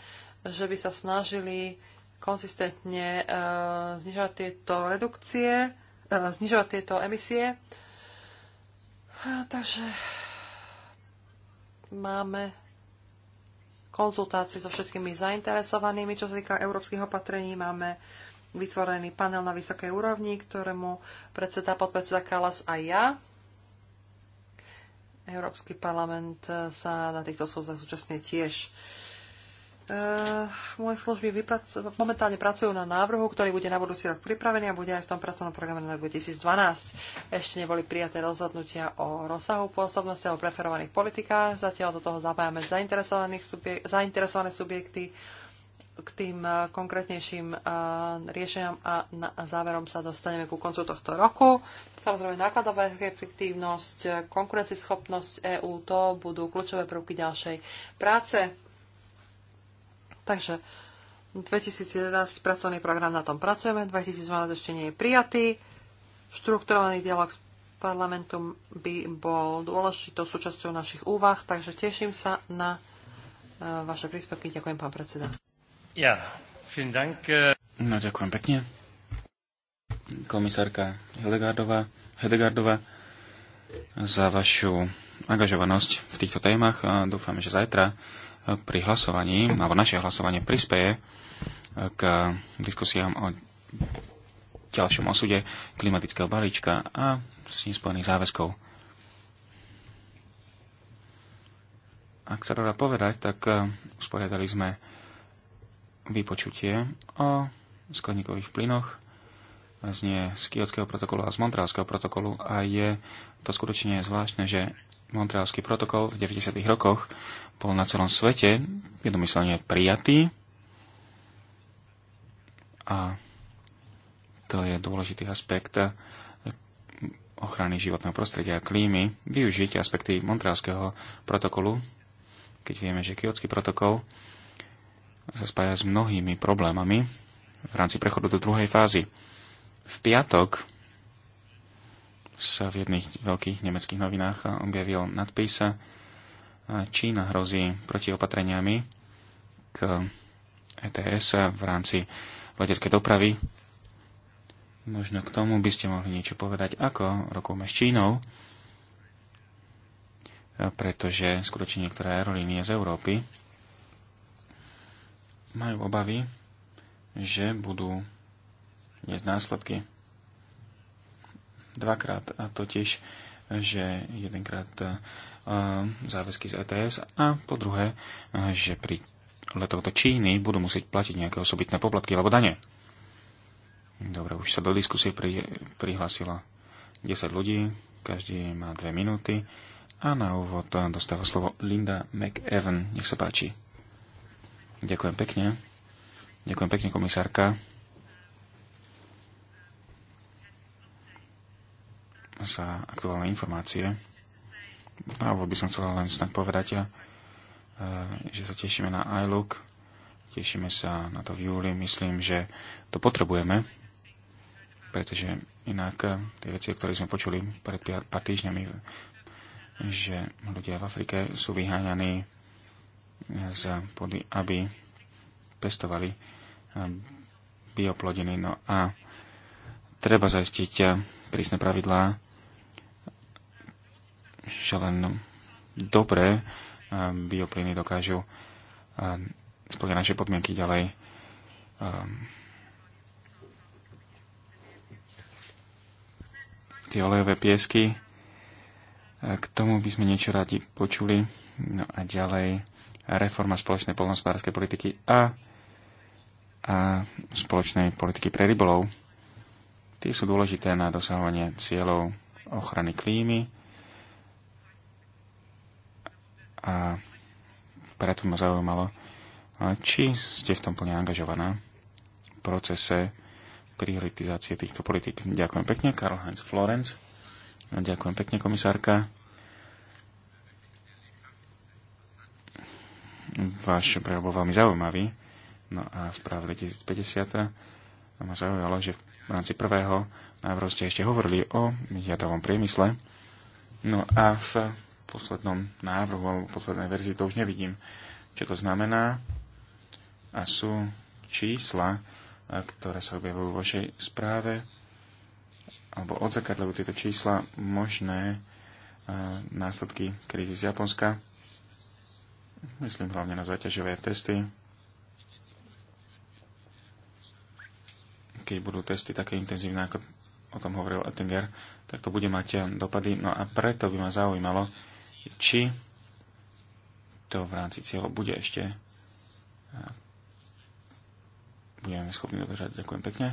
že by sa snažili konzistentne e, znižovať tieto redukcie, e, znižovať tieto emisie. Takže máme konzultácie so všetkými zainteresovanými, čo sa týka európskych opatrení, máme vytvorený panel na vysokej úrovni, ktorému predseda podpredseda Kalas a ja. Európsky parlament eh, sa na týchto schôdzach súčasne tiež. E, moje služby momentálne pracujú na návrhu, ktorý bude na budúci rok pripravený a bude aj v tom pracovnom programe na 2012. Ešte neboli prijaté rozhodnutia o rozsahu pôsobnosti alebo preferovaných politikách. Zatiaľ do toho zapájame subjek- zainteresované subjekty k tým konkrétnejším riešeniam a záverom sa dostaneme ku koncu tohto roku. Samozrejme, nákladová efektívnosť, konkurencieschopnosť EÚ, to budú kľúčové prvky ďalšej práce. Takže 2011 pracovný program na tom pracujeme, 2012 ešte nie je prijatý. Štrukturovaný dialog s parlamentom by bol dôležitou súčasťou našich úvah, takže teším sa na vaše príspevky. Ďakujem, pán predseda. Ja, vielen Dank. Äh, no, ďakujem pekne. Komisárka Hedegardová, Hedegardová za vašu angažovanosť v týchto témach. A dúfam, že zajtra e, pri hlasovaní, alebo naše hlasovanie prispieje e, k diskusiám o ďalšom osude klimatického balíčka a s ním spojených záväzkov. Ak sa dá povedať, tak e, usporiadali sme vypočutie o skleníkových plynoch znie z Kiotského protokolu a z Montrealského protokolu a je to skutočne zvláštne, že Montrealský protokol v 90. rokoch bol na celom svete jednomyselne prijatý a to je dôležitý aspekt ochrany životného prostredia a klímy, využiť aspekty Montrealského protokolu, keď vieme, že Kiotský protokol sa spája s mnohými problémami v rámci prechodu do druhej fázy. V piatok sa v jedných veľkých nemeckých novinách objavil nadpis Čína hrozí protiopatreniami k ETS v rámci leteckej dopravy. Možno k tomu by ste mohli niečo povedať, ako rokujeme s Čínou, pretože skutočne niektoré aerolínie z Európy majú obavy, že budú niesť následky. Dvakrát a totiž, že jedenkrát e, záväzky z ETS a po druhé, e, že pri letoch do Číny budú musieť platiť nejaké osobitné poplatky alebo dane. Dobre, už sa do diskusie pri, prihlásilo 10 ľudí, každý má 2 minúty a na úvod dostáva slovo Linda McEwan. Nech sa páči. Ďakujem pekne. Ďakujem pekne, komisárka. za aktuálne informácie. A by som chcel len snad povedať, eh, že sa tešíme na iLook, tešíme sa na to v júli. Myslím, že to potrebujeme, pretože inak eh, tie veci, o ktorých sme počuli pred pár týždňami, že ľudia v Afrike sú vyháňaní za aby pestovali eh, bioplodiny. No a treba zaistiť eh, prísne pravidlá, že len dobré eh, bioplyny dokážu splňať naše podmienky ďalej. Tie olejové piesky, k tomu by sme niečo radi počuli. No a ďalej reforma spoločnej polnohospodárskej politiky a, a spoločnej politiky pre rybolov. Tie sú dôležité na dosahovanie cieľov ochrany klímy a preto ma zaujímalo, či ste v tom plne angažovaná v procese prioritizácie týchto politik. Ďakujem pekne, Karl Heinz Florenz. Ďakujem pekne, komisárka. váš prejav bol veľmi zaujímavý. No a v správe 2050 ma zaujalo, že v rámci prvého návrhu ste ešte hovorili o jadrovom priemysle. No a v poslednom návrhu alebo poslednej verzii to už nevidím, čo to znamená. A sú čísla, ktoré sa objavujú vo vašej správe, alebo odzakadľujú tieto čísla možné e, následky krízy z Japonska myslím hlavne na záťažové testy. Keď budú testy také intenzívne, ako o tom hovoril Ettinger, tak to bude mať dopady. No a preto by ma zaujímalo, či to v rámci cieľov bude ešte budeme schopní dodržať. Ďakujem pekne.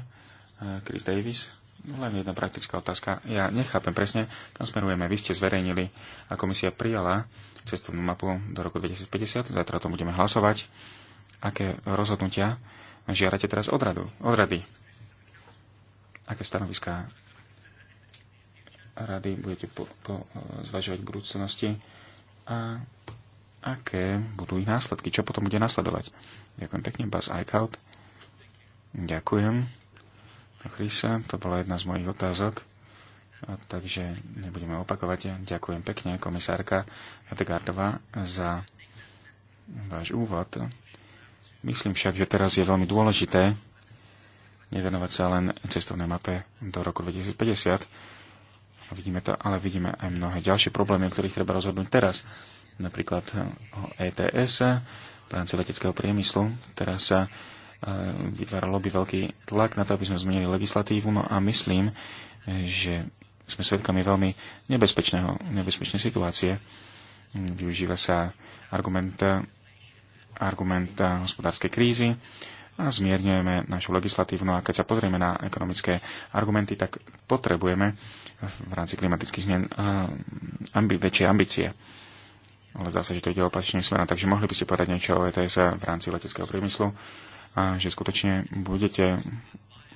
Chris Davis. Len jedna praktická otázka. Ja nechápem presne, kam smerujeme. Vy ste zverejnili a komisia prijala cestovnú mapu do roku 2050. Zajtra o tom budeme hlasovať. Aké rozhodnutia žiarate teraz od, radu, od rady? Aké stanoviská rady budete po, po, zvažovať v budúcnosti? A aké budú ich následky? Čo potom bude nasledovať? Ďakujem pekne, Buzz Eichhout. Ďakujem. Chrisa, to bola jedna z mojich otázok, a takže nebudeme opakovať. Ďakujem pekne, komisárka Edgardová, za váš úvod. Myslím však, že teraz je veľmi dôležité nevenovať sa len cestovnej mape do roku 2050. Vidíme to, ale vidíme aj mnohé ďalšie problémy, o ktorých treba rozhodnúť teraz. Napríklad o ETS v rámci leteckého priemyslu. Teraz sa vyvaralo by veľký tlak na to, aby sme zmenili legislatívu. No a myslím, že sme svedkami veľmi nebezpečného, nebezpečnej situácie. Využíva sa argument, argument hospodárskej krízy a zmierňujeme našu legislatívu. No a keď sa pozrieme na ekonomické argumenty, tak potrebujeme v rámci klimatických zmien eh, ambi, väčšie ambície. Ale zase, že to ide opačným smerom. Takže mohli by ste povedať niečo o ETS v rámci leteckého priemyslu a že skutočne budete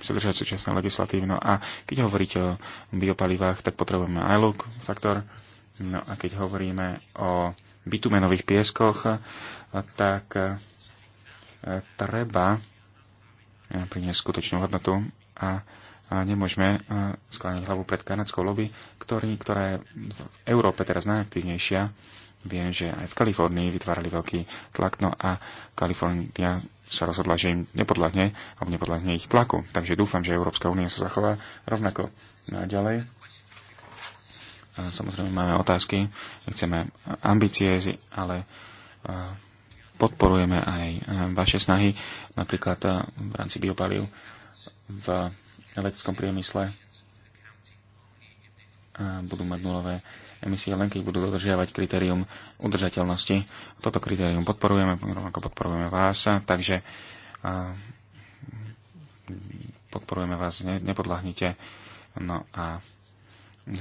sa držať súčasné legislatívno. a keď hovoríte o biopalivách, tak potrebujeme aj look faktor. No a keď hovoríme o bitumenových pieskoch, tak e, treba e, priniesť skutočnú hodnotu a nemôžeme e, skláňať hlavu pred kanadskou lobby, ktorý, ktorá je v Európe teraz najaktívnejšia. Viem, že aj v Kalifornii vytvárali veľký tlak, no a Kalifornia sa rozhodla, že im nepodľahne, alebo nepodľahne ich tlaku. Takže dúfam, že Európska únia sa zachová rovnako. No a ďalej. A samozrejme máme otázky, chceme ambície, ale podporujeme aj vaše snahy, napríklad v rámci biopaliu v elektrickom priemysle budú mať nulové emisie, len keď budú dodržiavať kritérium udržateľnosti. Toto kritérium podporujeme, ako podporujeme vás, takže podporujeme vás, nepodlahnite No a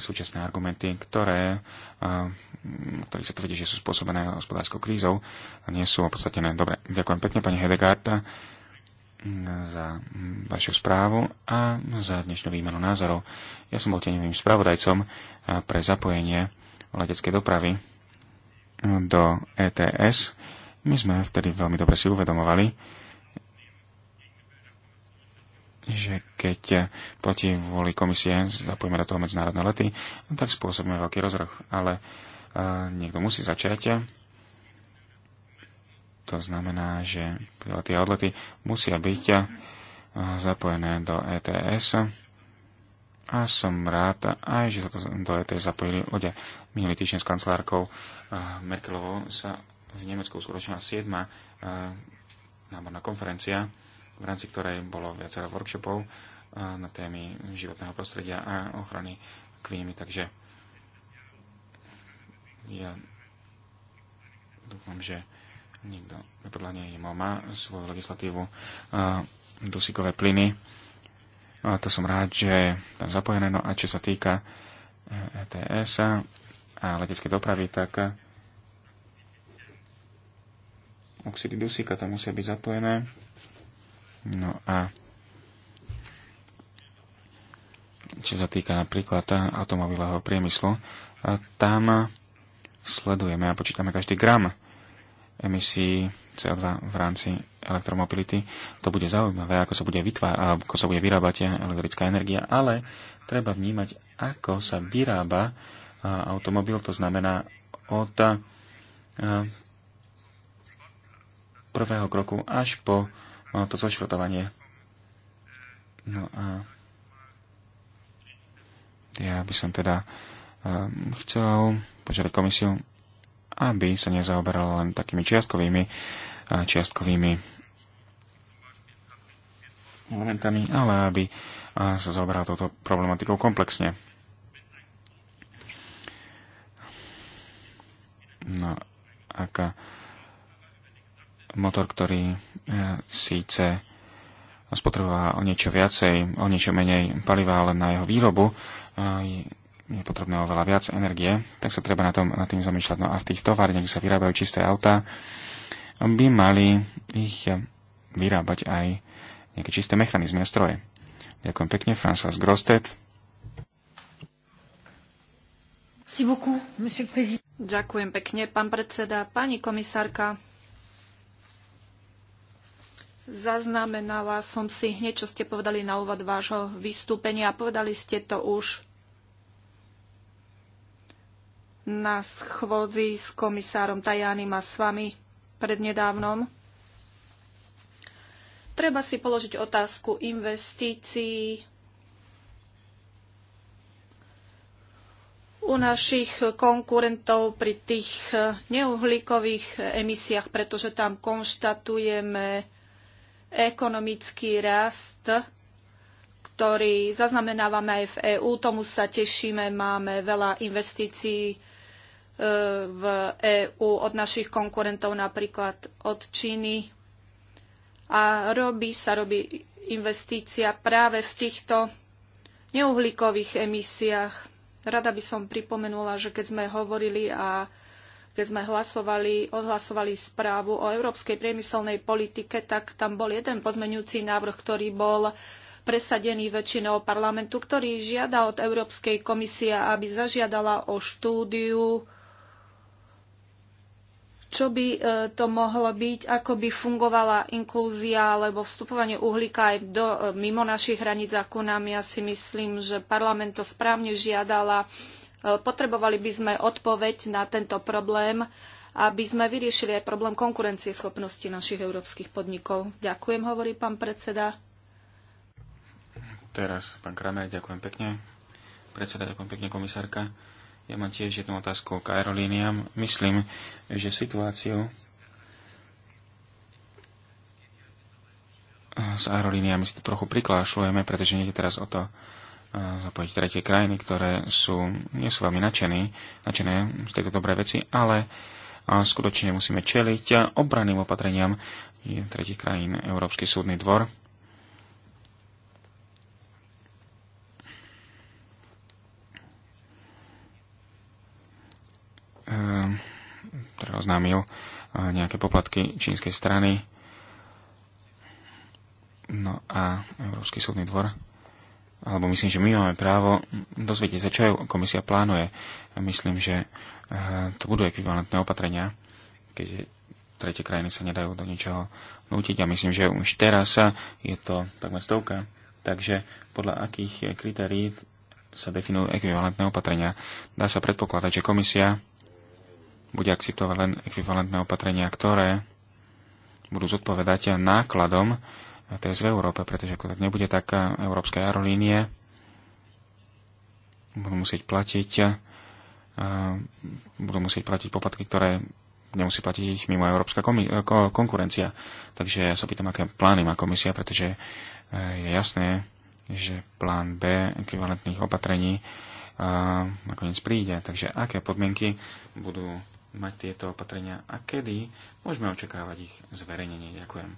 súčasné argumenty, ktoré, ktorí sa tvrdí, že sú spôsobené hospodárskou krízou, nie sú opodstatnené. Dobre, ďakujem pekne, pani Hedegaard za vašu správu a za dnešnú výmenu názorov. Ja som bol tenovým spravodajcom pre zapojenie leteckej dopravy do ETS. My sme vtedy veľmi dobre si uvedomovali, že keď proti vôli komisie zapojíme do toho medzinárodné lety, tak spôsobíme veľký rozroch. Ale eh, niekto musí začať to znamená, že tie odlety musia byť eh, zapojené do ETS a som rád aj, že sa to do ETS zapojili ľudia. Minulý týždeň s kancelárkou eh, Merkelovou sa v Nemecku uskutočnila 7. Eh, námorná konferencia, v rámci ktorej bolo viacero workshopov na témy životného prostredia a ochrany klímy. Takže ja dúfam, že nikto, podľa nej má svoju legislatívu dusikové plyny. A to som rád, že tam zapojené. No a čo sa týka ETS e a leteckej dopravy, tak e, oxidy dusíka tam musia byť zapojené. No a čo sa týka napríklad automobilového priemyslu, tam sledujeme a počítame každý gram emisí CO2 v rámci elektromobility. To bude zaujímavé, ako sa bude, vytvár- ako sa bude vyrábať elektrická energia, ale treba vnímať, ako sa vyrába automobil, to znamená od prvého kroku až po to zošrotovanie. No a ja by som teda chcel požiadať komisiu, aby sa nezaoberala len takými čiastkovými, eh, čiastkovými momentami, ale aby eh, sa zaoberala touto problematikou komplexne. No, ak eh, motor, ktorý síce spotrebová o niečo viacej, o niečo menej paliva, ale na jeho výrobu je potrebné oveľa viac energie, tak sa treba na tom, na tým zamýšľať. No a v tých továrniach, kde sa vyrábajú čisté autá, by mali ich vyrábať aj nejaké čisté mechanizmy a stroje. Ďakujem pekne, François Grostet. Ďakujem pekne, pán predseda, pani komisárka. Zaznamenala som si hneď, čo ste povedali na úvod vášho vystúpenia. Povedali ste to už na schôdzi s komisárom Tajánim a s vami prednedávnom. Treba si položiť otázku investícií u našich konkurentov pri tých neuhlíkových emisiách, pretože tam konštatujeme ekonomický rast, ktorý zaznamenávame aj v EÚ. Tomu sa tešíme, máme veľa investícií E, v EÚ od našich konkurentov, napríklad od Číny. A robí sa, robí investícia práve v týchto neuhlíkových emisiách. Rada by som pripomenula, že keď sme hovorili a keď sme hlasovali, odhlasovali správu o európskej priemyselnej politike, tak tam bol jeden pozmenujúci návrh, ktorý bol presadený väčšinou parlamentu, ktorý žiada od Európskej komisie, aby zažiadala o štúdiu čo by e, to mohlo byť, ako by fungovala inklúzia alebo vstupovanie uhlíka aj do, e, mimo našich hraníc a ku nám. Ja si myslím, že parlament to správne žiadala. E, potrebovali by sme odpoveď na tento problém, aby sme vyriešili aj problém konkurencieschopnosti našich európskych podnikov. Ďakujem, hovorí pán predseda. Teraz, pán Kramer, ďakujem pekne. Predseda, ďakujem pekne, komisárka. Ja mám tiež jednu otázku k aerolíniám. Myslím, že situáciu s aerolíniami si to trochu priklášľujeme, pretože nie je teraz o to eh, zapojiť tretie krajiny, ktoré sú, nie sú veľmi nadšené, nadšené z tejto dobrej veci, ale eh, skutočne musíme čeliť eh, obraným opatreniam tretich krajín Európsky súdny dvor Ehm, ktorý oznámil eh, nejaké poplatky čínskej strany. No a Európsky súdny dvor alebo myslím, že my máme právo dozvedieť sa, čo komisia plánuje. Myslím, že eh, to budú ekvivalentné opatrenia, keď tretie krajiny sa nedajú do ničoho nútiť a myslím, že už teraz sa je to takmer stovka. Takže podľa akých kritérií sa definujú ekvivalentné opatrenia. Dá sa predpokladať, že komisia bude akceptovať len ekvivalentné opatrenia, ktoré budú zodpovedať nákladom TS v Európe, pretože ako tak nebude taká európske aerolínie, budú musieť platiť budú musieť platiť poplatky, ktoré nemusí platiť mimo európska konkurencia. Takže ja sa pýtam, aké plány má komisia, pretože e, je jasné, že plán B ekvivalentných opatrení nakoniec príde. Takže aké podmienky budú mať tieto opatrenia a kedy môžeme očakávať ich zverejnenie. Ďakujem.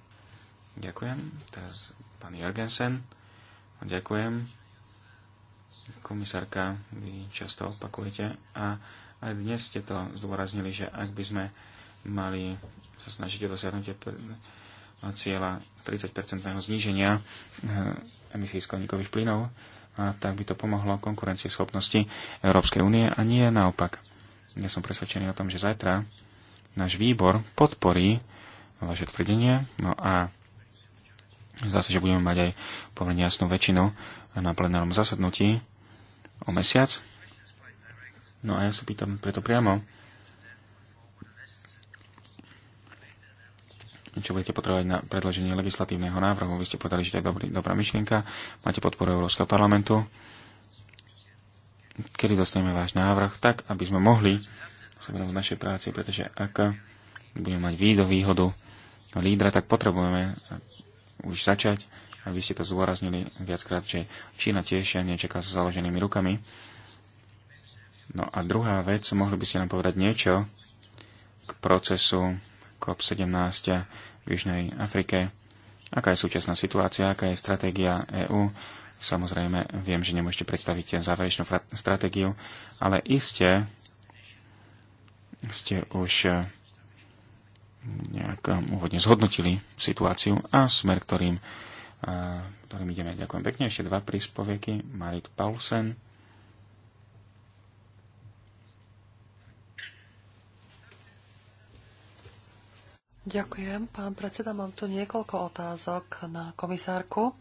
Ďakujem. Teraz pán Jorgensen. Ďakujem. Komisárka, vy často opakujete a aj dnes ste to zdôraznili, že ak by sme mali sa snažiť o dosiahnutie cieľa 30-percentného zníženia eh, emisí skleníkových plynov, a tak by to pomohlo schopnosti Európskej únie a nie naopak. Ja som presvedčený o tom, že zajtra náš výbor podporí vaše tvrdenie, no a zase, sa, že budeme mať aj pomerne jasnú väčšinu na plenárnom zasadnutí o mesiac. No a ja sa pýtam preto priamo, čo budete potrebovať na predloženie legislatívneho návrhu. Vy ste povedali, že to je dobrý, dobrá myšlienka, máte podporu Európskeho parlamentu kedy dostaneme váš návrh, tak aby sme mohli sa v našej práci, pretože ak budeme mať do výhodu lídra, tak potrebujeme už začať a vy ste to zúraznili viackrát, že Čína tiež nečaká s založenými rukami. No a druhá vec, mohli by ste nám povedať niečo k procesu COP17 v Južnej Afrike. Aká je súčasná situácia, aká je stratégia EÚ, Samozrejme, viem, že nemôžete predstaviť záverečnú stratégiu, ale iste ste už eh, nejak eh, úvodne zhodnotili situáciu a smer, ktorým, eh, ktorým ideme. Ďakujem pekne. Ešte dva príspovieky. Marit Paulsen. Ďakujem, pán predseda. Mám tu niekoľko otázok na komisárku.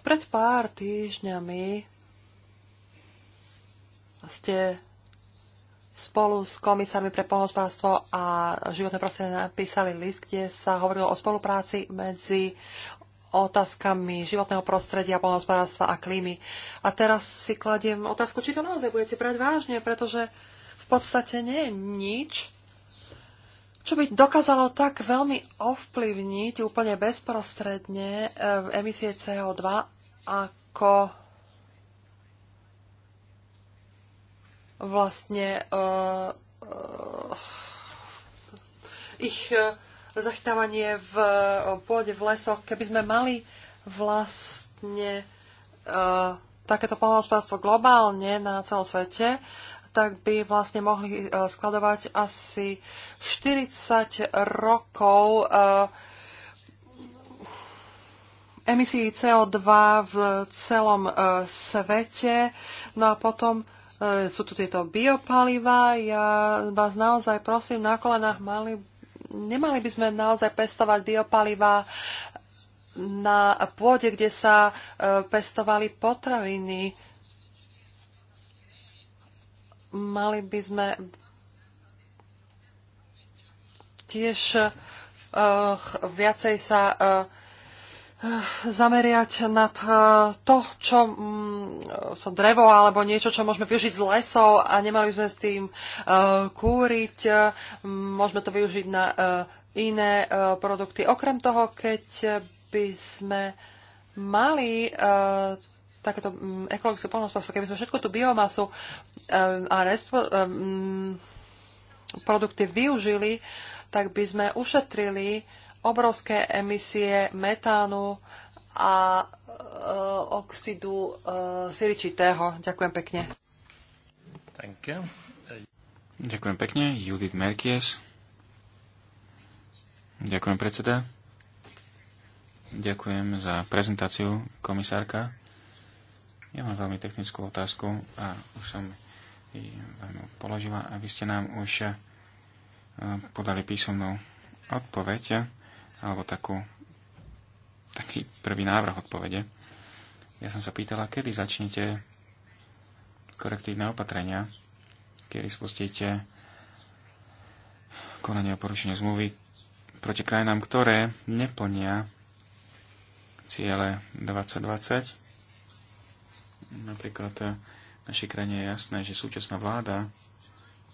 Pred pár týždňami ste spolu s komisami pre pohospodárstvo a životné prostredie napísali list, kde sa hovorilo o spolupráci medzi otázkami životného prostredia, pohospodárstva a klímy. A teraz si kladiem otázku, či to naozaj budete brať vážne, pretože v podstate nie je nič, čo by dokázalo tak veľmi ovplyvniť úplne bezprostredne e, emisie CO2 ako vlastne uh, uh, ich zachytávanie v pôde, v lesoch, keby sme mali vlastne uh, takéto pohľadnospodárstvo globálne na celom svete, tak by vlastne mohli e, skladovať asi 40 rokov e, emisí CO2 v celom e, svete. No a potom sú tu tieto biopaliva. Ja vás naozaj prosím na kolenách, mali, nemali by sme naozaj pestovať biopaliva na pôde, kde sa pestovali potraviny mali by sme tiež uh, viacej sa uh, zameriať na eh, to, čo um, so drevo alebo niečo, čo môžeme využiť z lesov a nemali by sme s tým uh, kúriť. Môžeme to využiť na uh, iné uh, produkty. Okrem toho, keď by sme mali uh, takéto mm, ekologické poľnohospodárstvo, keby sme všetko tú biomasu a respo- produkty využili, tak by sme ušetrili obrovské emisie metánu a e, oxidu e, siričitého. Ďakujem pekne. you. Ďakujem pekne. Judith Merkies. Ďakujem predseda. Ďakujem za prezentáciu komisárka. Ja mám veľmi technickú otázku a už som vám položila, aby ste nám už eh, podali písomnú odpoveď, eh, alebo takú, taký prvý návrh odpovede. Ja som sa pýtala, kedy začnete korektívne opatrenia, kedy spustíte konanie o porušenie zmluvy proti krajinám, ktoré neplnia ciele 2020. Napríklad eh, našej krajine je jasné, že súčasná vláda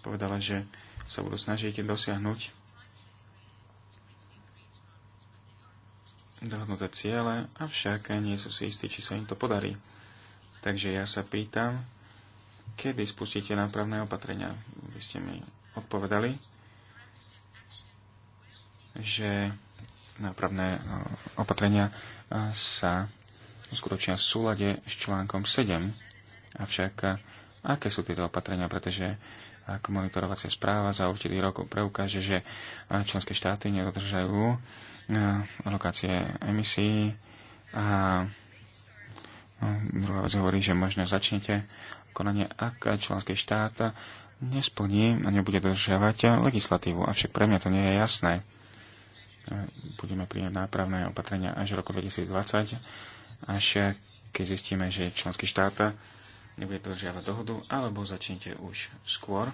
povedala, že sa budú snažiť dosiahnuť dohodnuté ciele, avšak nie sú si istí, či sa im to podarí. Takže ja sa pýtam, kedy spustíte nápravné opatrenia? Vy ste mi odpovedali, že nápravné eh, opatrenia eh, sa uskutočnia v súlade s článkom 7 Avšak eh, aké sú tieto opatrenia, pretože ak monitorovacia správa za určitý rok preukáže, že eh, členské štáty nedodržajú eh, lokácie emisí a druhá vec hovorí, že možno začnete konanie, ak členský štát nesplní a nebude dodržiavať legislatívu. Avšak pre mňa to nie je jasné. Budeme príjemť nápravné opatrenia až v roku 2020, až keď zistíme, že členský štát nebudete dodržiavať dohodu, alebo začnite už skôr.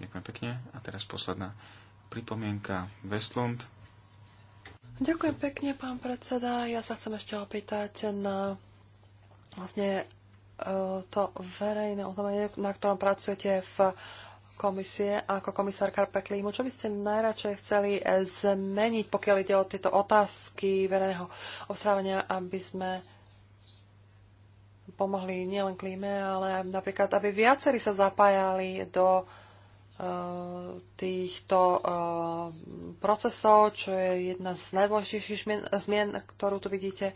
Ďakujem pekne. A teraz posledná pripomienka Westlund. Ďakujem pekne, pán predseda. Ja sa chcem ešte opýtať na vlastne e, to verejné oznámenie, na ktorom pracujete v komisie ako komisárka pre klímu. Čo by ste najradšej chceli zmeniť, pokiaľ ide o tieto otázky verejného obstarávania, aby sme pomohli nielen klíme, ale napríklad, aby viacerí sa zapájali do e, týchto e, procesov, čo je jedna z najdôležitejších zmien, ktorú tu vidíte.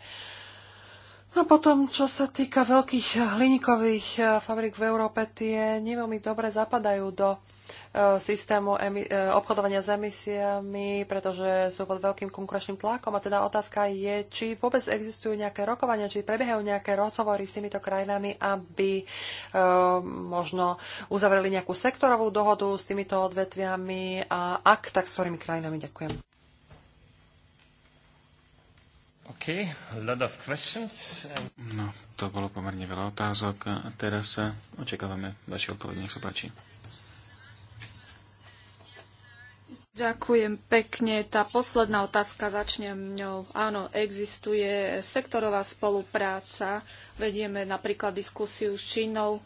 No potom, čo sa týka veľkých hliníkových e, fabrik v Európe, tie neveľmi dobre zapadajú do Eh, systému eh, obchodovania s emisiami, pretože sú pod veľkým konkurenčným tlakom. A teda otázka je, či vôbec existujú nejaké rokovania, či prebiehajú nejaké rozhovory s týmito krajinami, aby eh, možno uzavreli nejakú sektorovú dohodu s týmito odvetviami a ak, tak s ktorými krajinami. Ďakujem. lot of questions. No, to bolo pomerne veľa otázok a teraz očakávame vaše odpovede. Nech sa páči. Ďakujem pekne. Tá posledná otázka začnem ňou. Áno, existuje sektorová spolupráca. Vedieme napríklad diskusiu s Čínou.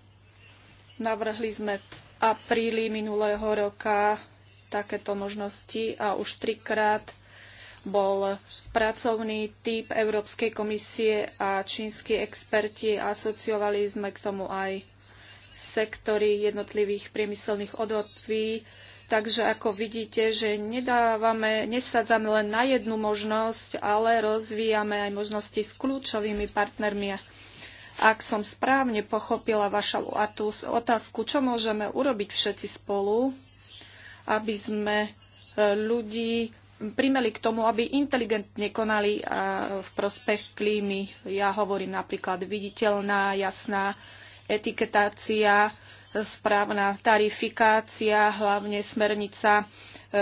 Navrhli sme v apríli minulého roka takéto možnosti a už trikrát bol pracovný typ Európskej komisie a čínsky experti. Asociovali sme k tomu aj sektory jednotlivých priemyselných odotví. Takže ako vidíte, že nedávame, nesadzame len na jednu možnosť, ale rozvíjame aj možnosti s kľúčovými partnermi. Ak som správne pochopila vašu otázku, čo môžeme urobiť všetci spolu, aby sme e, ľudí primeli k tomu, aby inteligentne konali e, v prospech klímy. Ja hovorím napríklad viditeľná, jasná etiketácia, správna tarifikácia, hlavne smernica e,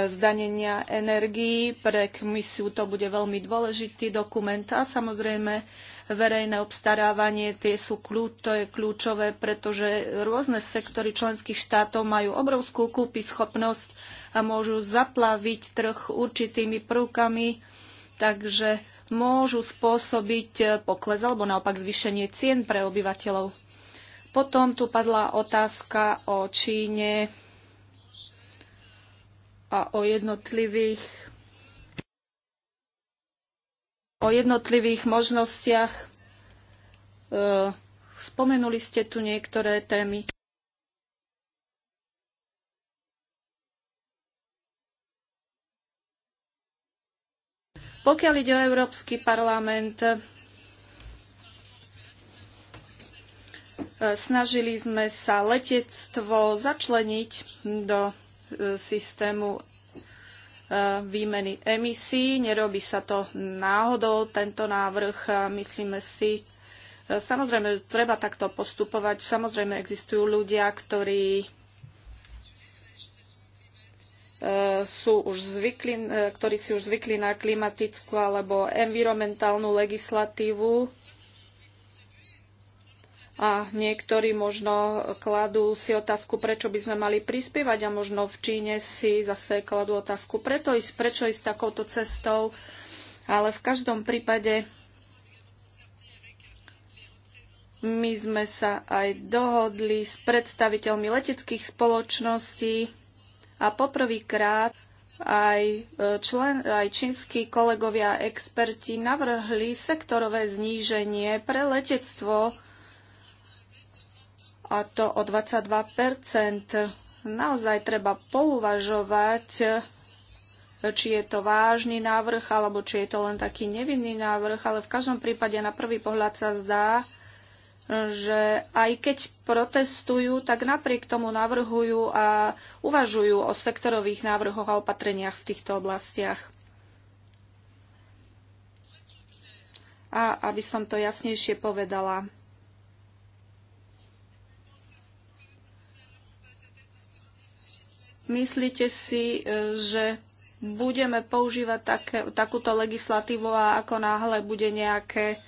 zdanenia energií. Pre komisiu to bude veľmi dôležitý dokument a samozrejme verejné obstarávanie tie sú kľú, to je kľúčové, pretože rôzne sektory členských štátov majú obrovskú kúpy schopnosť a môžu zaplaviť trh určitými prvkami, takže môžu spôsobiť pokles alebo naopak zvýšenie cien pre obyvateľov. Potom tu padla otázka o Číne a o jednotlivých o jednotlivých možnostiach. E, spomenuli ste tu niektoré témy. Pokiaľ ide o Európsky parlament, E, snažili sme sa letectvo začleniť do e, systému e, výmeny emisí. Nerobí sa to náhodou, tento návrh, myslíme si. Samozrejme, treba takto postupovať. Samozrejme, existujú ľudia, ktorí sú už zvykli, ktorí si už zvykli na klimatickú alebo environmentálnu legislatívu a niektorí možno kladú si otázku, prečo by sme mali prispievať a možno v Číne si zase kladú otázku, preto ísť, prečo ísť takouto cestou. Ale v každom prípade my sme sa aj dohodli s predstaviteľmi leteckých spoločností a poprvýkrát aj, e, člen, aj čínsky kolegovia experti navrhli sektorové zníženie pre letectvo a to o 22 Naozaj treba pouvažovať, či je to vážny návrh, alebo či je to len taký nevinný návrh, ale v každom prípade na prvý pohľad sa zdá, že aj keď protestujú, tak napriek tomu navrhujú a uvažujú o sektorových návrhoch a opatreniach v týchto oblastiach. A aby som to jasnejšie povedala, Myslíte si, e, že budeme používať také, takúto legislatívu a ako náhle bude nejaké,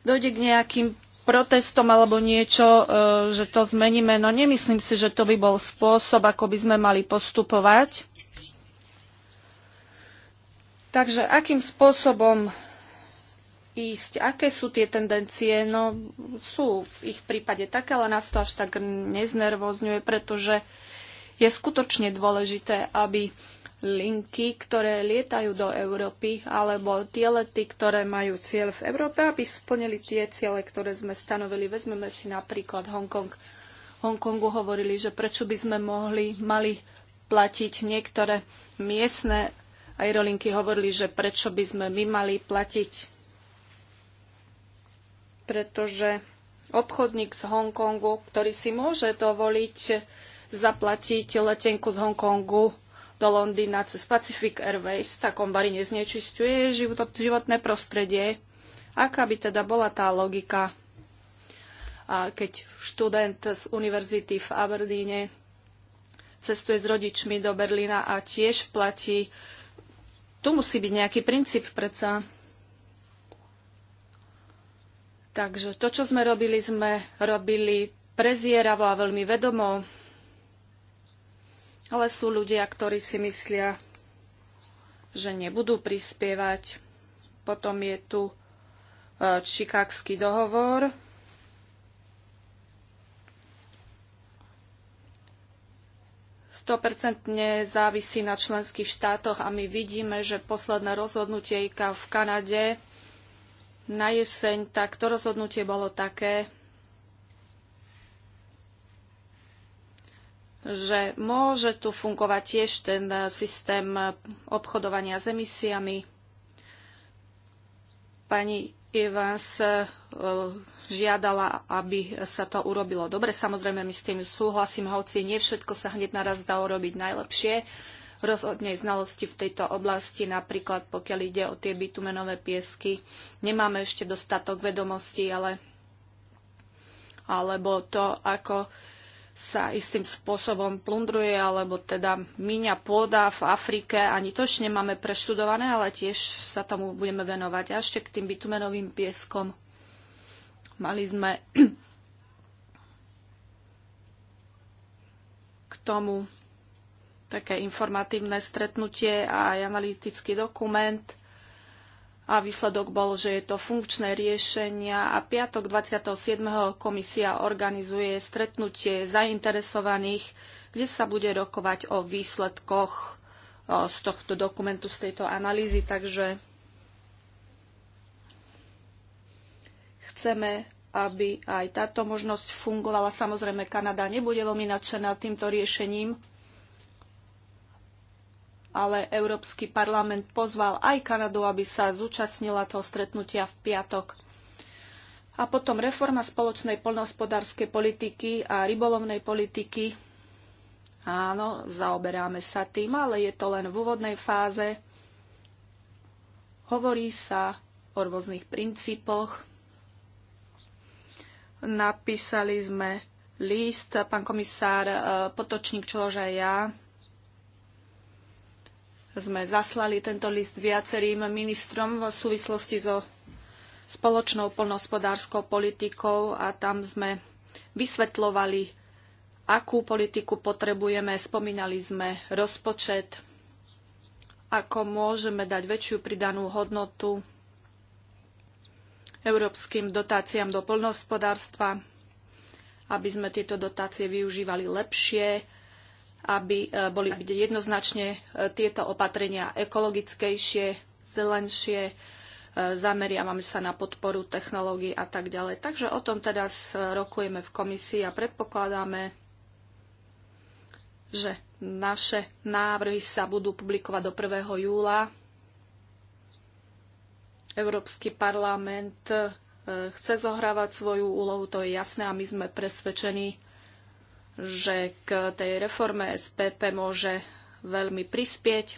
dojde k nejakým protestom alebo niečo, e, že to zmeníme. No nemyslím si, že to by bol spôsob, ako by sme mali postupovať. Takže akým spôsobom ísť? Aké sú tie tendencie? No sú v ich prípade také, ale nás to až tak neznervozňuje, pretože uh, je skutočne dôležité, aby linky, ktoré lietajú do Európy, alebo tie lety, ktoré majú cieľ v Európe, aby splnili tie ciele, ktoré sme stanovili. Vezmeme si napríklad Hongkong. Hongkongu hovorili, že prečo by sme mohli, mali platiť niektoré miestne aerolinky hovorili, že prečo by sme my mali platiť, pretože obchodník z Hongkongu, ktorý si môže dovoliť zaplatiť letenku z Hongkongu do Londýna cez Pacific Airways, takom on bari neznečistuje životné prostredie. Aká by teda bola tá logika? A keď študent z univerzity v Aberdeene cestuje s rodičmi do Berlína a tiež platí, tu musí byť nejaký princíp predsa. Takže to, čo sme robili, sme robili prezieravo a veľmi vedomo. Ale sú ľudia, ktorí si myslia, že nebudú prispievať. Potom je tu Čikákský e, dohovor. Stopercentne závisí na členských štátoch a my vidíme, že posledné rozhodnutie IKA v Kanade na jeseň, tak to rozhodnutie bolo také, že môže tu fungovať tiež ten eh, systém eh, obchodovania s emisiami. Pani Evans eh, žiadala, aby sa to urobilo dobre. Samozrejme, my s tým súhlasím, hoci nie všetko sa hneď naraz dá urobiť najlepšie. Rozhodne znalosti v tejto oblasti, napríklad pokiaľ ide o tie bitumenové piesky, nemáme ešte dostatok vedomostí, ale alebo to, ako sa istým spôsobom plundruje alebo teda míňa pôda v Afrike. Ani to ešte nemáme preštudované, ale tiež sa tomu budeme venovať. A ešte k tým bitumenovým pieskom. Mali sme k tomu také informatívne stretnutie a aj analytický dokument a výsledok bol, že je to funkčné riešenia a piatok 27. komisia organizuje stretnutie zainteresovaných, kde sa bude rokovať o výsledkoch z tohto dokumentu, z tejto analýzy. Takže chceme, aby aj táto možnosť fungovala. Samozrejme, Kanada nebude veľmi nadšená týmto riešením, ale Európsky parlament pozval aj Kanadu, aby sa zúčastnila toho stretnutia v piatok. A potom reforma spoločnej poľnohospodárskej politiky a rybolovnej politiky. Áno, zaoberáme sa tým, ale je to len v úvodnej fáze. Hovorí sa o rôznych princípoch. Napísali sme list, pán komisár eh, Potočník Čolož aj ja, sme zaslali tento list viacerým ministrom v súvislosti so spoločnou polnohospodárskou politikou a tam sme vysvetľovali, akú politiku potrebujeme, spomínali sme rozpočet, ako môžeme dať väčšiu pridanú hodnotu európskym dotáciám do polnohospodárstva, aby sme tieto dotácie využívali lepšie, aby e, boli jednoznačne e, tieto opatrenia ekologickejšie, zelenšie, e, zameriavame sa na podporu technológií a tak ďalej. Takže o tom teraz rokujeme v komisii a predpokladáme, že naše návrhy sa budú publikovať do 1. júla. Európsky parlament chce zohrávať svoju úlohu, to je jasné a my sme presvedčení, že k tej reforme SPP môže veľmi prispieť.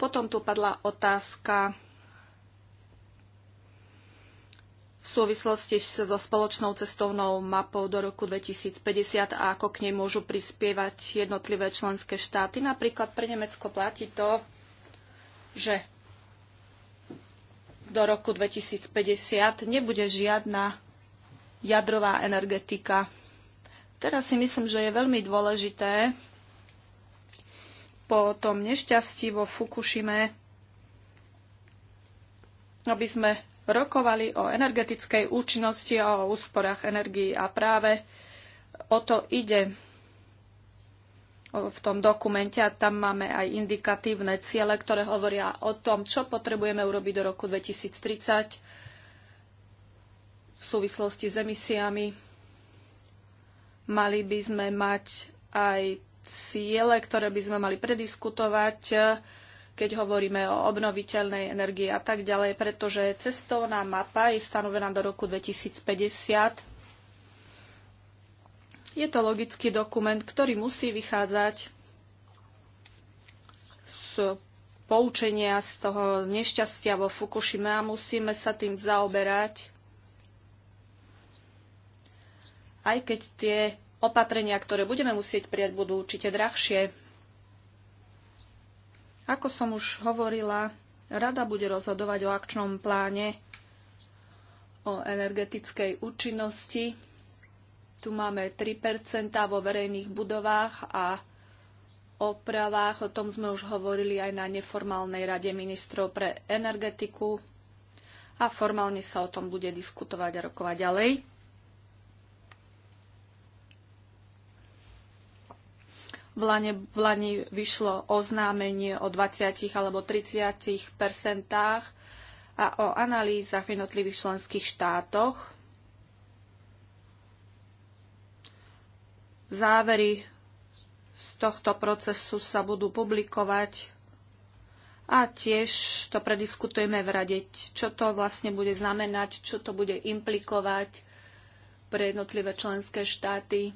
Potom tu padla otázka v súvislosti so spoločnou cestovnou mapou do roku 2050 a ako k nej môžu prispievať jednotlivé členské štáty. Napríklad pre Nemecko platí to, že do roku 2050 nebude žiadna jadrová energetika Teraz si myslím, že je veľmi dôležité po tom nešťastí vo Fukushime, aby sme rokovali o energetickej účinnosti a o úsporách energií. A práve o to ide v tom dokumente a tam máme aj indikatívne ciele, ktoré hovoria o tom, čo potrebujeme urobiť do roku 2030 v súvislosti s emisiami Mali by sme mať aj ciele, ktoré by sme mali prediskutovať, keď hovoríme o obnoviteľnej energii a tak ďalej, pretože cestovná mapa je stanovená do roku 2050. Je to logický dokument, ktorý musí vychádzať z poučenia z toho nešťastia vo Fukushima a musíme sa tým zaoberať aj keď tie opatrenia, ktoré budeme musieť prijať, budú určite drahšie. Ako som už hovorila, rada bude rozhodovať o akčnom pláne o energetickej účinnosti. Tu máme 3 vo verejných budovách a opravách. O tom sme už hovorili aj na neformálnej rade ministrov pre energetiku a formálne sa o tom bude diskutovať a rokovať ďalej. V Lani, v Lani vyšlo oznámenie o 20 alebo 30 percentách a o analýzach v jednotlivých členských štátoch. Závery z tohto procesu sa budú publikovať a tiež to prediskutujeme v rade, čo to vlastne bude znamenať, čo to bude implikovať pre jednotlivé členské štáty.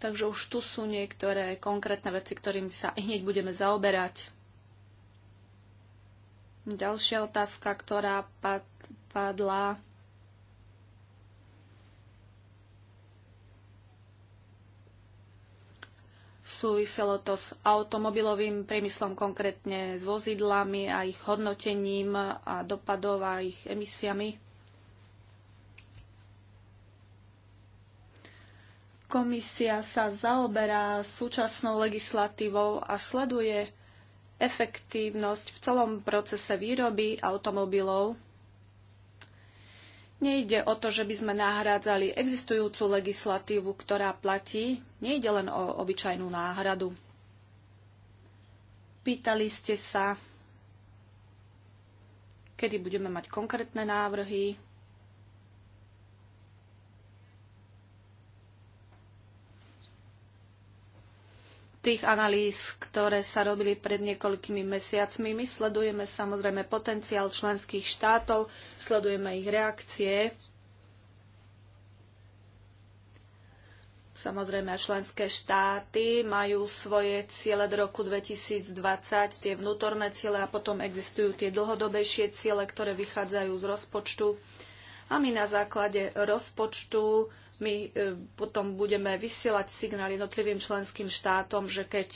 Takže už tu sú niektoré konkrétne veci, ktorým sa hneď budeme zaoberať. Ďalšia otázka, ktorá padla. súviselo to s automobilovým priemyslom, konkrétne s vozidlami a ich hodnotením a dopadov a ich emisiami. Komisia sa zaoberá súčasnou legislatívou a sleduje efektívnosť v celom procese výroby automobilov. Nejde o to, že by sme nahrádzali existujúcu legislatívu, ktorá platí. Nejde len o obyčajnú náhradu. Pýtali ste sa, kedy budeme mať konkrétne návrhy tých analýz, ktoré sa robili pred niekoľkými mesiacmi. My sledujeme samozrejme potenciál členských štátov, sledujeme ich reakcie. Samozrejme, členské štáty majú svoje ciele do roku 2020, tie vnútorné ciele a potom existujú tie dlhodobejšie ciele, ktoré vychádzajú z rozpočtu. A my na základe rozpočtu my e, potom budeme vysielať signál jednotlivým členským štátom, že keď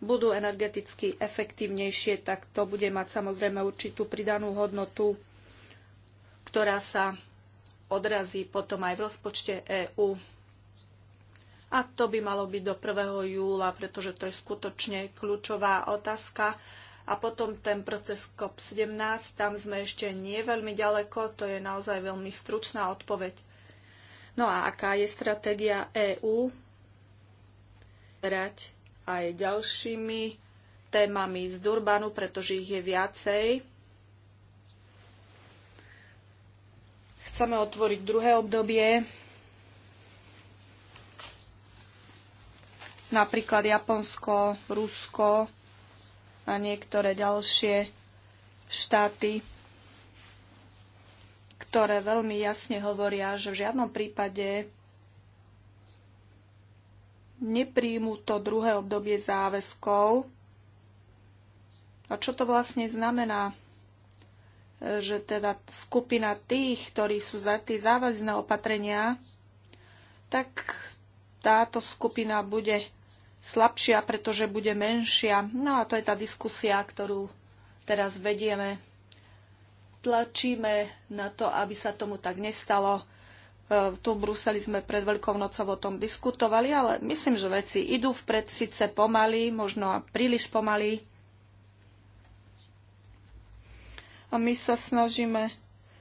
budú energeticky efektívnejšie, tak to bude mať samozrejme určitú pridanú hodnotu, ktorá sa odrazí potom aj v rozpočte EÚ. A to by malo byť do 1. júla, pretože to je skutočne kľúčová otázka. A potom ten proces COP17, tam sme ešte nie veľmi ďaleko, to je naozaj veľmi stručná odpoveď. No a aká je stratégia EÚ? Berať aj ďalšími témami z Durbanu, pretože ich je viacej. Chceme otvoriť druhé obdobie. Napríklad Japonsko, Rusko a niektoré ďalšie štáty ktoré veľmi jasne hovoria, že v žiadnom prípade nepríjmu to druhé obdobie záväzkov. A čo to vlastne znamená? Že teda skupina tých, ktorí sú za tie záväzné opatrenia, tak táto skupina bude slabšia, pretože bude menšia. No a to je tá diskusia, ktorú teraz vedieme tlačíme na to, aby sa tomu tak nestalo. E, tu v Bruseli sme pred Veľkou nocou o tom diskutovali, ale myslím, že veci idú vpred síce pomaly, možno príliš pomaly. A my sa snažíme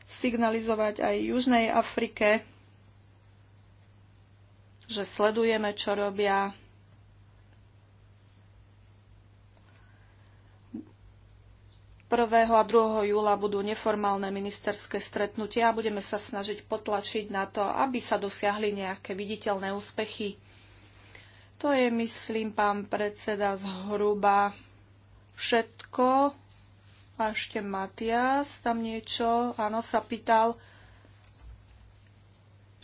signalizovať aj Južnej Afrike, že sledujeme, čo robia 1. a 2. júla budú neformálne ministerské stretnutia a budeme sa snažiť potlačiť na to, aby sa dosiahli nejaké viditeľné úspechy. To je, myslím, pán predseda, zhruba všetko. A ešte Matias tam niečo, áno, sa pýtal,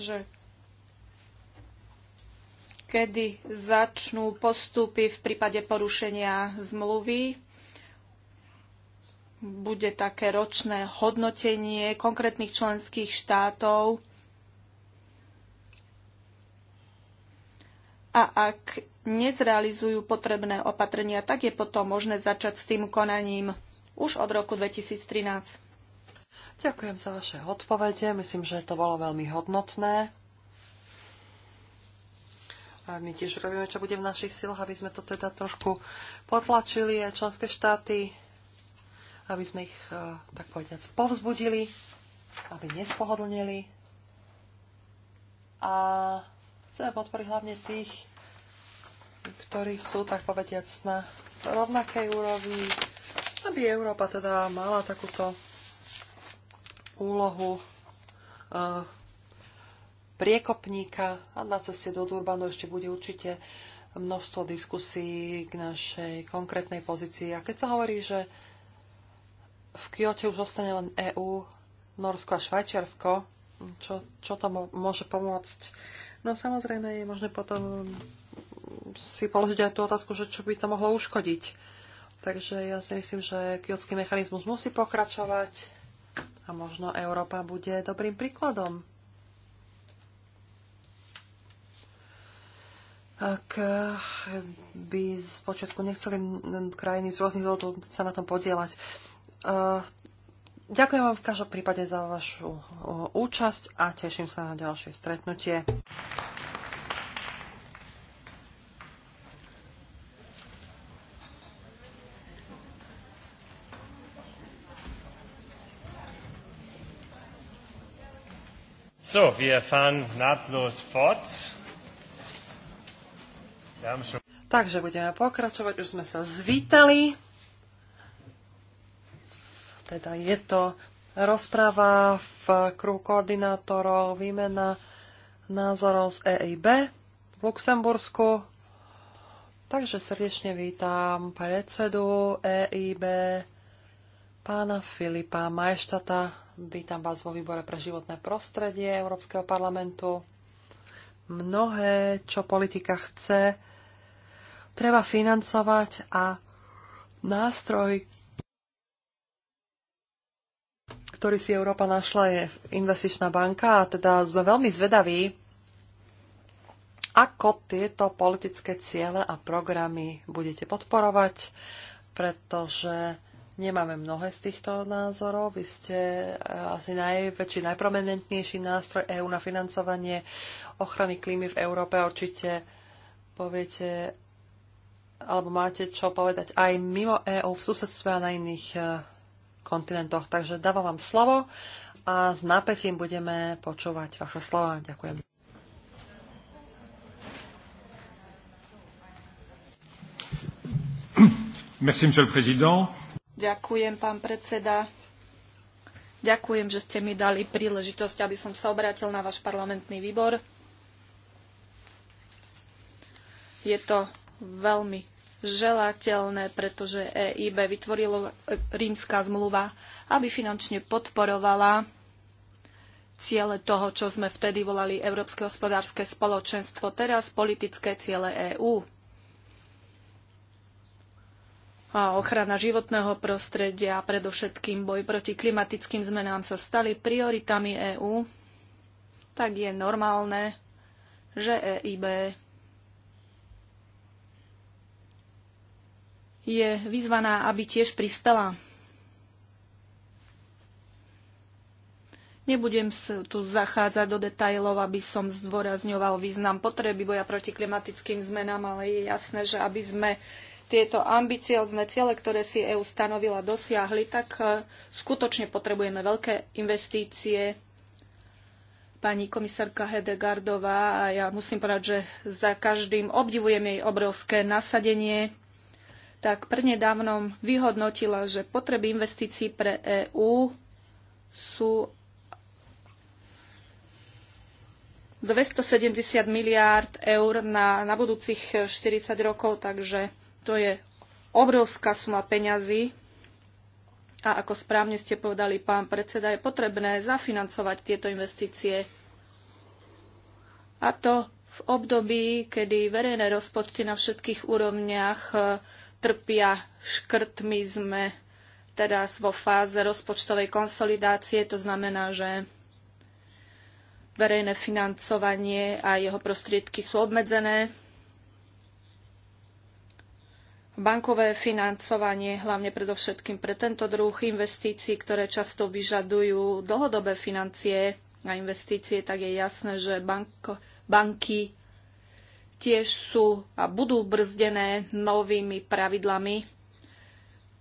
že kedy začnú postupy v prípade porušenia zmluvy bude také ročné hodnotenie konkrétnych členských štátov. A ak nezrealizujú potrebné opatrenia, tak je potom možné začať s tým konaním už od roku 2013. Ďakujem za vaše odpovede. Myslím, že to bolo veľmi hodnotné. A my tiež robíme, čo bude v našich silách, aby sme to teda trošku potlačili. aj Členské štáty aby sme ich, e, tak povedať povzbudili, aby nespohodlnili. A chceme podporiť hlavne tých, ktorí sú, tak povediac, na rovnakej úrovni, aby Európa teda mala takúto úlohu e, priekopníka a na ceste do Durbanu ešte bude určite množstvo diskusí k našej konkrétnej pozícii. A keď sa hovorí, že v Kyote už zostane len EÚ, Norsko a Švajčiarsko. Čo, čo to môže pomôcť? No samozrejme je možné potom si položiť aj tú otázku, že čo by to mohlo uškodiť. Takže ja si myslím, že kiotský mechanizmus musí pokračovať a možno Európa bude dobrým príkladom. Ak by z počiatku nechceli krajiny z rôznych dôvodov sa na tom podielať. Eh, ďakujem vám v každom prípade za vašu eh, účasť a teším sa na ďalšie stretnutie. So, wir fahren nahtlos fort. Takže budeme pokračovať, už sme sa zvítali. Teda je to rozpráva v kruhu koordinátorov, výmena názorov z EIB v Luxembursku. Takže srdečne vítam predsedu EIB, pána Filipa Majštata. Vítam vás vo výbore pre životné prostredie Európskeho parlamentu. Mnohé, čo politika chce, treba financovať a nástroj, ktorý si Európa našla, je investičná banka a teda sme veľmi zvedaví, ako tieto politické ciele a programy budete podporovať, pretože nemáme mnohé z týchto názorov. Vy ste e, asi najväčší, najprominentnejší nástroj EÚ na financovanie ochrany klímy v Európe. Určite poviete, alebo máte čo povedať aj mimo EÚ, v susedstve a na iných e, kontinentoch. Takže dávam vám slovo a s napätím budeme počúvať vaše slova. Ďakujem. Merci, monsieur le président. Ďakujem, pán predseda. Ďakujem, že ste mi dali príležitosť, aby som sa obrátil na váš parlamentný výbor. Je to veľmi želateľné, pretože EIB vytvorila e, rímska zmluva, aby finančne podporovala ciele toho, čo sme vtedy volali Európske hospodárske spoločenstvo, teraz politické ciele EÚ. A ochrana životného prostredia a predovšetkým boj proti klimatickým zmenám sa stali prioritami EÚ, tak je normálne, že EIB je vyzvaná, aby tiež pristala. Nebudem tu zachádzať do detajlov, aby som zdôrazňoval význam potreby boja proti klimatickým zmenám, ale je jasné, že aby sme tieto ambiciozne ciele, ktoré si EÚ stanovila, dosiahli, tak e, skutočne potrebujeme veľké investície. Pani komisárka Hedegardová, a ja musím povedať, že za každým obdivujem jej obrovské nasadenie tak prednedávnom vyhodnotila, že potreby investícií pre EÚ sú 270 miliárd eur na, na budúcich 40 rokov, takže to je obrovská suma peňazí. A ako správne ste povedali, pán predseda, je potrebné zafinancovať tieto investície. A to v období, kedy verejné rozpočty na všetkých úrovniach trpia škrtmi. Sme teraz vo fáze rozpočtovej konsolidácie, to znamená, že verejné financovanie a jeho prostriedky sú obmedzené. Bankové financovanie, hlavne predovšetkým pre tento druh investícií, ktoré často vyžadujú dlhodobé financie a investície, tak je jasné, že banko, banky tiež sú a budú brzdené novými pravidlami,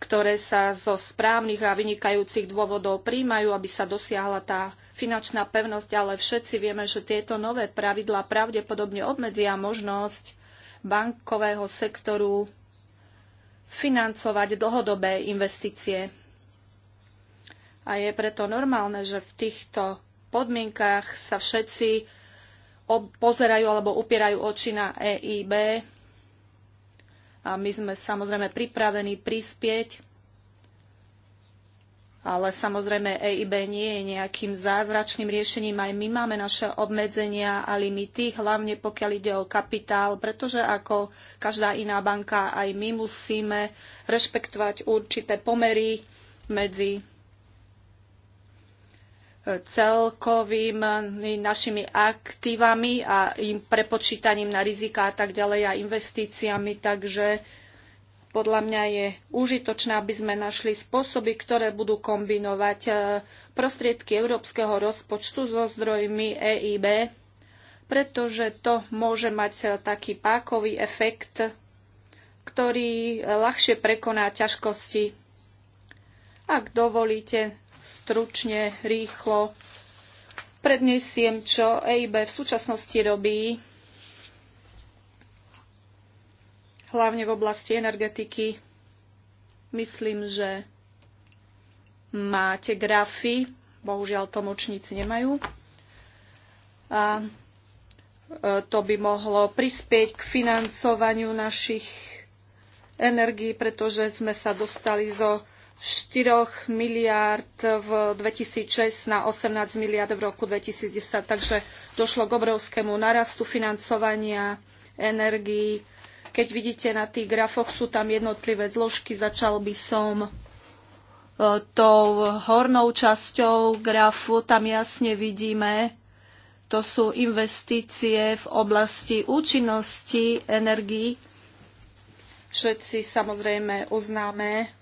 ktoré sa zo správnych a vynikajúcich dôvodov príjmajú, aby sa dosiahla tá finančná pevnosť, ale všetci vieme, že tieto nové pravidlá pravdepodobne obmedzia možnosť bankového sektoru financovať dlhodobé investície. A je preto normálne, že v týchto podmienkach sa všetci pozerajú alebo upierajú oči na EIB. A my sme samozrejme pripravení prispieť, ale samozrejme EIB nie je nejakým zázračným riešením. Aj my máme naše obmedzenia a limity, hlavne pokiaľ ide o kapitál, pretože ako každá iná banka, aj my musíme rešpektovať určité pomery medzi celkovými eh, našimi aktívami a im prepočítaním na rizika a tak ďalej a investíciami, takže podľa mňa je užitočné, aby sme našli spôsoby, ktoré budú kombinovať eh, prostriedky európskeho rozpočtu so zdrojmi EIB, pretože to môže mať eh, taký pákový efekt, ktorý ľahšie prekoná ťažkosti. Ak dovolíte, stručne, rýchlo predniesiem, čo EIB v súčasnosti robí, hlavne v oblasti energetiky. Myslím, že máte grafy, bohužiaľ to močníci nemajú. A e, to by mohlo prispieť k financovaniu našich energií, pretože sme sa dostali zo 4 miliard v 2006 na 18 miliard v roku 2010. Takže došlo k obrovskému narastu financovania energií. Keď vidíte na tých grafoch, sú tam jednotlivé zložky. Začal by som e, tou hornou časťou grafu. Tam jasne vidíme, to sú investície v oblasti účinnosti energii, Všetci samozrejme uznáme,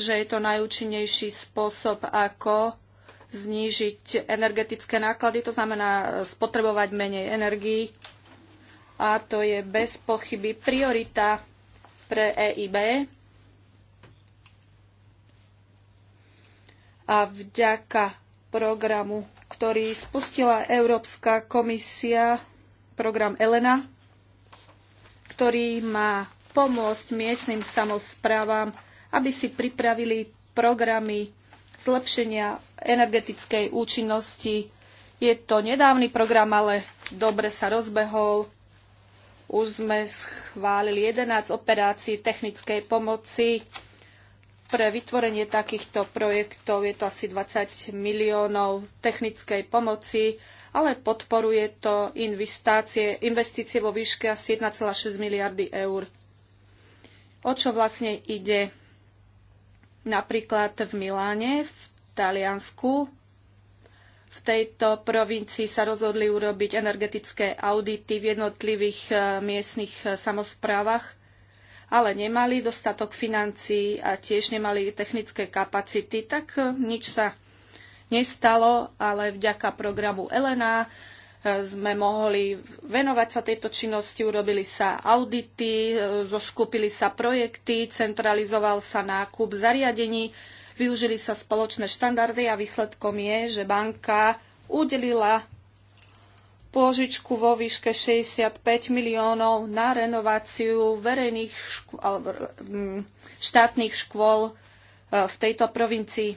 že je to najúčinnejší spôsob, ako znížiť energetické náklady, to znamená e, spotrebovať menej energii. A to je bez pochyby priorita pre EIB. A vďaka programu, ktorý spustila Európska komisia, program Elena, ktorý má pomôcť miestnym samozprávam aby si pripravili programy zlepšenia energetickej účinnosti. Je to nedávny program, ale dobre sa rozbehol. Už sme schválili 11 operácií technickej pomoci pre vytvorenie takýchto projektov. Je to asi 20 miliónov technickej pomoci, ale podporuje to investície, investície vo výške asi 1,6 miliardy eur. O čo vlastne ide? Napríklad v Miláne, v Taliansku, v tejto provincii sa rozhodli urobiť energetické audity v jednotlivých e, miestnych e, samozprávach, ale nemali dostatok financií a tiež nemali technické kapacity, tak e, nič sa nestalo, ale vďaka programu Elena sme mohli venovať sa tejto činnosti, urobili sa audity, zoskupili sa projekty, centralizoval sa nákup zariadení, využili sa spoločné štandardy a výsledkom je, že banka udelila pôžičku vo výške 65 miliónov na renováciu verejných škôl, mm, štátnych škôl e, v tejto provincii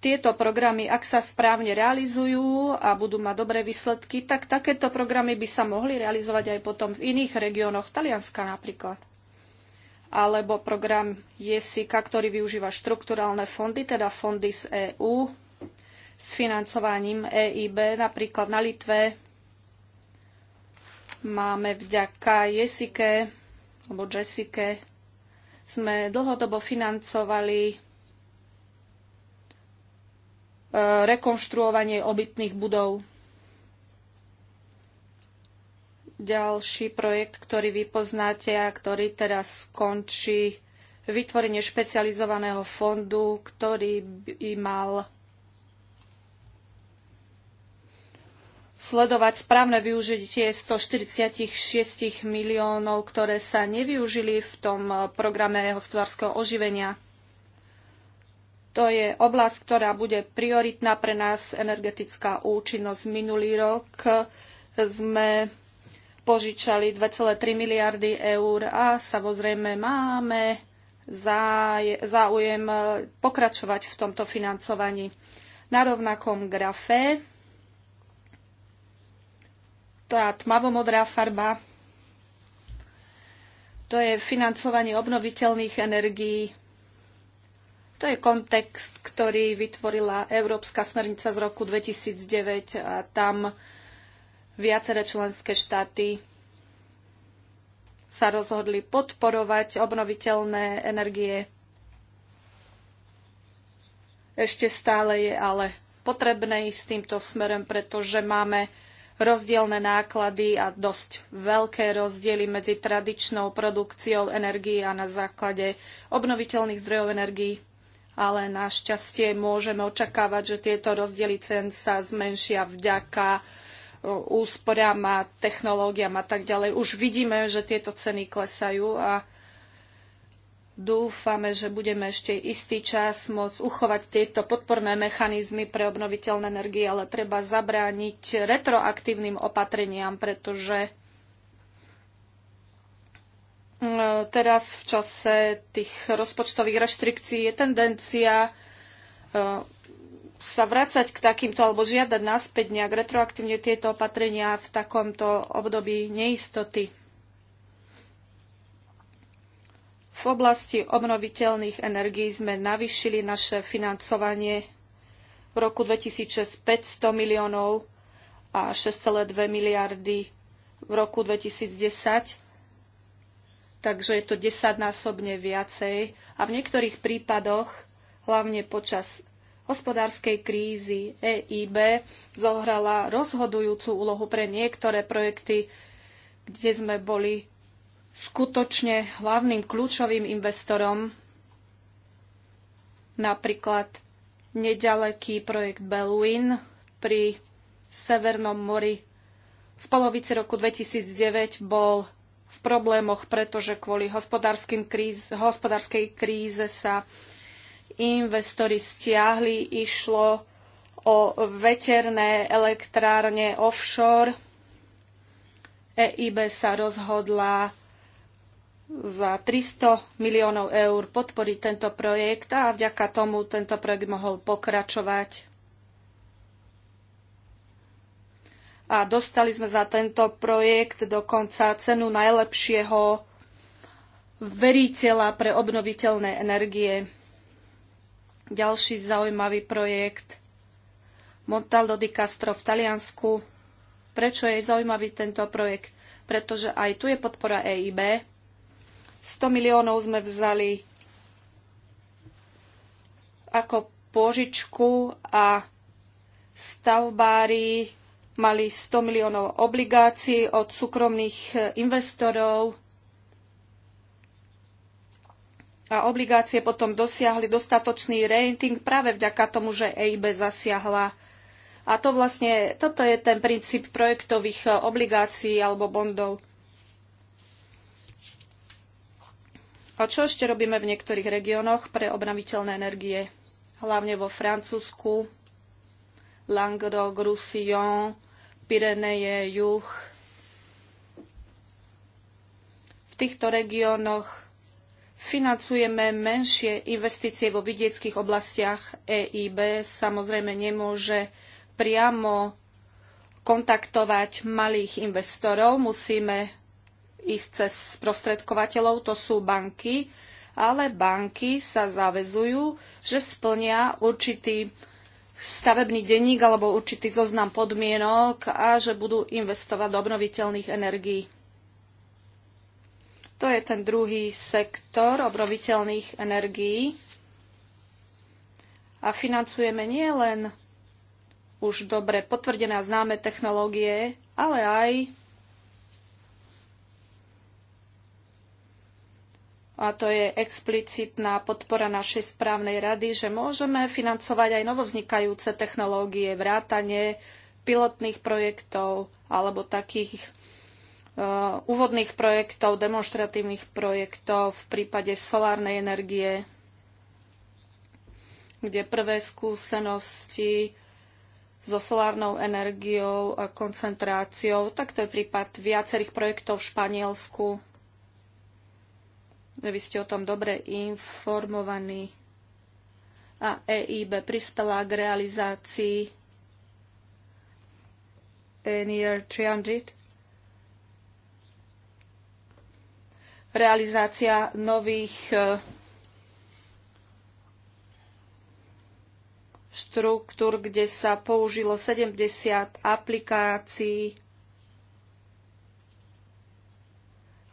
tieto programy, ak sa správne realizujú a budú mať dobré výsledky, tak takéto programy by sa mohli realizovať aj potom v iných regiónoch, Talianska napríklad. Alebo program JESIKA, ktorý využíva štrukturálne fondy, teda fondy z EÚ, s financovaním EIB, napríklad na Litve. Máme vďaka Jesike, alebo Jessike, sme dlhodobo financovali rekonštruovanie obytných budov. Ďalší projekt, ktorý vy poznáte a ktorý teraz končí, vytvorenie špecializovaného fondu, ktorý by mal sledovať správne využitie 146 miliónov, ktoré sa nevyužili v tom programe hospodárskeho oživenia. To je oblasť, ktorá bude prioritná pre nás, energetická účinnosť. Minulý rok sme požičali 2,3 miliardy eur a samozrejme máme záujem e, pokračovať v tomto financovaní. Na rovnakom grafe tá tmavomodrá farba to je financovanie obnoviteľných energií to je kontext, ktorý vytvorila Európska smernica z roku 2009 a tam viaceré členské štáty sa rozhodli podporovať obnoviteľné energie. Ešte stále je ale potrebné ísť týmto smerom, pretože máme rozdielne náklady a dosť veľké rozdiely medzi tradičnou produkciou energie a na základe obnoviteľných zdrojov energií ale našťastie môžeme očakávať, že tieto rozdiely cen sa zmenšia vďaka e, úsporám a technológiám a tak ďalej. Už vidíme, že tieto ceny klesajú a dúfame, že budeme ešte istý čas môcť uchovať tieto podporné mechanizmy pre obnoviteľné energie, ale treba zabrániť retroaktívnym opatreniam, pretože E, teraz v čase tých rozpočtových reštrikcií je tendencia e, sa vrácať k takýmto alebo žiadať naspäť nejak retroaktívne tieto opatrenia v takomto období neistoty. V oblasti obnoviteľných energií sme navýšili naše financovanie v roku 2006 500 miliónov a 6,2 miliardy v roku 2010 takže je to desaťnásobne viacej. A v niektorých prípadoch, hlavne počas hospodárskej krízy, EIB zohrala rozhodujúcu úlohu pre niektoré projekty, kde sme boli skutočne hlavným kľúčovým investorom, napríklad nedaleký projekt Beluin pri Severnom mori. V polovici roku 2009 bol v problémoch, pretože kvôli kríz, hospodárskej kríze sa investori stiahli, išlo o veterné elektrárne offshore. EIB sa rozhodla za 300 miliónov eur podporiť tento projekt a vďaka tomu tento projekt mohol pokračovať. a dostali sme za tento projekt dokonca cenu najlepšieho veriteľa pre obnoviteľné energie. Ďalší zaujímavý projekt Montaldo di Castro v Taliansku. Prečo je zaujímavý tento projekt? Pretože aj tu je podpora EIB. 100 miliónov sme vzali ako pôžičku a stavbári mali 100 miliónov obligácií od súkromných e, investorov a obligácie potom dosiahli dostatočný rating práve vďaka tomu, že EIB zasiahla. A to vlastne, toto je ten princíp projektových e, obligácií alebo bondov. A čo ešte robíme v niektorých regiónoch pre obnoviteľné energie? Hlavne vo Francúzsku, Languedoc, Roussillon, Pireneje, juh. V týchto regiónoch financujeme menšie investície vo vidieckých oblastiach. EIB samozrejme nemôže priamo kontaktovať malých investorov. Musíme ísť cez sprostredkovateľov, to sú banky, ale banky sa zavezujú, že splnia určitý stavebný denník alebo určitý zoznam podmienok a že budú investovať do obnoviteľných energií. To je ten druhý sektor obnoviteľných energií. A financujeme nielen už dobre potvrdené a známe technológie, ale aj a to je explicitná podpora našej správnej rady, že môžeme financovať aj novovznikajúce technológie, vrátanie pilotných projektov alebo takých uh, úvodných projektov, demonstratívnych projektov v prípade solárnej energie, kde prvé skúsenosti so solárnou energiou a koncentráciou. Tak to je prípad viacerých projektov v Španielsku vy ste o tom dobre informovaní. A EIB prispela k realizácii Near 300 realizácia nových e, štruktúr, kde sa použilo 70 aplikácií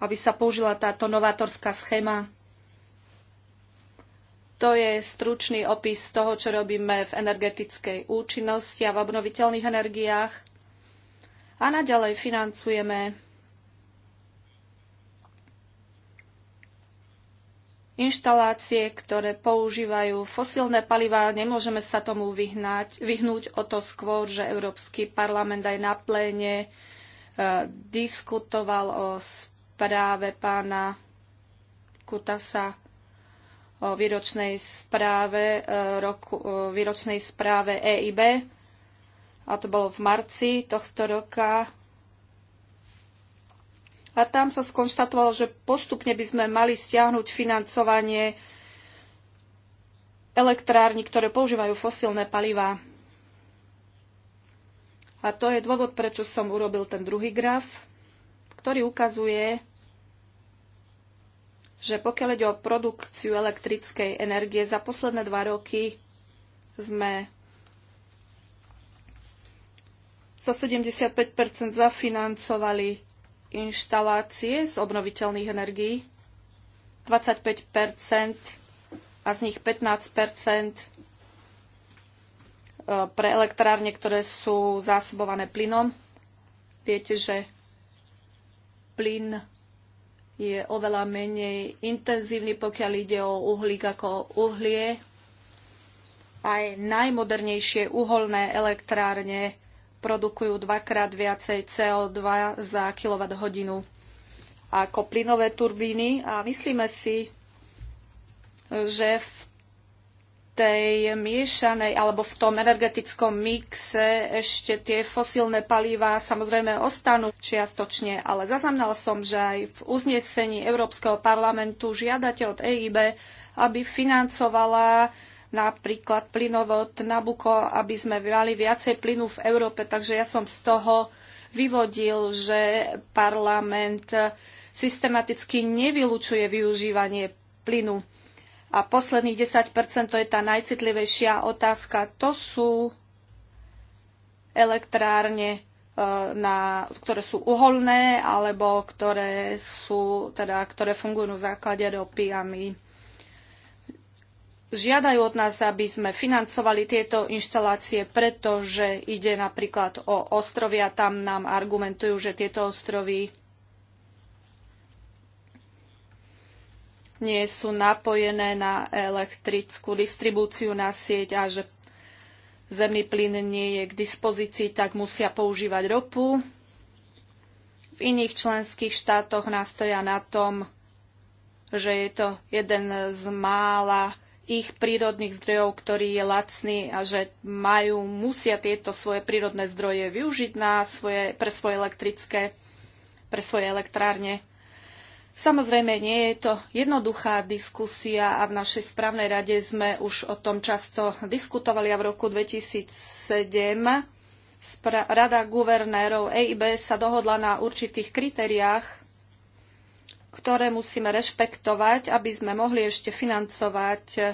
aby sa použila táto novátorská schéma. To je stručný opis toho, čo robíme v energetickej účinnosti a v obnoviteľných energiách. A naďalej financujeme inštalácie, ktoré používajú fosílne palivá. Nemôžeme sa tomu vyhnať, vyhnúť o to skôr, že Európsky parlament aj na pléne e, diskutoval o správe pána Kutasa o výročnej správe, e, roku, e, výročnej správe EIB. A to bolo v marci tohto roka. A tam sa skonštatovalo, že postupne by sme mali stiahnuť financovanie elektrární, ktoré používajú fosílne palivá. A to je dôvod, prečo som urobil ten druhý graf ktorý ukazuje, že pokiaľ ide o produkciu elektrickej energie, za posledné dva roky sme za 75 zafinancovali inštalácie z obnoviteľných energií, 25 a z nich 15 e, pre elektrárne, ktoré sú zásobované plynom. Viete, že plyn je oveľa menej intenzívny, pokiaľ ide o uhlík ako uhlie. Aj najmodernejšie uholné elektrárne produkujú dvakrát viacej CO2 za kWh ako plynové turbíny a myslíme si, že v tej miešanej alebo v tom energetickom mixe ešte tie fosílne palíva samozrejme ostanú čiastočne, ale zaznamenala som, že aj v uznesení Európskeho parlamentu žiadate od EIB, aby financovala napríklad plynovod Nabuko, aby sme mali viacej plynu v Európe. Takže ja som z toho vyvodil, že parlament systematicky nevylučuje využívanie plynu a posledných 10 to je tá najcitlivejšia otázka. To sú elektrárne, e, na, ktoré sú uholné alebo ktoré, sú, teda, ktoré fungujú na základe ropy a my žiadajú od nás, aby sme financovali tieto inštalácie, pretože ide napríklad o ostrovy a tam nám argumentujú, že tieto ostrovy nie sú napojené na elektrickú distribúciu na sieť a že zemný plyn nie je k dispozícii, tak musia používať ropu. V iných členských štátoch nastoja na tom, že je to jeden z mála ich prírodných zdrojov, ktorý je lacný a že majú, musia tieto svoje prírodné zdroje využiť na svoje, pre svoje elektrické, pre svoje elektrárne. Samozrejme, nie je to jednoduchá diskusia a v našej správnej rade sme už o tom často diskutovali a v roku 2007 Rada guvernérov EIB sa dohodla na určitých kritériách, ktoré musíme rešpektovať, aby sme mohli ešte financovať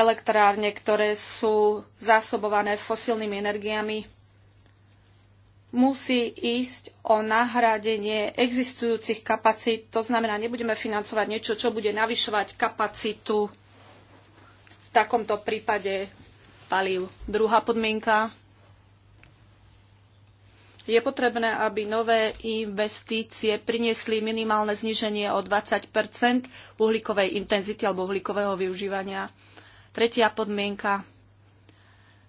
elektrárne, ktoré sú zásobované fosilnými energiami musí ísť o nahradenie existujúcich kapacít. To znamená, nebudeme financovať niečo, čo bude navyšovať kapacitu v takomto prípade palív. Druhá podmienka. Je potrebné, aby nové investície priniesli minimálne zníženie o 20 uhlíkovej intenzity alebo uhlíkového využívania. Tretia podmienka.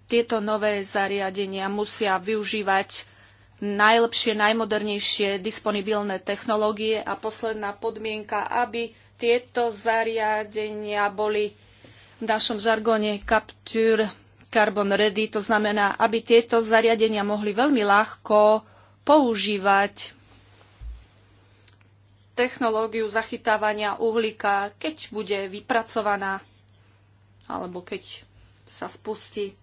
Tieto nové zariadenia musia využívať najlepšie, najmodernejšie disponibilné technológie a posledná podmienka, aby tieto zariadenia boli v našom žargóne capture carbon ready, to znamená, aby tieto zariadenia mohli veľmi ľahko používať technológiu zachytávania uhlíka, keď bude vypracovaná alebo keď sa spustí.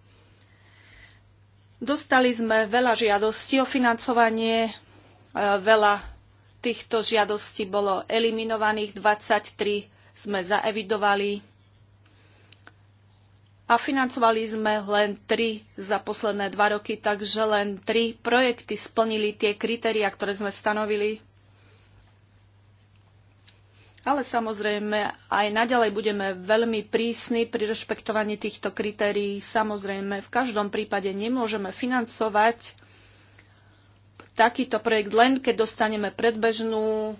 Dostali sme veľa žiadostí o financovanie, e, veľa týchto žiadostí bolo eliminovaných, 23 sme zaevidovali a financovali sme len 3 za posledné 2 roky, takže len 3 projekty splnili tie kritéria, ktoré sme stanovili. Ale samozrejme, aj naďalej budeme veľmi prísni pri rešpektovaní týchto kritérií. Samozrejme, v každom prípade nemôžeme financovať takýto projekt len, keď dostaneme predbežnú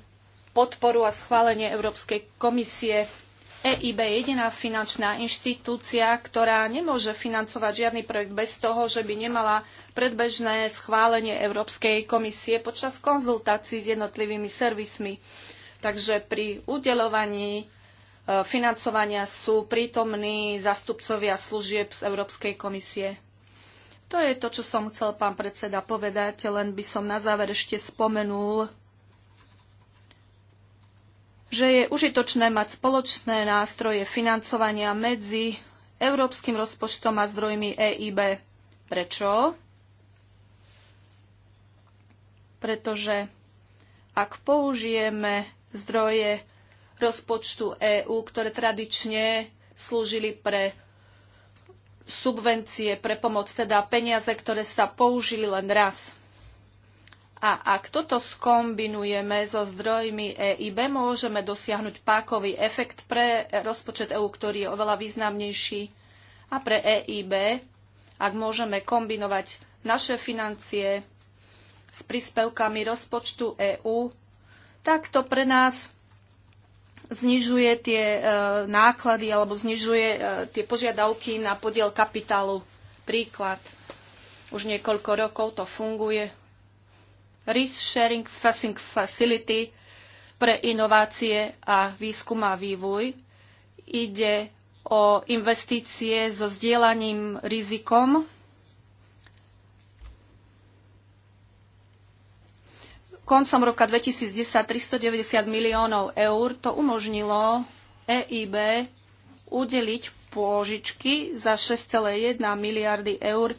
podporu a schválenie Európskej komisie. EIB je jediná finančná inštitúcia, ktorá nemôže financovať žiadny projekt bez toho, že by nemala predbežné schválenie Európskej komisie počas konzultácií s jednotlivými servismi. Takže pri udelovaní e, financovania sú prítomní zastupcovia služieb z Európskej komisie. To je to, čo som chcel, pán predseda, povedať, len by som na záver ešte spomenul, že je užitočné mať spoločné nástroje financovania medzi európskym rozpočtom a zdrojmi EIB. Prečo? Pretože ak použijeme zdroje rozpočtu EÚ, ktoré tradične slúžili pre subvencie, pre pomoc, teda peniaze, ktoré sa použili len raz. A ak toto skombinujeme so zdrojmi EIB, môžeme dosiahnuť pákový efekt pre rozpočet EÚ, ktorý je oveľa významnejší. A pre EIB, ak môžeme kombinovať naše financie s príspevkami rozpočtu EÚ, tak to pre nás znižuje tie e, náklady alebo znižuje e, tie požiadavky na podiel kapitálu. Príklad. Už niekoľko rokov to funguje. Risk Sharing Facing Facility pre inovácie a výskum a vývoj. Ide o investície so zdieľaním rizikom koncom roka 2010 390 miliónov eur. To umožnilo EIB udeliť pôžičky za 6,1 miliardy eur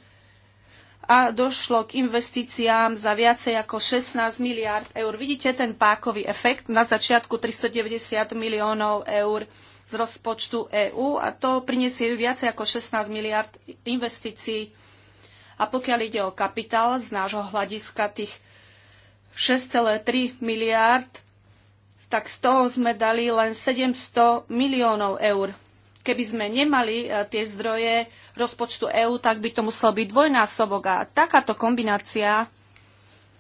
a došlo k investíciám za viacej ako 16 miliard eur. Vidíte ten pákový efekt na začiatku 390 miliónov eur z rozpočtu EÚ a to priniesie viacej ako 16 miliard investícií. A pokiaľ ide o kapitál, z nášho hľadiska tých 6,3 miliárd, tak z toho sme dali len 700 miliónov eur. Keby sme nemali e, tie zdroje rozpočtu EÚ, tak by to muselo byť dvojnásobok. A takáto kombinácia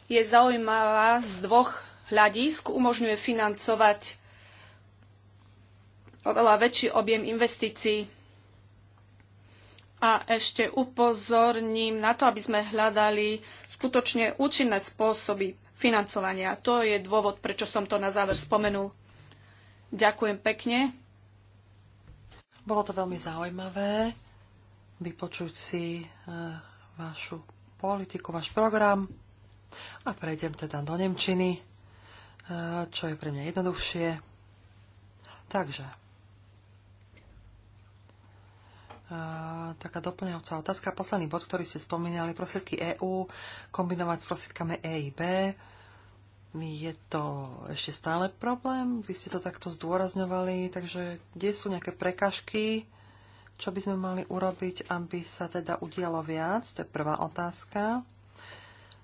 je zaujímavá z dvoch hľadisk. Umožňuje financovať oveľa väčší objem investícií. A ešte upozorním na to, aby sme hľadali skutočne účinné spôsoby financovania. To je dôvod, prečo som to na záver spomenul. Ďakujem pekne. Bolo to veľmi zaujímavé vypočuť si e, vašu politiku, váš program a prejdem teda do Nemčiny, e, čo je pre mňa jednoduchšie. Takže taká doplňajúca otázka. Posledný bod, ktorý ste spomínali, prostriedky EÚ kombinovať s prostriedkami EIB. Je to ešte stále problém? Vy ste to takto zdôrazňovali, takže kde sú nejaké prekažky? Čo by sme mali urobiť, aby sa teda udialo viac? To je prvá otázka.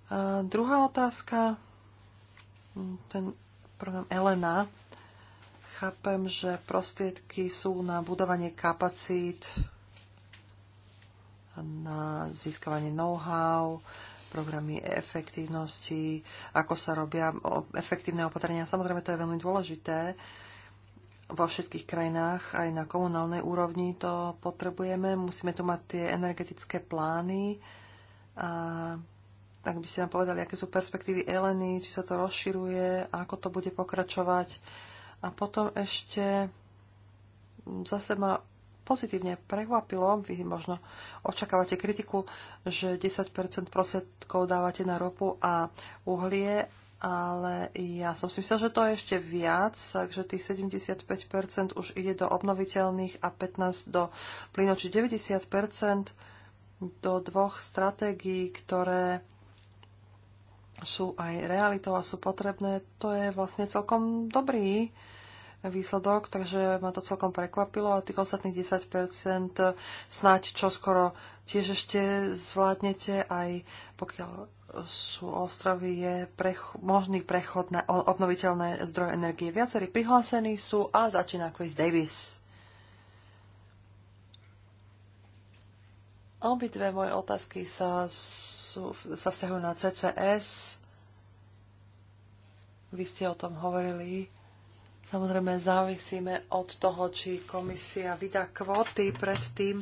A druhá otázka, ten program Elena. Chápem, že prostriedky sú na budovanie kapacít na získavanie know-how, programy efektívnosti, ako sa robia efektívne opatrenia. Samozrejme, to je veľmi dôležité. Vo všetkých krajinách, aj na komunálnej úrovni to potrebujeme. Musíme tu mať tie energetické plány. A tak by ste nám povedali, aké sú perspektívy Eleny, či sa to rozširuje, ako to bude pokračovať. A potom ešte zase ma pozitívne prekvapilo. Vy možno očakávate kritiku, že 10 prostriedkov dávate na ropu a uhlie, ale ja som si myslel, že to je ešte viac, takže tých 75% už ide do obnoviteľných a 15% do plynu, či 90% do dvoch stratégií, ktoré sú aj realitou a sú potrebné. To je vlastne celkom dobrý výsledok, takže ma to celkom prekvapilo a tých ostatných 10% snáď čo skoro tiež ešte zvládnete, aj pokiaľ sú ostrovy, je prech- možný prechod na obnoviteľné zdroje energie. Viacerí prihlásení sú a začína Chris Davis. Obidve moje otázky sa, sú, sa vzťahujú na CCS. Vy ste o tom hovorili Samozrejme závisíme od toho, či komisia vydá kvóty predtým,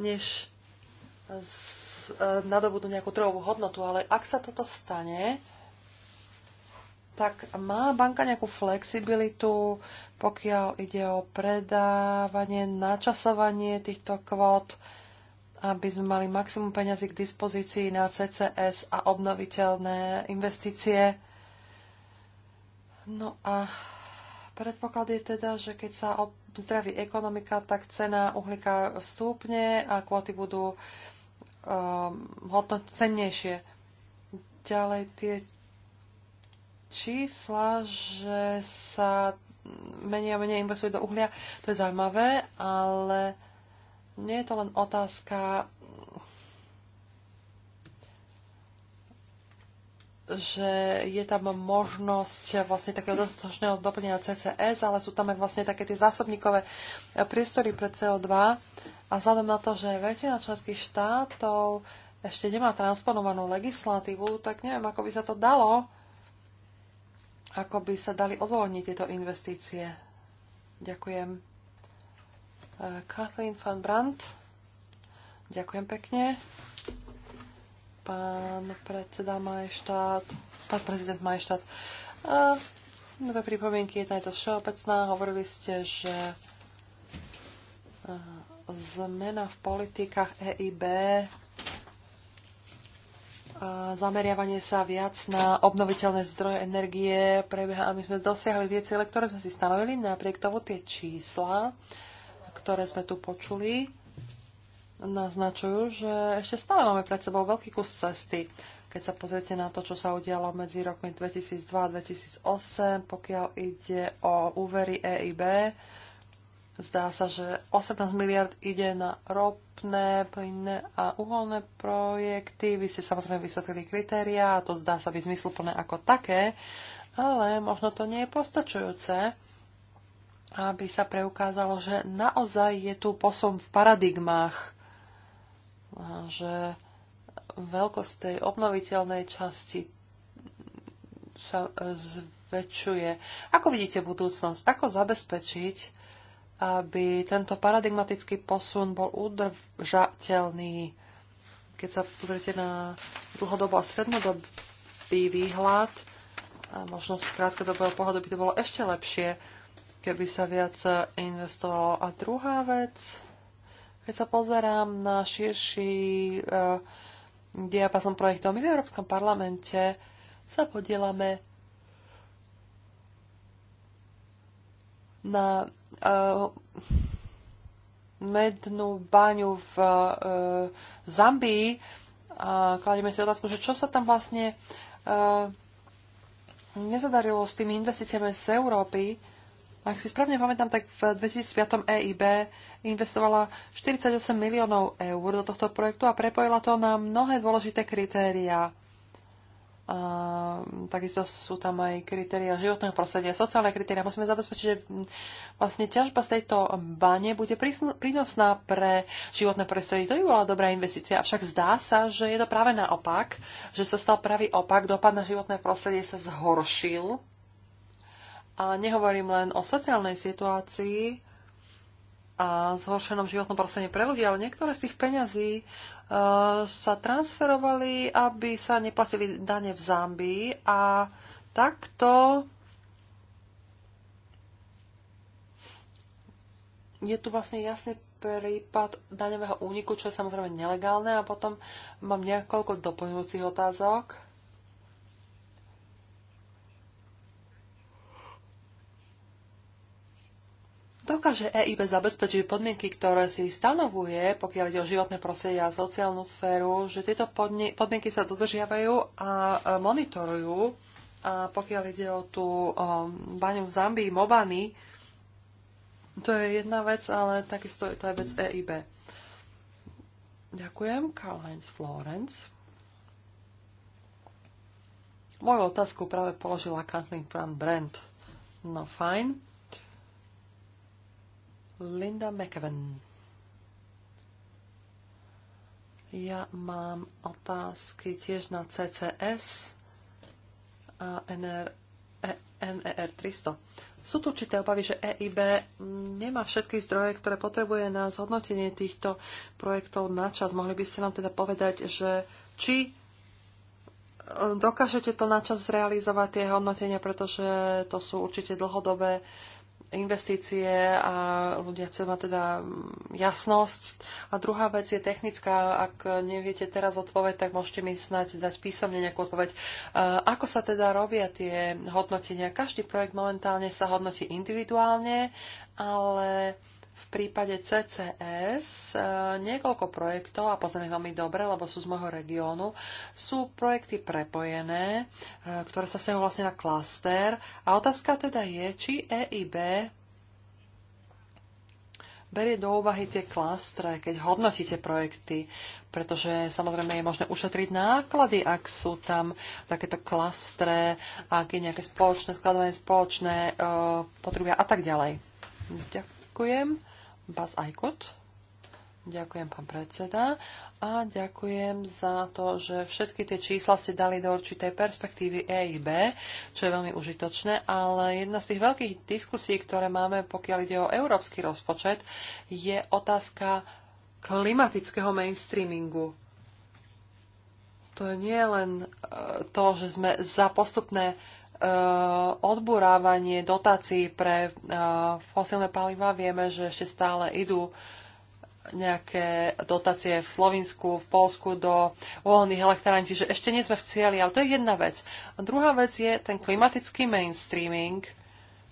než e, nadobudú nejakú trhovú hodnotu. Ale ak sa toto stane, tak má banka nejakú flexibilitu, pokiaľ ide o predávanie, načasovanie týchto kvót, aby sme mali maximum peňazí k dispozícii na CCS a obnoviteľné investície. No a Predpoklad je teda, že keď sa zdraví ekonomika, tak cena uhlíka vstúpne a kvóty budú um, hodno, cennejšie. Ďalej tie čísla, že sa menej a menej investuje do uhlia, to je zaujímavé, ale nie je to len otázka že je tam možnosť vlastne takého dostatočného doplnenia CCS, ale sú tam aj vlastne také tie zásobníkové priestory pre CO2. A vzhľadom na to, že väčšina členských štátov ešte nemá transponovanú legislatívu, tak neviem, ako by sa to dalo, ako by sa dali odvoľniť tieto investície. Ďakujem. Eh, Kathleen van Brandt. Ďakujem pekne pán predseda Majštát, pán prezident Majštát. A dve pripomienky, jedna je to všeobecná. Hovorili ste, že e, zmena v politikách EIB a zameriavanie sa viac na obnoviteľné zdroje energie prebieha a my sme dosiahli tie ciele, ktoré sme si stanovili, napriek tomu tie čísla, ktoré sme tu počuli, naznačujú, že ešte stále máme pred sebou veľký kus cesty. Keď sa pozriete na to, čo sa udialo medzi rokmi 2002 a 2008, pokiaľ ide o úvery EIB, zdá sa, že 18 miliard ide na ropné, plynné a uholné projekty. Vy ste samozrejme vysvetlili kritéria a to zdá sa byť zmysluplné ako také, ale možno to nie je postačujúce aby sa preukázalo, že naozaj je tu posun v paradigmách že veľkosť tej obnoviteľnej časti sa e, zväčšuje. Ako vidíte budúcnosť? Ako zabezpečiť, aby tento paradigmatický posun bol udržateľný? Keď sa pozriete na dlhodobo a strednodobý výhľad, a možno z krátkodobého pohľadu by to bolo ešte lepšie, keby sa viac investovalo. A druhá vec, keď sa pozerám na širší uh, eh, diapason projektov, my v Európskom parlamente sa podielame na uh, mednú baňu v uh, Zambii a kladieme si otázku, že čo sa tam vlastne uh, nezadarilo s tými investíciami z Európy, ak si správne pamätám, tak v 2005 EIB investovala 48 miliónov eur do tohto projektu a prepojila to na mnohé dôležité kritériá. A, takisto sú tam aj kritéria životného prostredia, sociálne kritéria. Musíme zabezpečiť, že vlastne ťažba z tejto bane bude prínosná pre životné prostredie. To by bola dobrá investícia, avšak zdá sa, že je to práve naopak, že sa stal pravý opak, dopad na životné prostredie sa zhoršil a nehovorím len o sociálnej situácii a zhoršenom životnom prostredí pre ľudí, ale niektoré z tých peňazí uh, sa transferovali, aby sa neplatili dane v Zambii a takto je tu vlastne jasný prípad daňového úniku, čo je samozrejme nelegálne a potom mám niekoľko doplňujúcich otázok. Dokáže EIB zabezpečiť podmienky, ktoré si stanovuje, pokiaľ ide o životné prostredie a sociálnu sféru, že tieto podmienky sa dodržiavajú a e, monitorujú. A pokiaľ ide o tú baňu v Zambii, Mobany, to je jedna vec, ale takisto to je vec EIB. Ďakujem. Karl-Heinz Florence. Moju otázku práve položila Kathleen Brand. No fajn. Linda McEwen. Ja mám otázky tiež na CCS a NR, e, NER 300. Sú tu určité obavy, že EIB nemá všetky zdroje, ktoré potrebuje na zhodnotenie týchto projektov na čas. Mohli by ste nám teda povedať, že či e, dokážete to na čas zrealizovať tie hodnotenia, pretože to sú určite dlhodobé investície a ľudia chcú mať teda mm, jasnosť. A druhá vec je technická. Ak neviete teraz odpoveď, tak môžete mi snať dať písomne nejakú odpoveď. E, ako sa teda robia tie hodnotenia? Každý projekt momentálne sa hodnotí individuálne, ale v prípade CCS e, niekoľko projektov, a poznám ich veľmi dobre, lebo sú z môjho regiónu, sú projekty prepojené, e, ktoré sa vzťahujú vlastne na klaster. A otázka teda je, či EIB berie do úvahy tie klastre, keď hodnotíte projekty, pretože samozrejme je možné ušetriť náklady, ak sú tam takéto klastre, ak je nejaké spoločné skladovanie, spoločné e, potrubia a tak ďalej. Ďakujem. Ďakujem. Bas Ajkot. Ďakujem, pán predseda. A ďakujem za to, že všetky tie čísla ste dali do určitej perspektívy EIB, čo je veľmi užitočné, ale jedna z tých veľkých diskusí, ktoré máme, pokiaľ ide o európsky rozpočet, je otázka klimatického mainstreamingu. To nie je len e, to, že sme za postupné Eh, odburávanie dotácií pre eh, fosílne paliva. Vieme, že ešte stále idú nejaké dotácie v Slovensku, v Polsku do uholných elektrární, čiže ešte nie sme v cieli, ale to je jedna vec. A druhá vec je ten klimatický mainstreaming,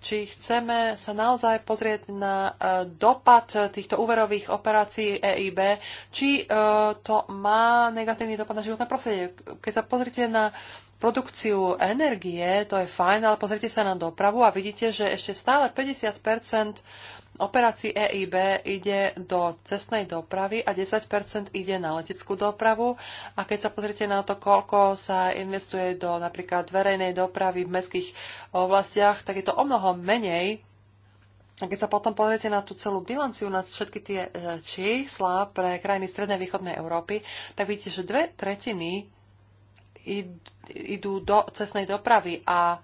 či chceme sa naozaj pozrieť na eh, dopad týchto úverových operácií EIB, či to má negatívny dopad na životné prostredie. Keď sa pozrite na produkciu energie, to je fajn, ale pozrite sa na dopravu a vidíte, že ešte stále 50 operácií EIB ide do cestnej dopravy a 10 ide na leteckú dopravu. A keď sa pozrite na to, koľko sa investuje do napríklad verejnej dopravy v mestských oblastiach, tak je to o mnoho menej. A keď sa potom pozriete na tú celú bilanciu, na všetky tie e, čísla pre krajiny Strednej a Východnej Európy, tak vidíte, že dve tretiny idú do cestnej dopravy a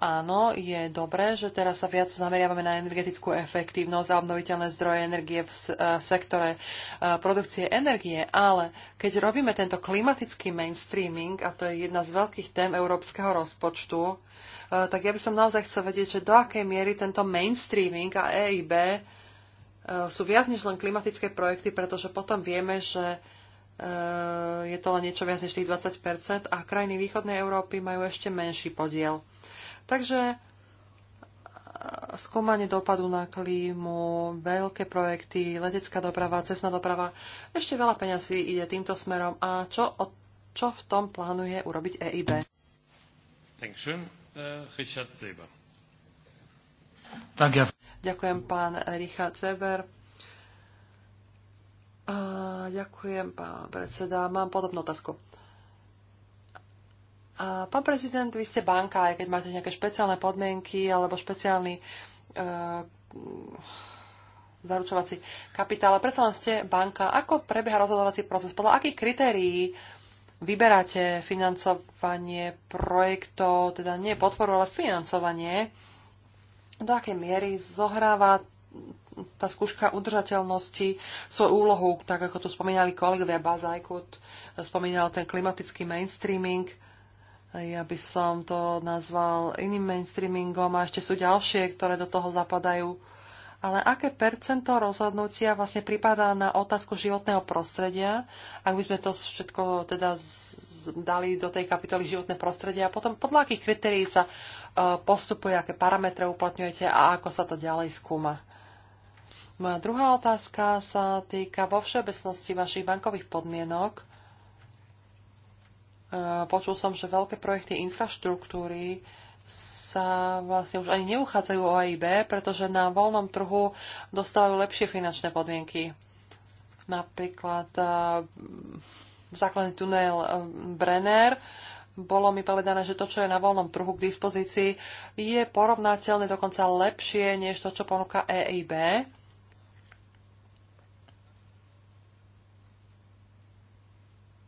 áno, je dobré, že teraz sa viac zameriavame na energetickú efektívnosť a obnoviteľné zdroje energie v, e, sektore e, produkcie energie, ale keď robíme tento klimatický mainstreaming, a to je jedna z veľkých tém európskeho rozpočtu, e, tak ja by som naozaj chcel vedieť, že do akej miery tento mainstreaming a EIB sú viac než len klimatické projekty, pretože potom vieme, že je to len niečo viac než tých 20 a krajiny východnej Európy majú ešte menší podiel. Takže e, skúmanie dopadu na klímu, veľké projekty, letecká doprava, cestná doprava, ešte veľa peňazí ide týmto smerom a čo, o, čo v tom plánuje urobiť EIB? E, Ďakujem, pán Richard Seber. Ďakujem, pán predseda. Mám podobnú otázku. A pán prezident, vy ste banka, aj keď máte nejaké špeciálne podmienky alebo špeciálny e, zaručovací kapitál, ale predsa len ste banka. Ako prebieha rozhodovací proces? Podľa akých kritérií vyberáte financovanie projektov, teda nie podporu, ale financovanie? Do akej miery zohráva tá skúška udržateľnosti svoju úlohu, tak ako tu spomínali kolegovia Bazajkut, spomínal ten klimatický mainstreaming, ja by som to nazval iným mainstreamingom a ešte sú ďalšie, ktoré do toho zapadajú. Ale aké percento rozhodnutia vlastne pripadá na otázku životného prostredia, ak by sme to všetko teda dali do tej kapitoly životné prostredie a potom podľa akých kritérií sa e, postupuje, aké parametre uplatňujete a ako sa to ďalej skúma. Moja druhá otázka sa týka vo všeobecnosti vašich bankových podmienok. E, počul som, že veľké projekty infraštruktúry sa vlastne už ani neuchádzajú o AIB, pretože na voľnom trhu dostávajú lepšie finančné podmienky. Napríklad e, základný tunel e, Brenner. Bolo mi povedané, že to, čo je na voľnom trhu k dispozícii, je porovnateľné dokonca lepšie, než to, čo ponúka EIB.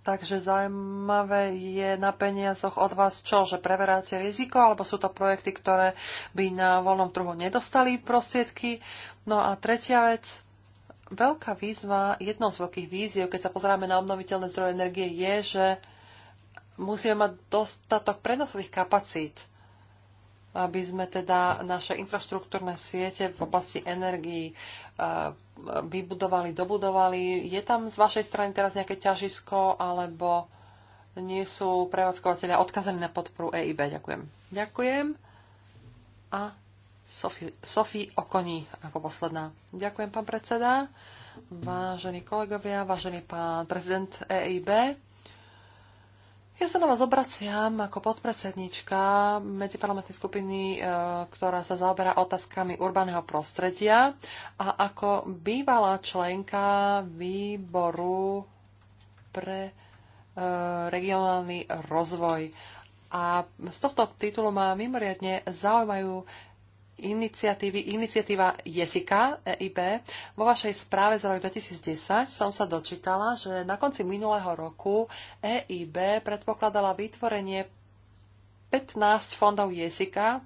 Takže zaujímavé je na peniazoch od vás čo, že preveráte riziko, alebo sú to projekty, ktoré by na voľnom trhu nedostali prostriedky. No a tretia vec, veľká výzva, jednou z veľkých víziev, keď sa pozeráme na obnoviteľné zdroje energie, je, že musíme mať dostatok prenosových kapacít, aby sme teda naše infraštruktúrne siete v oblasti energií Eh, vybudovali, dobudovali. Je tam z vašej strany teraz nejaké ťažisko, alebo nie sú prevádzkovateľia odkazaní na podporu EIB? Ďakujem. Ďakujem. A Sofie, Okoní ako posledná. Ďakujem, pán predseda. Vážení kolegovia, vážený pán prezident EIB, ja sa na vás obraciam ako podpredsednička medziparlamentnej skupiny, e, ktorá sa zaoberá otázkami urbaného prostredia a ako bývalá členka výboru pre e, regionálny rozvoj. A z tohto titulu ma mimoriadne zaujímajú iniciatívy, iniciatíva Jesika EIB. Vo vašej správe z roku 2010 som sa dočítala, že na konci minulého roku EIB predpokladala vytvorenie 15 fondov Jesika,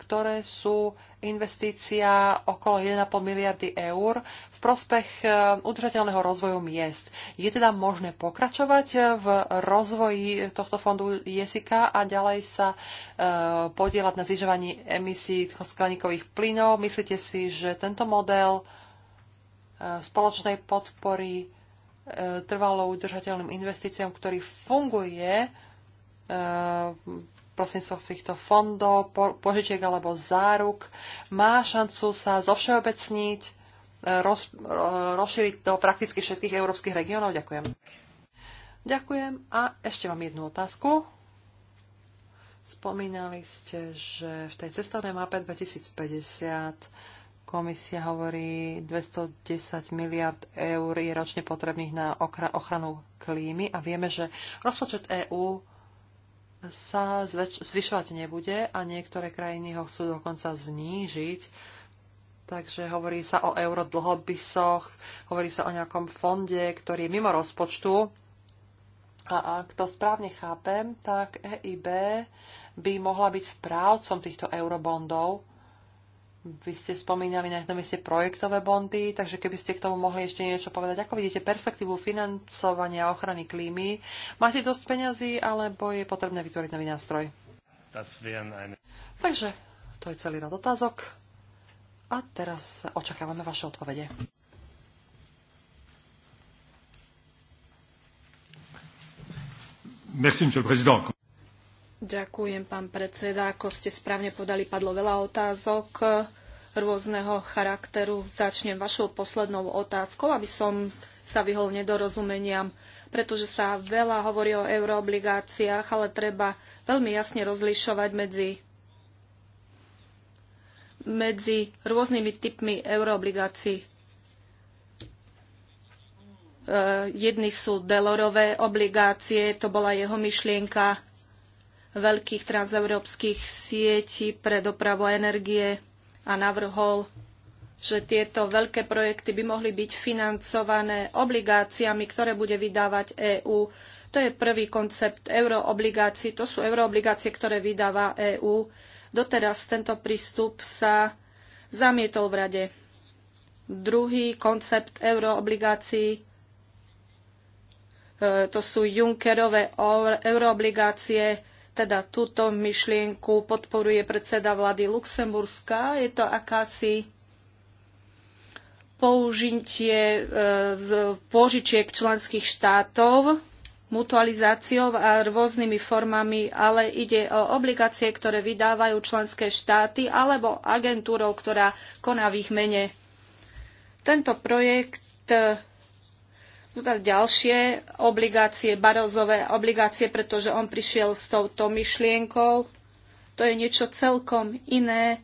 ktoré sú investícia okolo 1,5 miliardy eur v prospech e, udržateľného rozvoju miest. Je teda možné pokračovať e, v rozvoji tohto fondu Jesika a ďalej sa e, podielať na znižovaní emisí skleníkových plynov. Myslíte si, že tento model spoločnej podpory trvalo udržateľným investíciám, ktorý funguje, prostredníctvom týchto fondov, požičiek alebo záruk má šancu sa zovšeobecniť, e, roz, rozšíriť do prakticky všetkých európskych regiónov? Ďakujem. Ďakujem. A ešte mám jednu otázku. Spomínali ste, že v tej cestovnej mape 2050 komisia hovorí 210 miliard eur je ročne potrebných na ochranu klímy a vieme, že rozpočet EÚ sa zvyšovať nebude a niektoré krajiny ho chcú dokonca znížiť. Takže hovorí sa o eurodlhopisoch, hovorí sa o nejakom fonde, ktorý je mimo rozpočtu. A ak to správne chápem, tak EIB by mohla byť správcom týchto eurobondov vy ste spomínali na jednom mieste projektové bondy, takže keby ste k tomu mohli ešte niečo povedať. Ako vidíte perspektívu financovania a ochrany klímy? Máte dosť peňazí, alebo je potrebné vytvoriť nový nástroj? Takže to je celý rad otázok. A teraz očakávame vaše odpovede. Merci, monsieur le président. Ďakujem, pán predseda. Ako ste správne podali, padlo veľa otázok rôzneho charakteru. Začnem vašou poslednou otázkou, aby som sa vyhol nedorozumeniam, pretože sa veľa hovorí o euroobligáciách, ale treba veľmi jasne rozlišovať medzi medzi rôznymi typmi euroobligácií. E, jedni sú Delorové obligácie, to bola jeho myšlienka, veľkých transeurópskych sietí pre dopravu energie a navrhol, že tieto veľké projekty by mohli byť financované obligáciami, ktoré bude vydávať EÚ. To je prvý koncept euroobligácií. To sú euroobligácie, ktoré vydáva EÚ. Doteraz tento prístup sa zamietol v rade. Druhý koncept euroobligácií e, to sú Junckerové euroobligácie, teda túto myšlienku podporuje predseda vlády Luxemburska. Je to akási použitie e, z pôžičiek členských štátov mutualizáciou a rôznymi formami, ale ide o obligácie, ktoré vydávajú členské štáty alebo agentúrou, ktorá koná v ich mene. Tento projekt ďalšie obligácie, barozové obligácie, pretože on prišiel s touto myšlienkou. To je niečo celkom iné.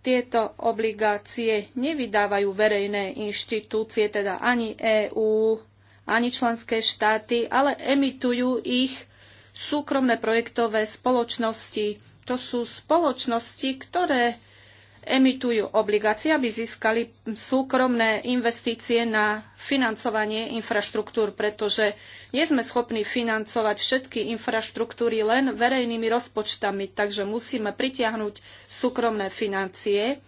Tieto obligácie nevydávajú verejné inštitúcie, teda ani EÚ, ani členské štáty, ale emitujú ich súkromné projektové spoločnosti. To sú spoločnosti, ktoré emitujú obligácie, aby získali súkromné investície na financovanie infraštruktúr, pretože nie sme schopní financovať všetky infraštruktúry len verejnými rozpočtami, takže musíme pritiahnuť súkromné financie.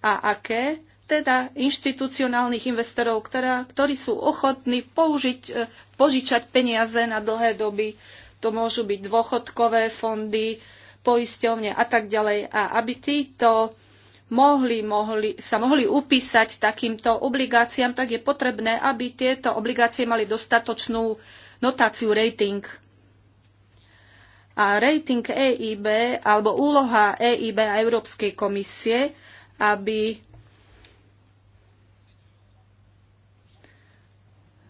A aké? Teda inštitucionálnych investorov, ktorá, ktorí sú ochotní použiť, e, požičať peniaze na dlhé doby. To môžu byť dôchodkové fondy, poisťovne a tak ďalej. A aby títo mohli, mohli, sa mohli upísať takýmto obligáciám, tak je potrebné, aby tieto obligácie mali dostatočnú notáciu rating. A rating EIB alebo úloha EIB a Európskej komisie, aby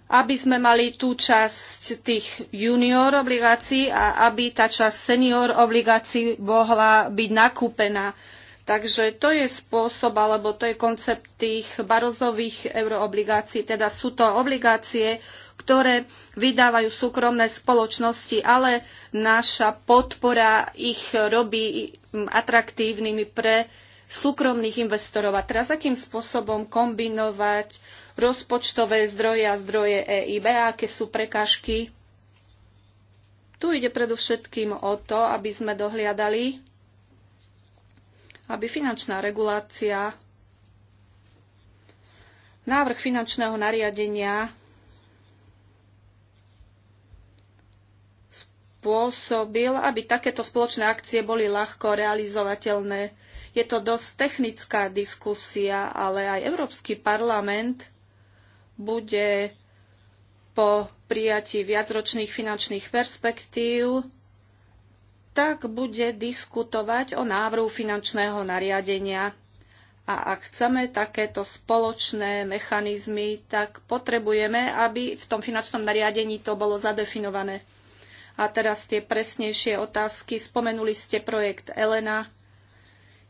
aby sme mali tú časť tých junior obligácií a aby tá časť senior obligácií mohla byť nakúpená Takže to je spôsob, alebo to je koncept tých barozových euroobligácií. Teda sú to obligácie, ktoré vydávajú súkromné spoločnosti, ale naša podpora ich robí atraktívnymi pre súkromných investorov. A teraz akým spôsobom kombinovať rozpočtové zdroje a zdroje EIB, aké sú prekážky? Tu ide predovšetkým o to, aby sme dohliadali aby finančná regulácia, návrh finančného nariadenia spôsobil, aby takéto spoločné akcie boli ľahko realizovateľné. Je to dosť technická diskusia, ale aj Európsky parlament bude po prijatí viacročných finančných perspektív tak bude diskutovať o návrhu finančného nariadenia. A ak chceme takéto spoločné mechanizmy, tak potrebujeme, aby v tom finančnom nariadení to bolo zadefinované. A teraz tie presnejšie otázky. Spomenuli ste projekt Elena.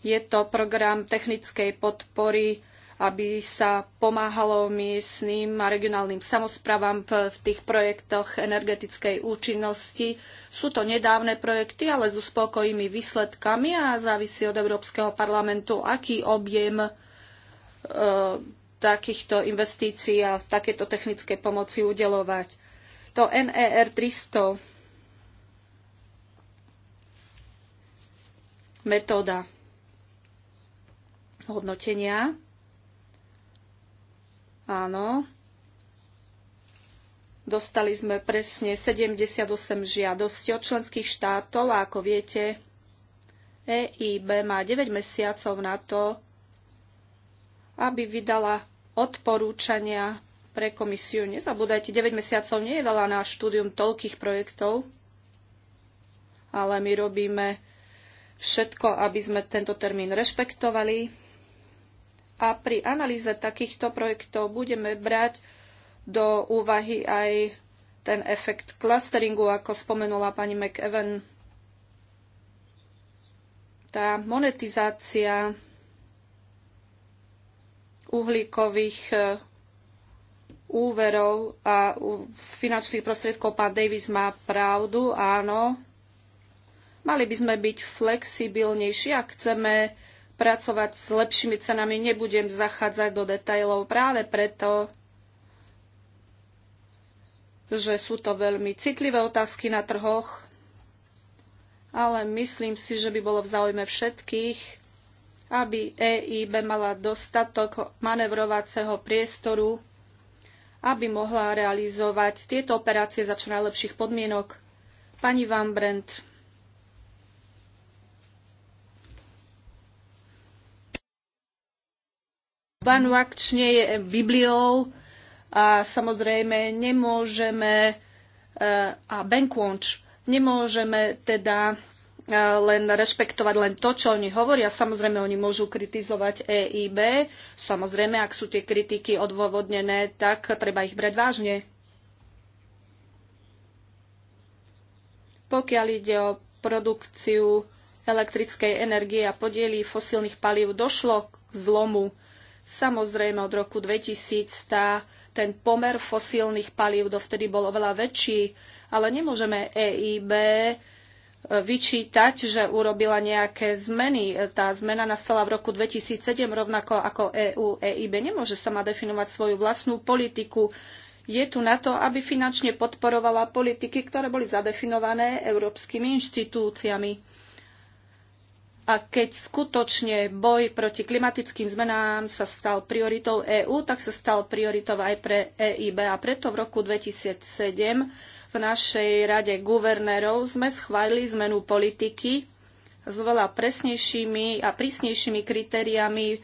Je to program technickej podpory aby sa pomáhalo miestnym a regionálnym samozprávam v, v tých projektoch energetickej účinnosti. Sú to nedávne projekty, ale s uspokojými výsledkami a závisí od Európskeho parlamentu, aký objem e, takýchto investícií a takéto technické pomoci udelovať. To NER 300 metóda hodnotenia Áno. Dostali sme presne 78 žiadostí od členských štátov a ako viete, EIB má 9 mesiacov na to, aby vydala odporúčania pre komisiu. Nezabúdajte, 9 mesiacov nie je veľa na štúdium toľkých projektov, ale my robíme všetko, aby sme tento termín rešpektovali a pri analýze takýchto projektov budeme brať do úvahy aj ten efekt clusteringu, ako spomenula pani McEwen. Tá monetizácia uhlíkových e, úverov a finančných prostriedkov pán Davis má pravdu, áno. Mali by sme byť flexibilnejší, ak chceme pracovať s lepšími cenami. Nebudem zachádzať do detajlov práve preto, že sú to veľmi citlivé otázky na trhoch, ale myslím si, že by bolo v záujme všetkých, aby EIB mala dostatok manevrovacieho priestoru, aby mohla realizovať tieto operácie za čo najlepších podmienok. Pani Van Brent. Pán Vakč nie je Bibliou a samozrejme nemôžeme eh, a Benkunč, nemôžeme teda eh, len rešpektovať len to, čo oni hovoria. Samozrejme, oni môžu kritizovať EIB. Samozrejme, ak sú tie kritiky odôvodnené, tak treba ich brať vážne. Pokiaľ ide o produkciu elektrickej energie a podiely fosílnych palív, došlo k zlomu Samozrejme, od roku 2000 tá, ten pomer fosílnych palív dovtedy bol oveľa väčší, ale nemôžeme EIB e, vyčítať, že urobila nejaké zmeny. Tá zmena nastala v roku 2007, rovnako ako EU. EIB nemôže sama definovať svoju vlastnú politiku. Je tu na to, aby finančne podporovala politiky, ktoré boli zadefinované európskymi inštitúciami. A keď skutočne boj proti klimatickým zmenám sa stal prioritou EÚ, tak sa stal prioritou aj pre EIB. A preto v roku 2007 v našej rade guvernérov sme schválili zmenu politiky s veľa presnejšími a prísnejšími kritériami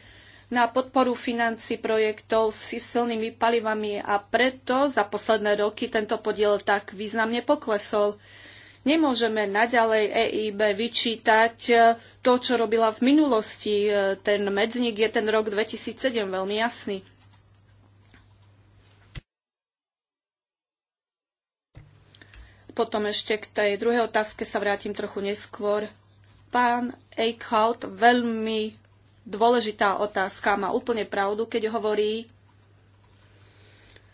na podporu financí projektov s silnými palivami a preto za posledné roky tento podiel tak významne poklesol. Nemôžeme naďalej EIB vyčítať e, to, čo robila v minulosti. E, ten medzník je ten rok 2007 veľmi jasný. Potom ešte k tej druhej otázke sa vrátim trochu neskôr. Pán Eichhout, veľmi dôležitá otázka, má úplne pravdu, keď hovorí,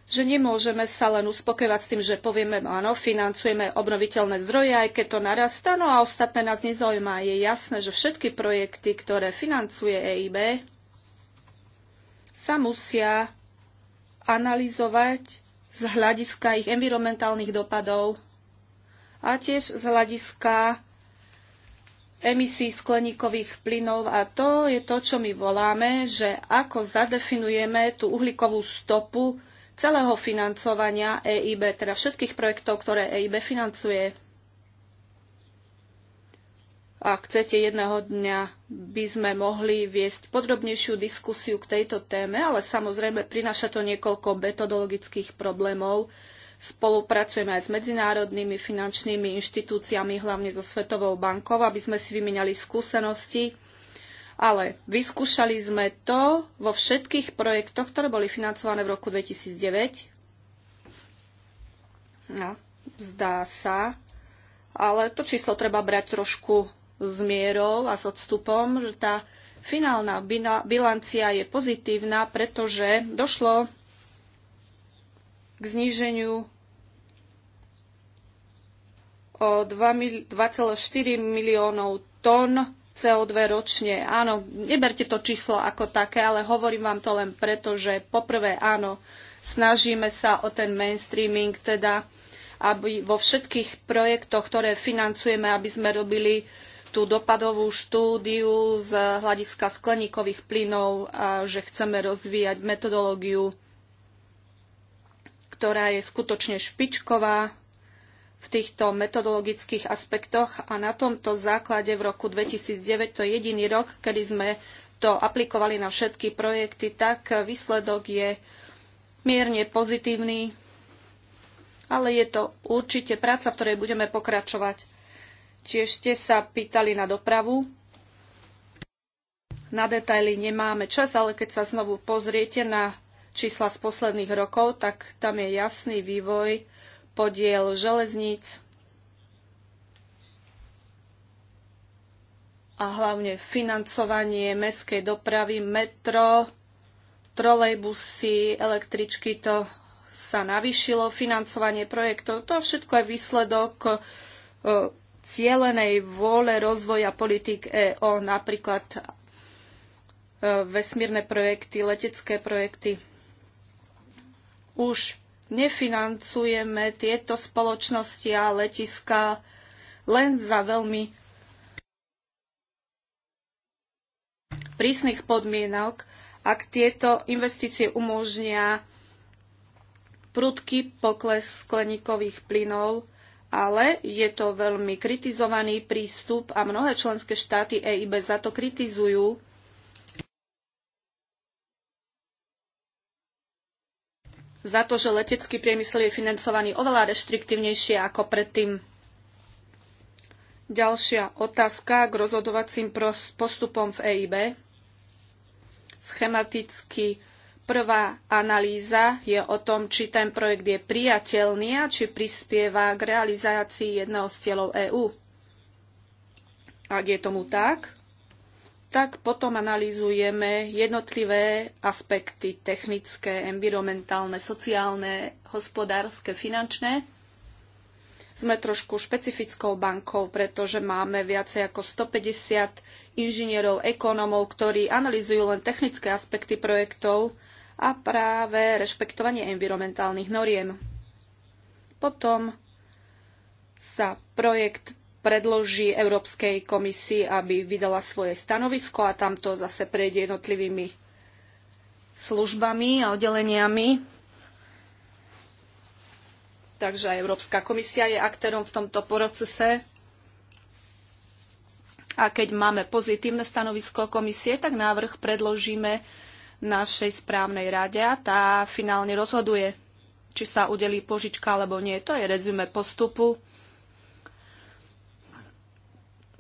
že nemôžeme sa len uspokojovať s tým, že povieme, áno, financujeme obnoviteľné zdroje, aj keď to narastá, no a ostatné nás nezaujíma. Je jasné, že všetky projekty, ktoré financuje EIB, sa musia analyzovať z hľadiska ich environmentálnych dopadov a tiež z hľadiska emisí skleníkových plynov a to je to, čo my voláme, že ako zadefinujeme tú uhlíkovú stopu celého financovania EIB, teda všetkých projektov, ktoré EIB financuje. Ak chcete, jedného dňa by sme mohli viesť podrobnejšiu diskusiu k tejto téme, ale samozrejme prináša to niekoľko metodologických problémov. Spolupracujeme aj s medzinárodnými finančnými inštitúciami, hlavne so Svetovou bankou, aby sme si vymenali skúsenosti ale vyskúšali sme to vo všetkých projektoch, ktoré boli financované v roku 2009. No, zdá sa. Ale to číslo treba brať trošku s mierou a s odstupom, že tá finálna bilancia je pozitívna, pretože došlo k zníženiu o 2,4 miliónov tón CO2 ročne. Áno, neberte to číslo ako také, ale hovorím vám to len preto, že poprvé áno, snažíme sa o ten mainstreaming, teda aby vo všetkých projektoch, ktoré financujeme, aby sme robili tú dopadovú štúdiu z hľadiska skleníkových plynov a že chceme rozvíjať metodológiu, ktorá je skutočne špičková v týchto metodologických aspektoch a na tomto základe v roku 2009, to je jediný rok, kedy sme to aplikovali na všetky projekty, tak výsledok je mierne pozitívny, ale je to určite práca, v ktorej budeme pokračovať. Tiež ste sa pýtali na dopravu. Na detaily nemáme čas, ale keď sa znovu pozriete na čísla z posledných rokov, tak tam je jasný vývoj podiel železníc a hlavne financovanie mestskej dopravy, metro, trolejbusy, električky, to sa navyšilo, financovanie projektov, to všetko je výsledok e, cielenej vôle rozvoja politik EO, napríklad e, vesmírne projekty, letecké projekty. Už nefinancujeme tieto spoločnosti a letiska len za veľmi prísnych podmienok, ak tieto investície umožnia prudký pokles skleníkových plynov, ale je to veľmi kritizovaný prístup a mnohé členské štáty EIB za to kritizujú, za to, že letecký priemysel je financovaný oveľa reštriktívnejšie ako predtým. Ďalšia otázka k rozhodovacím postupom v EIB. Schematicky prvá analýza je o tom, či ten projekt je priateľný a či prispieva k realizácii jedného z cieľov EÚ. Ak je tomu tak, tak potom analýzujeme jednotlivé aspekty technické, environmentálne, sociálne, hospodárske, finančné. Sme trošku špecifickou bankou, pretože máme viacej ako 150 inžinierov, ekonómov, ktorí analýzujú len technické aspekty projektov a práve rešpektovanie environmentálnych noriem. Potom sa projekt predloží Európskej komisii, aby vydala svoje stanovisko a tam to zase prejde jednotlivými službami a oddeleniami. Takže aj Európska komisia je aktérom v tomto procese. A keď máme pozitívne stanovisko komisie, tak návrh predložíme našej správnej rade a tá finálne rozhoduje, či sa udelí požička alebo nie. To je rezume postupu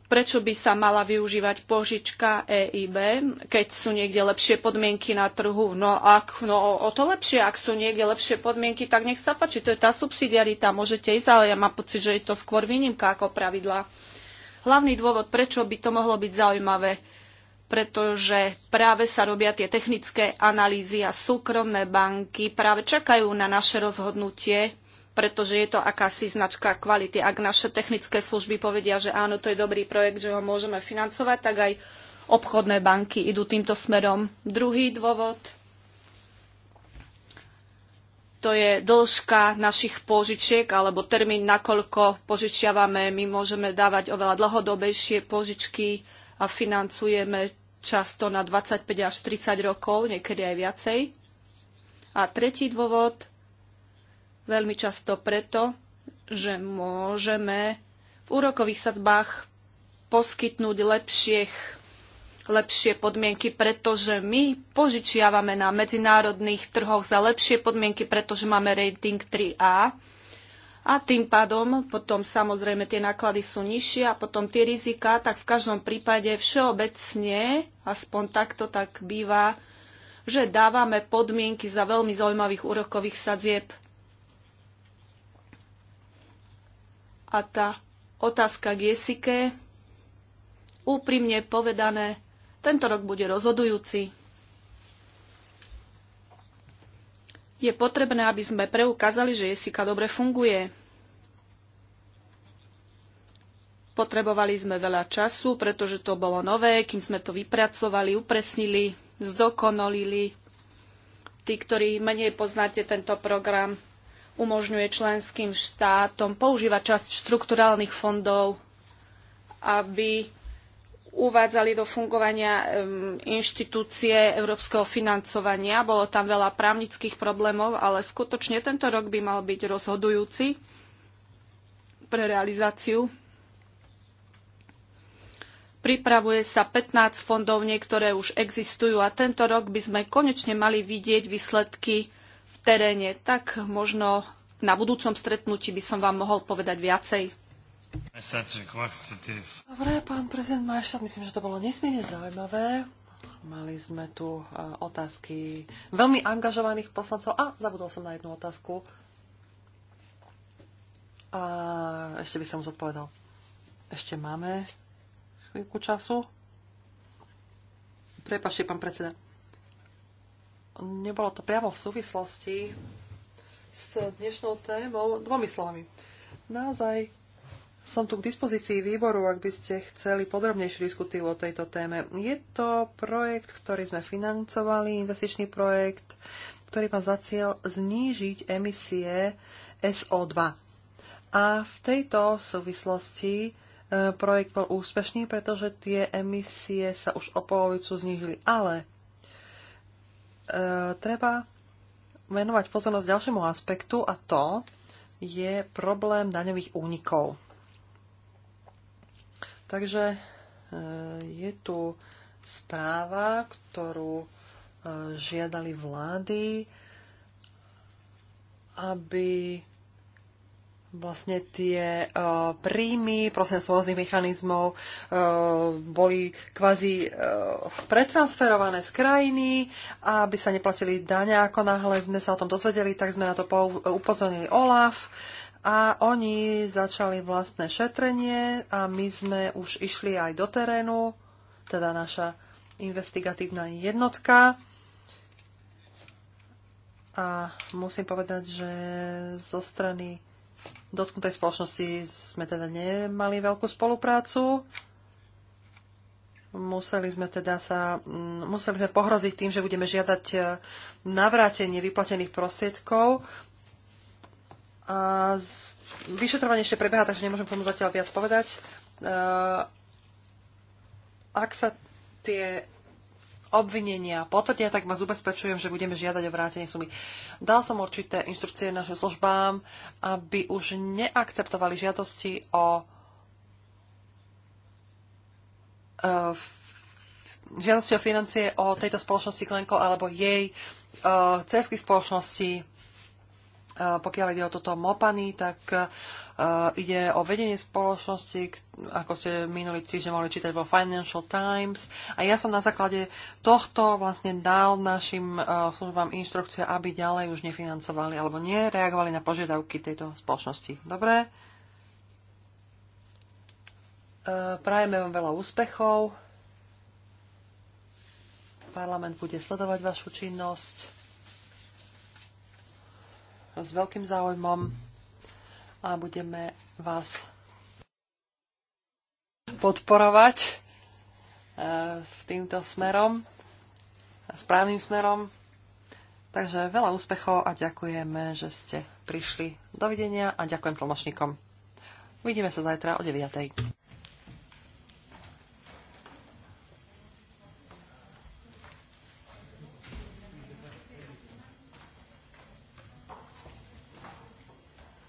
prečo by sa mala využívať požička EIB, keď sú niekde lepšie podmienky na trhu. No, ak, no o to lepšie, ak sú niekde lepšie podmienky, tak nech sa páči, to je tá subsidiarita, môžete ísť, ale ja mám pocit, že je to skôr výnimka ako pravidla. Hlavný dôvod, prečo by to mohlo byť zaujímavé, pretože práve sa robia tie technické analýzy a súkromné banky práve čakajú na naše rozhodnutie, pretože je to akási značka kvality. Ak naše technické služby povedia, že áno, to je dobrý projekt, že ho môžeme financovať, tak aj obchodné banky idú týmto smerom. Druhý dôvod to je dĺžka našich požičiek alebo termín, nakoľko požičiavame. My môžeme dávať oveľa dlhodobejšie požičky a financujeme často na 25 až 30 rokov, niekedy aj viacej. A tretí dôvod Veľmi často preto, že môžeme v úrokových sadzbách poskytnúť lepšie, lepšie podmienky, pretože my požičiavame na medzinárodných trhoch za lepšie podmienky, pretože máme rating 3A a tým pádom potom samozrejme tie náklady sú nižšie a potom tie rizika, tak v každom prípade všeobecne, aspoň takto tak býva, že dávame podmienky za veľmi zaujímavých úrokových sadzieb A tá otázka k Jesike, úprimne povedané, tento rok bude rozhodujúci. Je potrebné, aby sme preukázali, že Jesika dobre funguje. Potrebovali sme veľa času, pretože to bolo nové, kým sme to vypracovali, upresnili, zdokonolili. Tí, ktorí menej poznáte tento program, umožňuje členským štátom používať časť štrukturálnych fondov, aby uvádzali do fungovania inštitúcie európskeho financovania. Bolo tam veľa právnických problémov, ale skutočne tento rok by mal byť rozhodujúci pre realizáciu. Pripravuje sa 15 fondov, niektoré už existujú a tento rok by sme konečne mali vidieť výsledky teréne, tak možno na budúcom stretnutí by som vám mohol povedať viacej. Dobre, pán prezident Majštát, myslím, že to bolo nesmierne zaujímavé. Mali sme tu e, otázky veľmi angažovaných poslancov. A, zabudol som na jednu otázku. A ešte by som zodpovedal. Ešte máme chvíľku času. Prepašte, pán predseda nebolo to priamo v súvislosti s dnešnou témou, dvomi slovami. Naozaj som tu k dispozícii výboru, ak by ste chceli podrobnejšiu diskutiu o tejto téme. Je to projekt, ktorý sme financovali, investičný projekt, ktorý má za cieľ znížiť emisie SO2. A v tejto súvislosti e, projekt bol úspešný, pretože tie emisie sa už o polovicu znížili. Ale E, treba venovať pozornosť ďalšiemu aspektu a to je problém daňových únikov. Takže e, je tu správa, ktorú e, žiadali vlády, aby vlastne tie uh, príjmy prosím, rôznych mechanizmov uh, boli kvázi uh, pretransferované z krajiny, aby sa neplatili dane. Ako náhle sme sa o tom dozvedeli, tak sme na to upozornili OLAF a oni začali vlastné šetrenie a my sme už išli aj do terénu, teda naša investigatívna jednotka. A musím povedať, že zo strany dotknutej spoločnosti sme teda nemali veľkú spoluprácu. Museli sme teda sa, mm, museli sme pohroziť tým, že budeme žiadať e, navrátenie vyplatených prostriedkov. A vyšetrovanie ešte prebieha, takže nemôžem tomu zatiaľ viac povedať. E, ak sa tie obvinenia potvrdia, tak vás ubezpečujem, že budeme žiadať o vrátenie sumy. Dal som určité inštrukcie našim službám, aby už neakceptovali žiadosti o e, žiadosti o financie o tejto spoločnosti Klenko alebo jej uh, e, spoločnosti. E, pokiaľ ide o toto mopany, tak e, ide o vedenie spoločnosti, ako ste minulý týždeň mohli čítať vo Financial Times. A ja som na základe tohto vlastne dal našim e, službám inštrukcie, aby ďalej už nefinancovali alebo nereagovali na požiadavky tejto spoločnosti. Dobre? Prajeme vám veľa úspechov. Parlament bude sledovať vašu činnosť s veľkým záujmom a budeme vás podporovať eh, v týmto smerom, správnym smerom. Takže veľa úspechov a ďakujeme, že ste prišli. Dovidenia a ďakujem tlmočníkom. Uvidíme sa zajtra o 9.